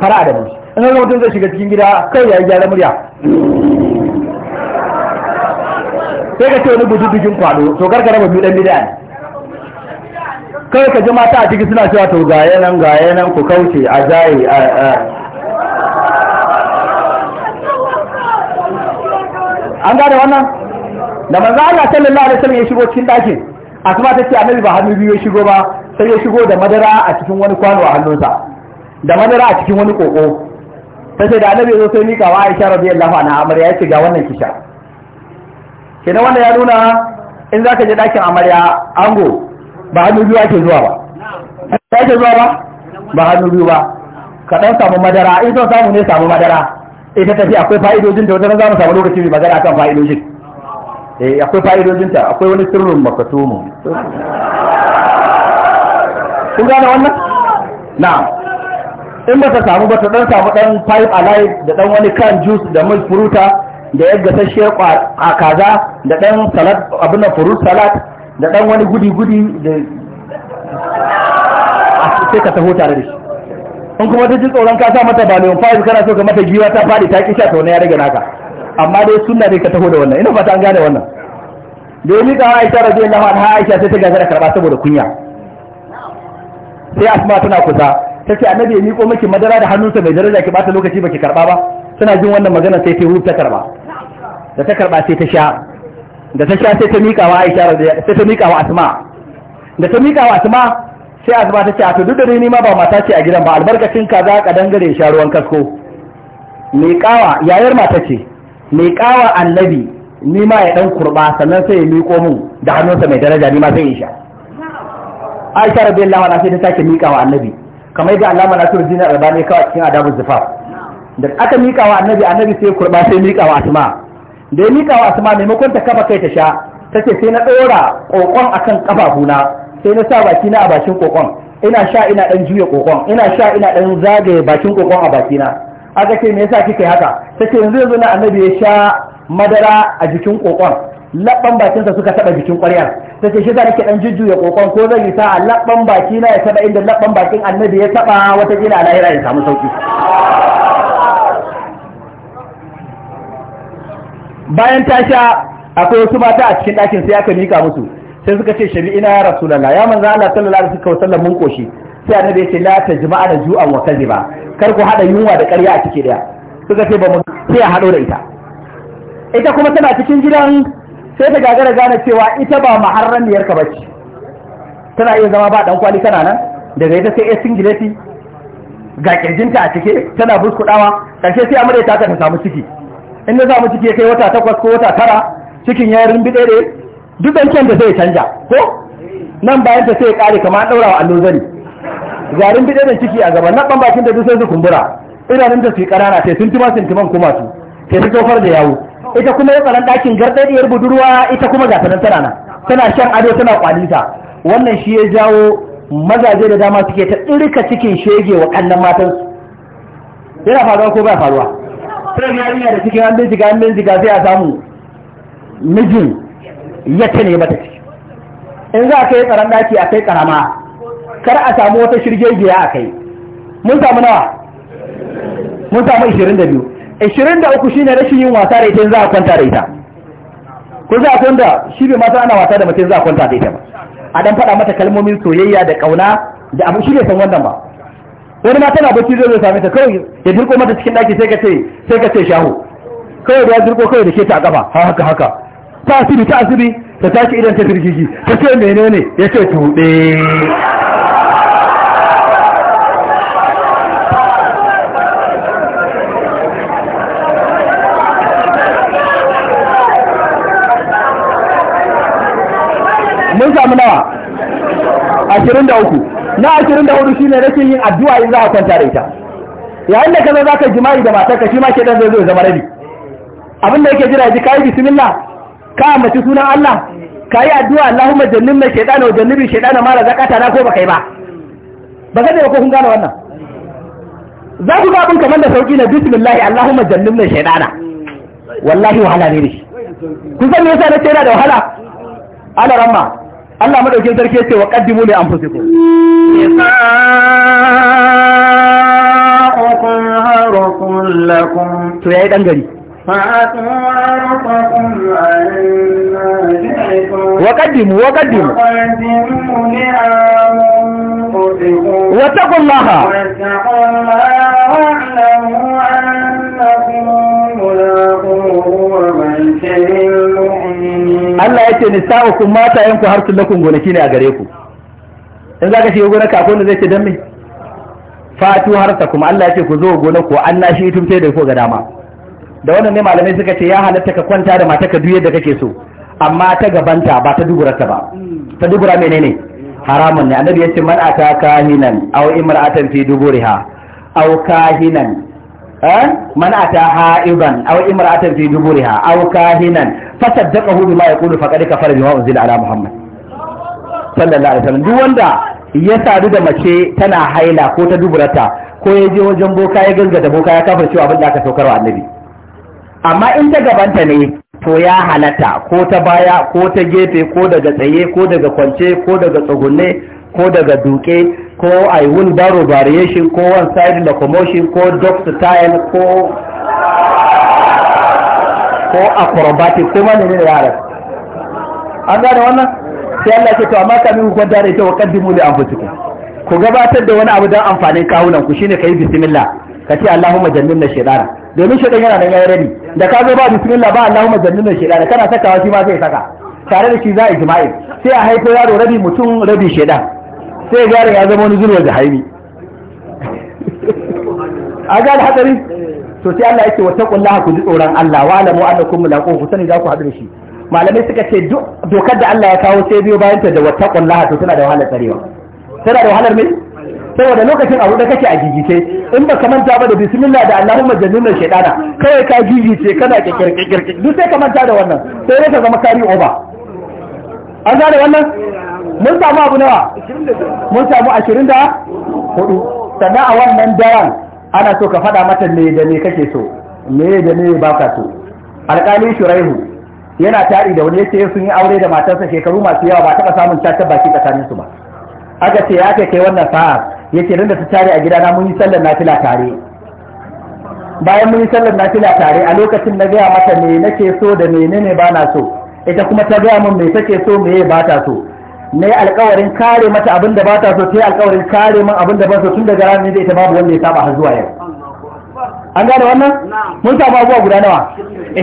fara'a da murmushi in ga mutum zai shiga cikin gida kai ya yi gyara murya sai ka ce wani buji bujin kwado to gargara ba biyu dan bid'a ne kai ka ji mata a ciki suna cewa to ga yanan ga yanan ku kauce a jaye an gane wannan da manzo Allah sallallahu alaihi wasallam ya shigo cikin dakin asma ta ce annabi ba hannu biyu ya shigo ba sai ya shigo da madara a cikin wani kwano a hannunsa da madara a cikin wani koko ta ce da annabi zo sai mika wa Aisha radiyallahu anha amarya ya ga wannan kisha kenan wannan ya nuna in zaka je dakin amarya ango ba hannu biyu ake zuwa ba ake zuwa ba ba hannu biyu ba ka dan samu madara in son samu ne samu madara ita tafi akwai fa'idojin ta wata za mu samu lokaci mai magana akan fa'idojin eh akwai fa'idojin ta akwai wani sirrin makatomo kun gane wannan na'am in ba ta samu ba ta dan samu dan five alive da dan wani kan juice da milk fruta da yadda ta shekwa a kaza da dan salad abin fruit salad da dan wani gudi gudi da sai ka taho tare da shi in kuma ta ji tsoron ka sa mata baliyon fa'is kana so ka mata giwa ta faɗi ta kisha ta wani ya rage naka amma dai sunna ne ka taho da wannan ina fata an gane wannan da ya miƙa Aisha radiyallahu anha Aisha sai ta da karba saboda kunya sai Asma tana kusa ta ce annabi ya miƙo miki madara da hannunsa mai daraja ki bata lokaci baki karba ba tana jin wannan magana sai ta rubuta karba da ta karba sai ta sha da ta sha sai ta miƙa wa Aisha sai ta miƙa wa Asma da ta miƙa wa Asma sai azuma ta ce a to duk da ni ma ba mata ce a gidan ba albarkacin ka za ka dangare sha ruwan kasko kawa yayar mata ce miƙawa annabi ni ma ya dan kurba sannan sai ya miƙo mun da hannunsa mai daraja ni ma sai yi sha aisha allah anha sai ta sake miƙawa annabi kamar yadda Allah mana turu dinar albani kawai cikin adabu zufaf da aka miƙawa annabi annabi sai kurba sai miƙawa asma da ya wa asma maimakon ta kafa kai ta sha tace sai na ɗora ƙoƙon akan kafafuna sai na sa baki na a bakin kokon ina sha ina dan juya kokon ina sha ina dan zagaye bakin kokon a bakina aka ce me yasa kike haka take yanzu yanzu na annabi ya sha madara a jikin kokon labban sa suka taba jikin ƙwarya ce shi za nake dan jujjuya kokon ko zan yi sa'a labban baki na ya taba inda labban bakin annabi ya taba wata kila a lahira ya samu sauki bayan ta sha akwai wasu mata a cikin ɗakin sai aka mika musu sai suka ce na ya rasu lalla ya manza Allah sallallahu alaihi wasallam mun koshi sai annabi ya ce la tajma'a da ju'an wa ba kar ku hada yunwa da ƙarya a ciki daya suka ce ba mu sai a hado da ita ita kuma tana cikin gidan sai ta gagara gane cewa ita ba maharramiyar ka bace tana iya zama ba dan kwali kana nan daga ita sai ya singileti ga kirjinta a cike tana buskudawa karshe sai amurya ta ta samu ciki inda zamu samu ciki kai wata takwas ko wata tara cikin yarin rimbi ɗaya duk zancen da zai canja ko nan bayan ta sai kare kamar daura wa allo garin bidai da ciki a gaba nan ban bakin da duk sai su kumbura idanun da su yi ƙanana sai sun tuma sun tuman kuma su sai su kofar da yawo ita kuma ya dakin ɗakin garɗaɗiyar budurwa ita kuma ga sanan tana nan tana shan ado tana kwalita wannan shi ya jawo mazaje da dama suke ta dirka cikin shege wa matan matansu yana faruwa ko ba faruwa sai yarinya da cikin hannun jiga hannun jiga sai a samu mijin yake ne mata ciki in za a kai tsaron daki a kai karama kar a samu wata giya a kai mun samu nawa mun samu 22 23 shine rashin yin wasa da ita in za a kwanta da ita ku za a kwanta shi bai mata ana wasa da mutum za a kwanta da ita ba a dan faɗa mata kalmomin soyayya da ƙauna da abu shi ne san wannan ba wani ma tana bacci zai same ta kawai ya dirko mata cikin ɗaki sai ka ce sai ka ce shahu kawai da ya dirko kawai da ke ta a ƙafa haka haka ta asibi ta asibi ta tashi idan ta firgigi ta ce menene ya ce tuɗe mun samu nawa ashirin da uku na ashirin da hudu shine rashin yin addu'a in za a kwanta da ita yayin da kaza za ka jima'i da matarka shi ma ke dan zai zama rabi abin da yake jira ji kayi bismillah ka ambaci sunan Allah ka yi addu'a Allahumma mai shaidana, wa jannibi shaytana mara zakata na ko ba kai ba ba zai ko kun gane wannan za ku ga abin kamar da sauƙi na bismillah Allahumma mai shaidana. wallahi wahala ne shi kun san me yasa na ce yana da wahala ala ramma Allah madaukin sarki ya ce wa qaddimu li anfusikum nisa'ukum harakun lakum to yayi dan gari وقدموا وقدموا واتقوا الله واتقوا الله واعلموا أنكم ملاقوه وبشر المؤمنين الله يتي نساؤكم ماتا ينكو هرت لكم gonaki ne a gare ku in za ka shiga gonaka akwai wanda zai ce don me fatu harta kuma Allah ya ce ku zo gonar ku an na shi tumte da ku ga dama da wannan ne malamai suka ce ya halatta ka kwanta da mata ka duye da kake so amma ta gabanta ba ta ta ba ta dubura menene haramun ne annabi ya ce man ata kahinan aw imra'atan fi duburiha aw kahinan eh? man ata ha'iban aw imra'atan fi duburiha aw kahinan fasaddaqahu bima yaqulu faqad kafara bima unzila ala muhammad sallallahu alaihi wasallam duk wanda ya sadu da mace tana haila ko ta ta ko ya je wajen boka ya gangada boka ya kafar cewa abin da aka saukarwa annabi amma in ta gabanta ne to ya halatta ko ta baya ko ta gefe ko daga tsaye ko daga kwance ko daga tsugunne ko daga duke ko a yi baro variation ko one side locomotion ko dog style ko ko acrobatic ko mana ne yaran an gane wannan sai Allah ke to amma kamin ku kwanta da ita wa kaddimu li anfusikum ku gabatar da wani abu don amfanin kawunan ku shine kai bismillah kace Allahumma jannibna shaytana domin shaidan yana nan yayi rabi da ka zo ba bismillah ba Allahumma jannibna shaidan kana sakawa shi ma zai saka tare da shi za a jima'i sai a haifo yaro rabi mutum rabi shaidan sai yaron ya zama wani zuwa da haimi a ga da hatsari to sai Allah yake wata kullaha ku ji tsoron Allah wa alamu annakum mulaqu ku sani za ku hadu da shi malamai suka ce dokar da Allah ya kawo sai biyo bayan ta da wata kullaha to tana da wahalar tsarewa tana da wahalar mai saboda lokacin abu da kake a gigice in ba baka manta ba da bismillah da allahumma jannuna shaydana kai ka gigice kana kikirkikir duk sai ka manta da wannan sai ka zama kari oba an gane wannan mun samu abu nawa mun samu ashirin da hudu sannan a wannan daren ana so ka faɗa mata me da me kake so me da me ba ka so alƙali shuraihu yana tari da wani yace sun yi aure da matarsa shekaru masu yawa ba taɓa samun cacar baki tsakaninsu ba aka ce ya kai wannan sa'a yake rinda ta tare a gidana mun yi sallar nafila tare bayan mun yi sallar nafila tare a lokacin na gaya mata me nake so da menene ba na so ita kuma ta gaya min me take so me ba ta so ne alkawarin kare mata abin da ba ta so sai alkawarin kare min abin da ba so tun daga ranar da ita babu wanda ya saba har zuwa yau an gane wannan mun samu abubuwa guda nawa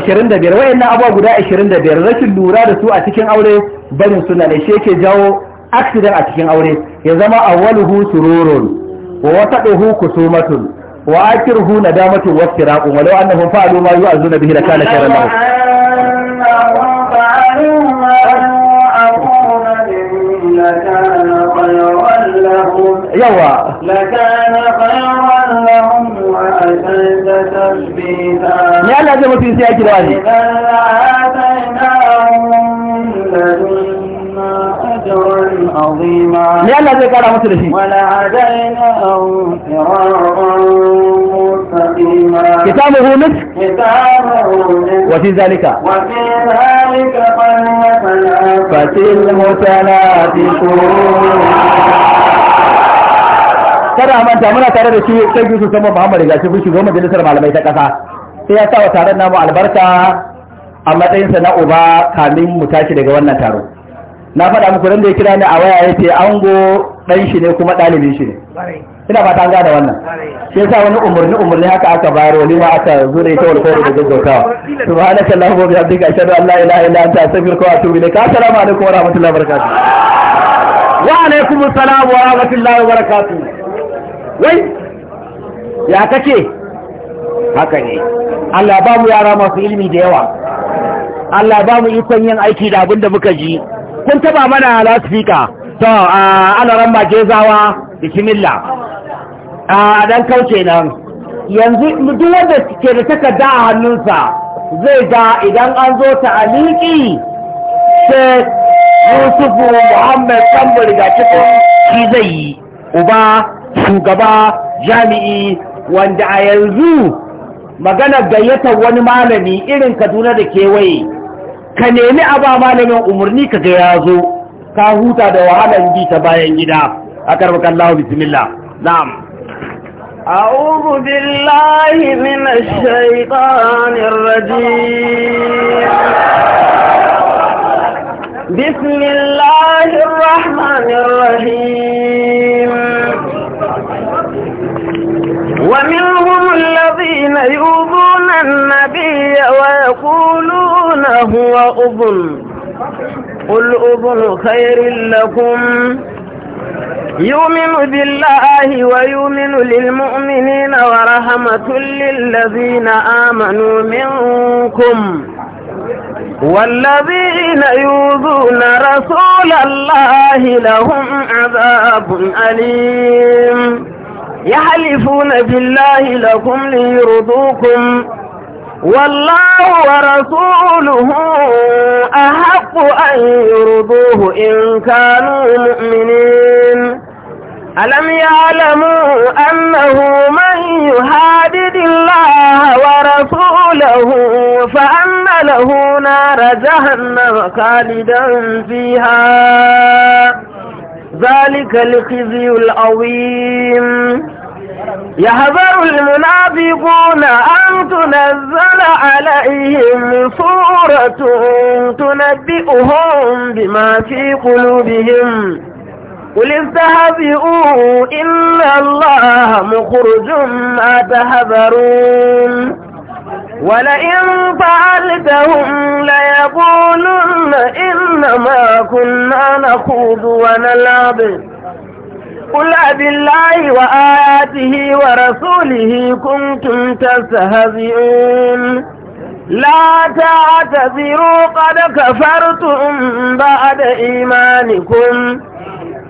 25 wayannan abubuwa guda 25 rashin lura da su a cikin aure barin suna ne shi yake jawo accident a cikin aure ya zama awwaluhu sururun wa wasaduhu kusumatun wa akhiruhu nadamatun wa firaqun walau annahum fa'alu ma yu'azuna bihi lakana khayran lahum yawa lakana khayran lahum wa asanta tasbita ya Allah zai sai yaki da wani عظيما يا الله زي قال مثل شيء ولهديناهم مستقيما كتابه مسك كتابه وفي ذلك وفي ذلك فليتنافس المتنافسون kada a manta muna tare da shi sai Yusuf sama Muhammad ga shi shugaban majalisar malamai ta kasa sai ya sa wa taron namu albarka a matsayinsa na uba kamin mu tashi daga wannan taro na faɗa muku ran da ya kira ni a waya ya ce ango ɗan shi ne kuma ɗalibin shi ne ina fata an gane wannan shi yasa wani umarni umarni haka aka bayar wani ma aka zure ta wani kawai da gaggautawa subhanaka allahumma wa bihamdika ashhadu an la ilaha illa anta astaghfiruka wa atubu ilayk assalamu alaikum wa rahmatullahi wa barakatuh wa alaikum assalam wa rahmatullahi wa barakatuh wai ya kake? haka ne Allah ba mu yara masu ilimi da yawa Allah ba mu ikon yin aiki da abin da muka ji kun taba mana lasfika to ana ran zawa bismillah a dan kauce nan yanzu duk wanda ke da takarda a hannunsa zai ga idan an zo ta aliki sai yusufu muhammad sambul ga cikin shi zai yi uba shugaba jami'i wanda a yanzu maganar gayyatar wani malami irin kaduna da kewaye ka nemi a ba malamin umarni ka ga ya zo ka huta da wahalar bi ta bayan gida a karbakan lahu bismillah na'am أعوذ بالله من الشيطان الرجيم بسم الله الرحمن الرحيم ومن وأذن قل أذن خير لكم يؤمن بالله ويؤمن للمؤمنين ورحمة للذين آمنوا منكم والذين يؤذون رسول الله لهم عذاب أليم يحلفون بالله لكم ليرضوكم والله ورسوله أحق أن يرضوه إن كانوا مؤمنين ألم يعلموا أنه من يهادد الله ورسوله فأن له نار جهنم خالدا فيها ذلك الخزي العظيم يحذر المنافقون أن تنزل عليهم سورة تنبئهم بما في قلوبهم قل استهزئوا إن الله مخرج ما تحذرون ولئن فعلتهم ليقولن إنما كنا نخوض ونلعب قل أبالله وآياته ورسوله كنتم تستهزئون لا تعتذروا قد كفرتم بعد إيمانكم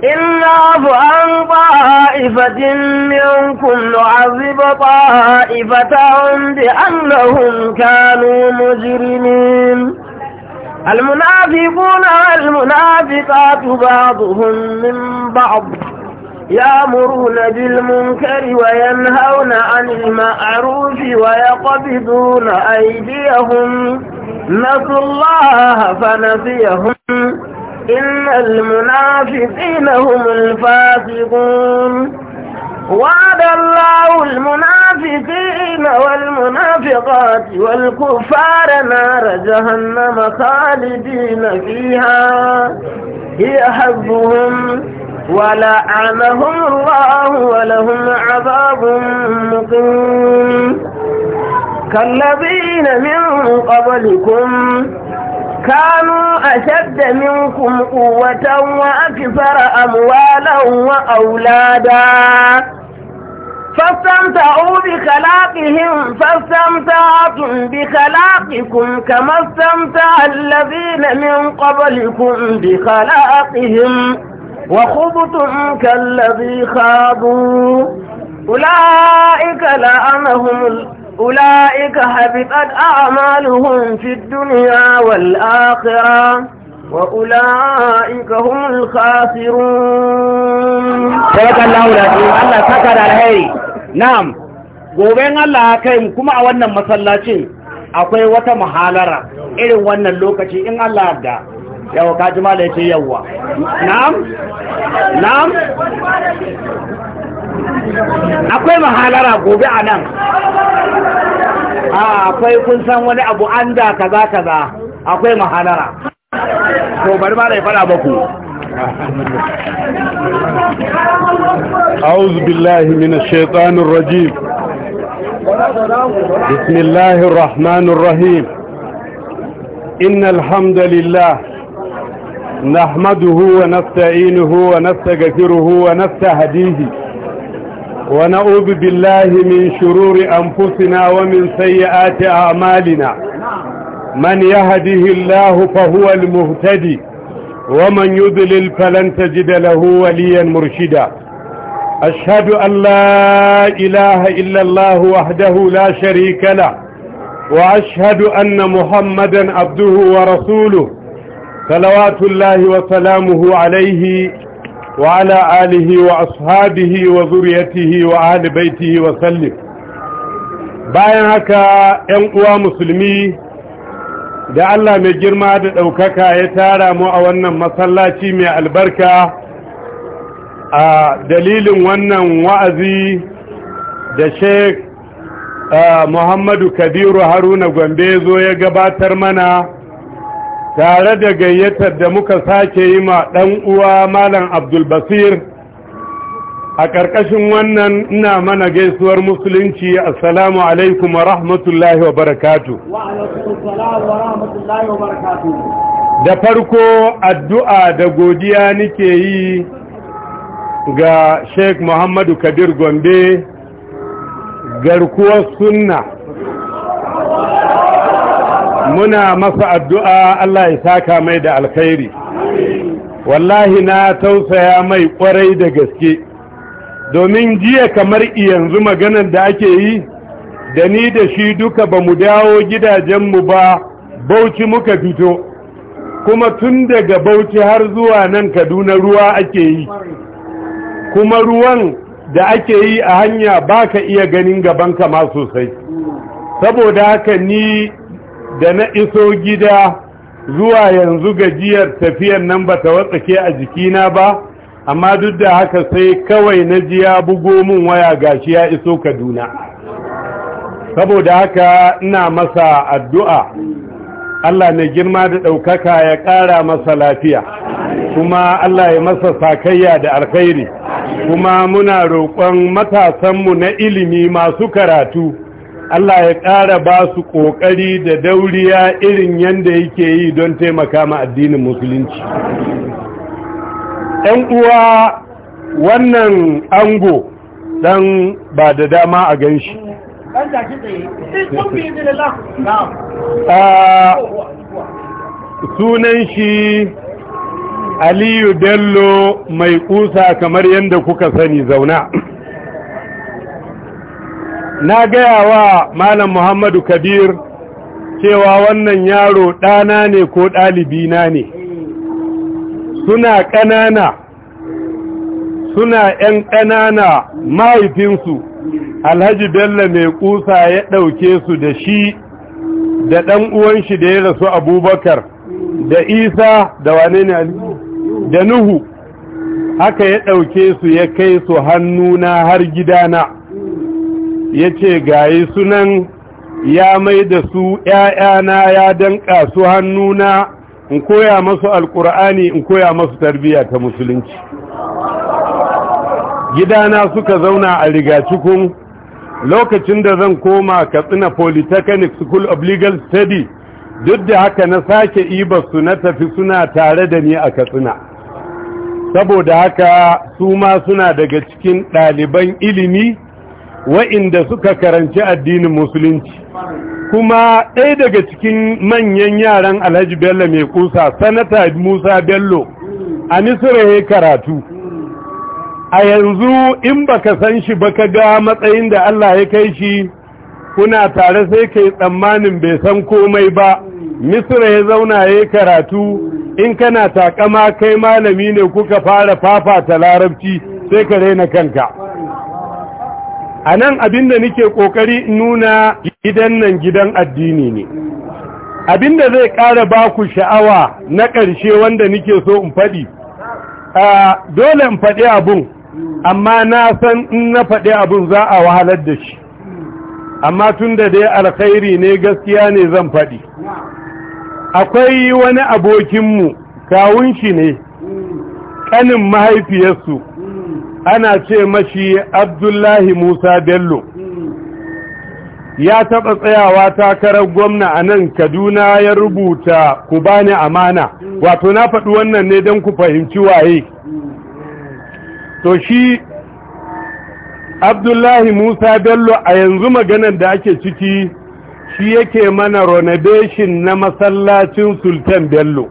إن نعف عن طائفة منكم نعذب طائفتهم بأنهم كانوا مجرمين المنافقون والمنافقات بعضهم من بعض يأمرون بالمنكر وينهون عن المعروف ويقبضون أيديهم نسوا الله فنسيهم إن المنافقين هم الفاسقون وعد الله المنافقين والمنافقات والكفار نار جهنم خالدين فيها هي حبهم ولعنهم الله ولهم عذاب مقيم كالذين من قبلكم كانوا أشد منكم قوة وأكثر أموالا وأولادا فاستمتعوا بخلاقهم فاستمتعتم بخلاقكم كما استمتع الذين من قبلكم بخلاقهم وخبتم كالذي خابوا أولئك لعنهم أولئك حبطت أعمالهم في الدنيا والآخرة وأولئك هم الخاسرون سبك الله العظيم الله سكر الهي نعم goben Allah kai mu kuma a wannan masallacin akwai wata muhalara irin wannan lokaci in Allah da Yau, kaji mala ya ce yawwa. na'am na'am akwai mahalara gobe a nan akwai kun san wani abu anda kaza kaza akwai mahalara to bari mala ya fada baku أعوذ بالله من الشيطان الرجيم بسم الله الرحمن الرحيم إن الحمد لله نحمده ونستعينه ونستغفره ونستهديه ونعوذ بالله من شرور أنفسنا ومن سيئات أعمالنا من يهده الله فهو المهتدي ومن يضلل فلن تجد له وليا مرشدا أشهد أن لا إله إلا الله وحده لا شريك له وأشهد أن محمدا عبده ورسوله صلوات الله وسلامه عليه وعلى آله وأصحابه وذريته وأهل بيته وسلم bayan haka ‘yan uwa musulmi da Allah mai girma da ɗaukaka ya tara mu a wannan masallaci mai albarka a dalilin wannan wa'azi da sheik Muhammadu Kabiru Haruna Gombe zo ya gabatar mana tare da gayyatar da muka sake yi ma ɗan uwa malam abdulbasir a ƙarƙashin wannan ina mana gaisuwar musulunci assalamu alaikum wa rahmatullahi wa barakatu da farko addu'a da godiya nike yi ga sheik muhammadu kabir gombe garkuwar sunna muna masa addu'a Allah ya saka mai da alkhairi wallahi na tausaya mai kwarai da gaske domin jiya kamar yanzu maganar da ake yi da ni da shi duka ba mu dawo gidajenmu ba bauchi muka fito kuma tun daga bauchi har zuwa nan kaduna ruwa ake yi kuma ruwan da ake yi a hanya baka iya ganin gaban kama sosai saboda haka ni da na iso gida zuwa yanzu gajiyar tafiyar nan ba ta watsake a jikina ba amma duk da haka sai kawai na ji ya bugo min waya gashi ya iso kaduna saboda haka ina masa addu'a Allah na girma da ɗaukaka ya ƙara masa lafiya kuma Allah ya masa sakayya da alkhairi kuma muna roƙon matasanmu na ilimi masu karatu Allah ya ƙara ba su ƙoƙari da dauriya irin yadda yake yi don taimaka ma addinin musulunci. ‘Yan uwa wannan ango ɗan ba da dama a gan shi. Sunan shi Aliyu Bello mai ƙusa kamar yadda kuka sani zauna. na gaya wa malam muhammadu kabir cewa wannan yaro ɗana ne ko ɗalibina ne suna ƙanana suna ‘yan ƙanana mahaifinsu alhaji bello mai ƙusa ya ɗauke su da shi da ɗan uwan da ya rasu abubakar da isa da wane ne da nuhu haka ya ɗauke su ya kai su hannuna har gidana ya ce gayi sunan ya mai da su ‘ya'yana ya danƙa su hannuna in koya masu alƙur'ani in koya masu tarbiyya ta musulunci gidana suka zauna a rigacikun lokacin da zan koma katsina polytechnic school of legal study duk da haka na sake ibarsu na tafi suna tare da ni a katsina saboda haka su ma suna daga cikin ɗaliban ilimi wa'inda suka karanci addinin musulunci kuma ɗaya daga cikin manyan yaran alhaji bello mai kusa sanata musa bello a misira ya karatu a yanzu in baka san shi ba ka ga matsayin da allah ya kai shi kuna tare sai kai tsammanin bai san komai ba misira ya zauna ya karatu in kana takama kai malami ne kuka fara fafata larabci sai ka raina kanka a nan da nike ƙoƙari nuna gidan nan gidan addini ne Abin da zai ƙara ba ku sha'awa na ƙarshe wanda nike so in faɗi dole in faɗi abun amma na san in na faɗi abun za a wahalar da shi amma tun da dai alkhairi ne gaskiya ne zan faɗi akwai wani abokinmu kawun shi ne ƙanin mahaifiyarsu ana ce mashi abdullahi musa bello ya taɓa tsayawa takarar gwamna a nan kaduna ya rubuta ku bani amana wato na faɗi wannan ne don ku fahimci waye to shi abdullahi musa bello a yanzu maganar da ake ciki shi yake mana renovation na masallacin sultan bello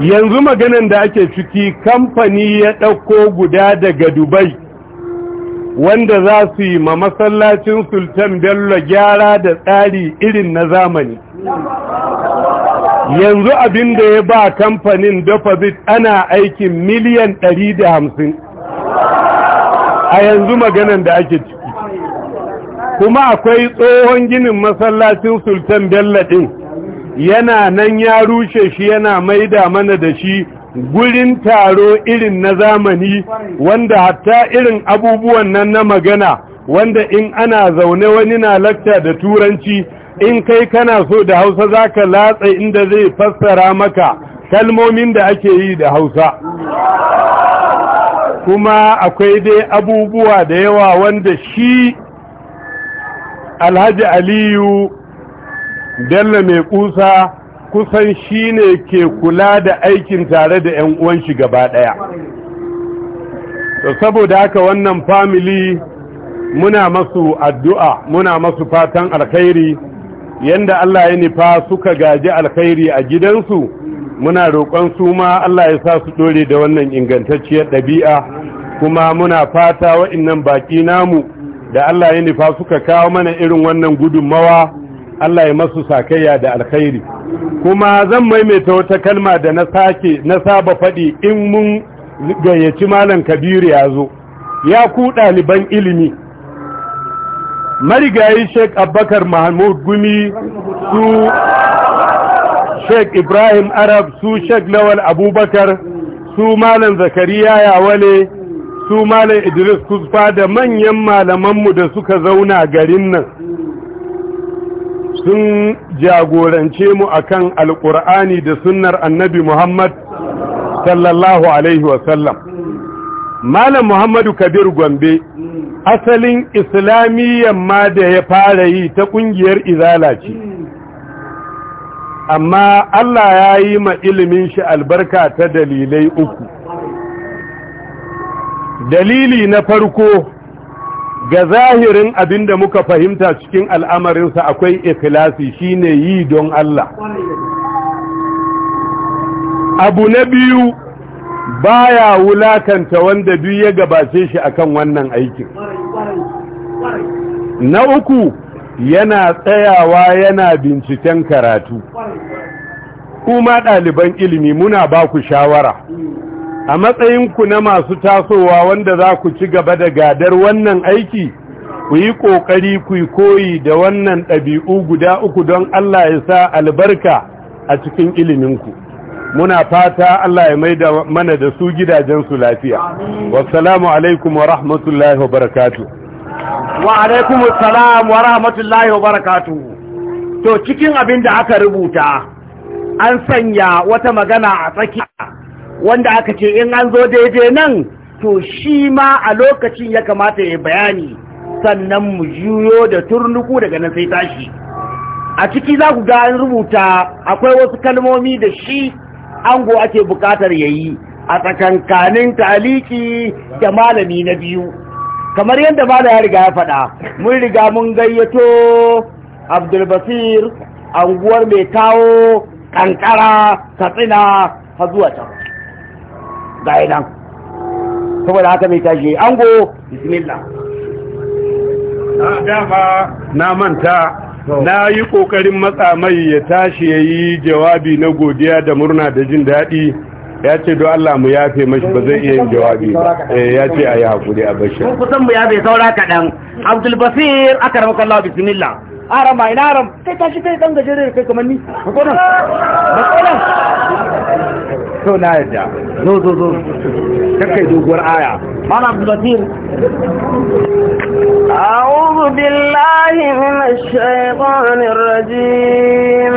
yanzu maganan da ake ciki kamfani ya ɗauko guda daga dubai wanda za su yi ma masallacin sultan bello gyara da tsari irin na zamani yanzu abin da ya ba kamfanin deposit ana aikin miliyan 150 a yanzu maganan da ake ciki kuma akwai tsohon ginin masallacin sultan bello ɗin yana nan ya rushe shi yana maida mana da shi gurin taro irin na zamani wanda hatta irin abubuwan nan na magana wanda in ana zaune wani na lakta da turanci in kai kana so da hausa za ka latsa inda zai fassara maka kalmomin da ake yi da hausa kuma akwai dai abubuwa da yawa wanda shi alhaji aliyu bello mai kusa kusan shine ke kula da aikin tare da 'yan uwan shi gaba ɗaya. saboda haka wannan famili, muna masu addu'a muna masu fatan alkhairi yanda Allah ya nifa suka gaji alkhairi a gidansu muna roƙon su ma Allah ya sa su dore da wannan ingantacciyar ɗabi'a kuma muna fata wa'innan baƙi namu da Allah ya nifa suka kawo mana irin wannan gudunmawa Allah ya masu sakayya da alkhairi kuma zan maimaita wata kalma da na sake na saba faɗi in mun gayyaci malam kabiru ya zo ya ku ɗaliban ilimi marigayi sheik Abubakar mahmud gumi su sheik ibrahim arab su sheik lawal abubakar su malam zakariya yawale su malam idris kusfa da manyan malamanmu da suka zauna garin nan sun jagorance mu akan alƙur'ani da sunnar annabi Muhammad sallallahu alaihi wasallam malam Muhammadu Kabir Gombe asalin islamiyyan ma da ya fara yi ta ƙungiyar izala ce amma Allah ya yi ma ilimin shi albarka ta dalilai uku dalili na farko ga zahirin abin da muka fahimta cikin al'amarinsa akwai ikhlasi shine yi don Allah abu na biyu baya wulakanta wanda biyu ya gabace shi akan wannan aikin na uku yana tsayawa yana binciken karatu kuma ɗaliban ilimi muna ba ku shawara a matsayinku na masu tasowa wanda za ku ci gaba da gadar wannan aiki ku yi ƙoƙari ku yi koyi da wannan ɗabi'u guda uku don Allah ya sa albarka a cikin iliminku muna fata Allah ya maida mana da su gidajensu lafiya wassalamu alaikum wa rahmatullahi wa barakatu wa alaikum assalam wa rahmatullahi wa barakatu to cikin abin da aka rubuta an sanya wata magana a tsakiya wanda aka ce in an zo daidai nan to shi ma a lokacin ya kamata ya bayani sannan mu juyo da turnuku daga nan sai tashi a ciki za ku ga an rubuta akwai wasu kalmomi da shi ango ake bukatar yi a tsakankanin taliki da malami na biyu kamar yadda malam ya riga ya faɗa mun riga mun gayyato abdulbasir anguwar mai kawo kankara katsina har zuwa can ga saboda haka mai tashi go bismillah ah, dama na manta na yi ƙoƙarin matsa mai ya tashi ya yi jawabi na godiya da murna da jin daɗi ya ce don Allah mu yafe mashi ba zai iya yin jawabi ba eh, ya ce a yi haƙuri a bashi kusan mu yafe saura kaɗan abdulbasir aka ramuka Allah bismillah aram mai naram kai tashi kai dan gajere kai kamar ni makonan makonan to na yadda zo zo zo kai doguwar aya mana abdulatir أعوذ بالله من الشيطان الرجيم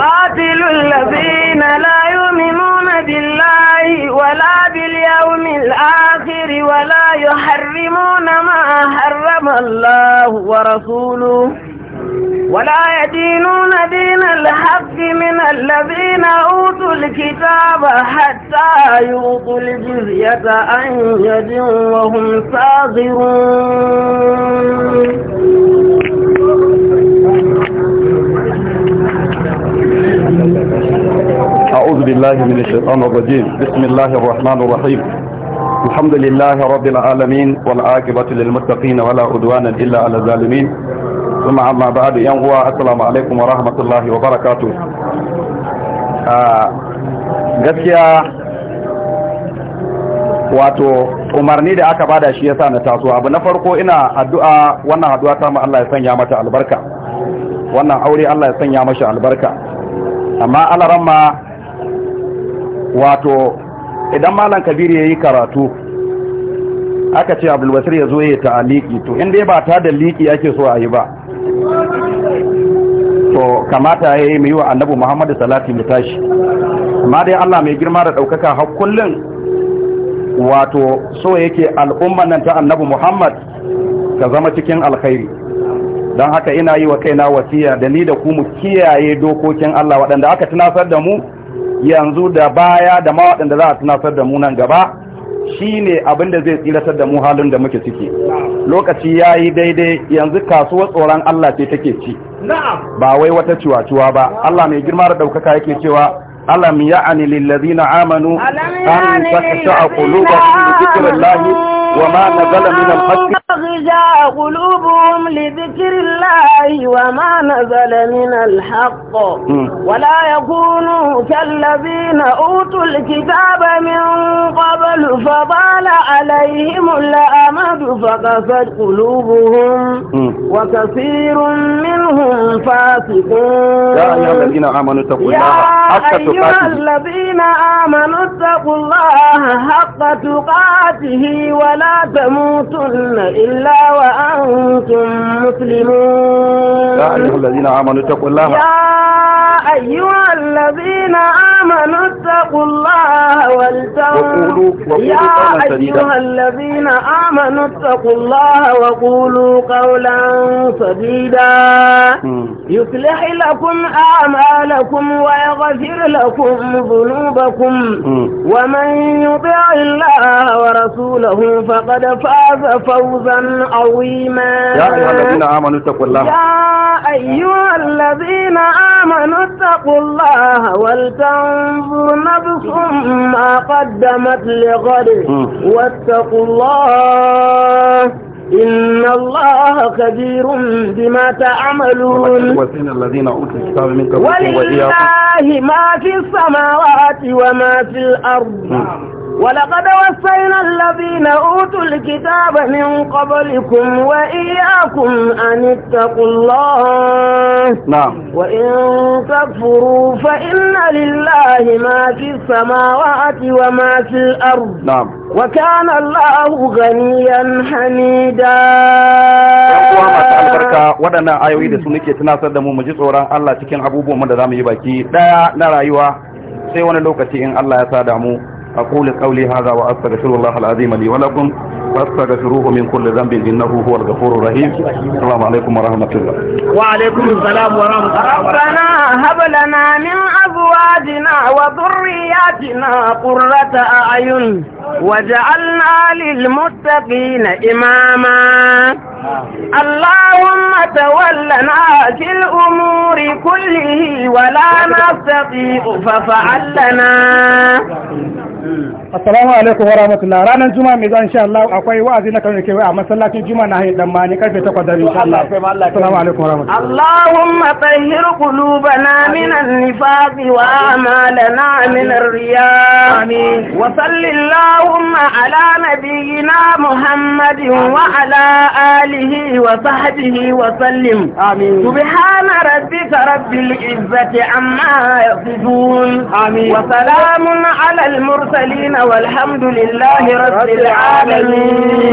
قاتل الذين لا الآخر ولا يحرمون ما حرم الله ورسوله ولا يدينون دين الحق من الذين أوتوا الكتاب حتى يوطوا الجزية أن يدين وهم صاغرون أعوذ بالله من الشيطان الرجيم بسم الله الرحمن الرحيم الحمد لله رب العالمين والعاقبة للمتقين ولا عدوان إلا على الظالمين ثم أما بعد ينقوى السلام عليكم ورحمة الله وبركاته gaskiya wato umarni da aka bada shi yasa na taso abu na farko ina addu'a wannan addu'a ta Allah ya sanya mata albarka wannan aure Allah ya sanya masa albarka amma alaramma wato idan malam kabiru ya yi karatu aka ce abdulbasir ya zo ya ta'aliki to inda ba ta da liki ake so a yi ba to kamata ya yi mai wa annabu muhammadu salatu mu tashi amma dai allah mai girma da ɗaukaka har wato so yake al'umman nan ta annabu muhammad ka zama cikin alkhairi don haka ina yi wa kaina wasiya da ni da ku mu kiyaye dokokin allah waɗanda aka tunasar da mu yanzu da baya da mawaɗanda za a tunasar da mu nan gaba shi ne abinda zai tsiratar da mu halin da muke ciki lokaci ya yi daidai yanzu kasuwar tsoron Allah ce take ci ba wai wata ciwa ba Allah mai girma da ɗaukaka yake cewa alam ya'ani lillazina amanu an takasha'a qulubuhum li dhikrillah وما نزل من الحق تغزى قلوبهم لذكر الله وما نزل من الحق ولا يكونوا كالذين أوتوا الكتاب من قبل فضال عليهم الأمد فقفت قلوبهم وكثير منهم فاسقون يا أيها الذين آمنوا اتقوا الله حق تقاته يا أيها الذين آمنوا اتقوا الله حق تقاته ولا ولا تموتن إلا وأنتم مسلمون يا أيها الذين آمنوا اتقوا الله يا أيها الذين آمنوا اتقوا الله ولتنظر يا أيها الذين آمنوا اتقوا الله وقولوا قولا سديدا يصلح لكم أعمالكم ويغفر لكم ذنوبكم ومن يطع الله ورسوله فقد فاز فوزا عظيما يا أيها الذين آمنوا اتقوا الله يا أيها الذين آمنوا اتقوا الله ولتنظر نفس ما قدمت لغد واتقوا الله إن الله خبير بما تعملون ولله ما في السماوات وما في الأرض ولقد وصينا الذين أوتوا الكتاب من قبلكم وإياكم أن اتقوا الله نعم وإن تكفروا فإن لله ما في السماوات وما في الأرض نعم وكان الله غنيا حميدا waɗannan ayoyi da su nake tunasar da mu mu ji tsoron Allah cikin abubuwan da zamu yi baki Ɗaya na rayuwa sai wani lokaci in Allah ya da mu أقول قولي هذا وأستغفر الله العظيم لي ولكم واستغفروه من كل ذنب إنه هو الغفور الرحيم السلام عليكم ورحمة الله وعليكم السلام ورحمة الله ربنا هب لنا من أزواجنا وذرياتنا قرة أعين وجعلنا للمتقين إماما اللهم تولنا في الأمور كله ولا نستطيع ففعلنا السلام عليكم ورحمة الله رانا الجمعة ميزا إن شاء الله أقوي وعزينا كم يكوي أما سلاك الجمعة نهي دماني كيف يتقدر إن شاء الله السلام عليكم ورحمة الله اللهم طهر قلوبنا من النفاق وآمالنا من الرياء وصل اللهم على نبينا محمد وعلى آله آله وصحبه وسلم آمين سبحان ربك رب العزة عما يصفون آمين وسلام على المرسلين والحمد لله رب العالمين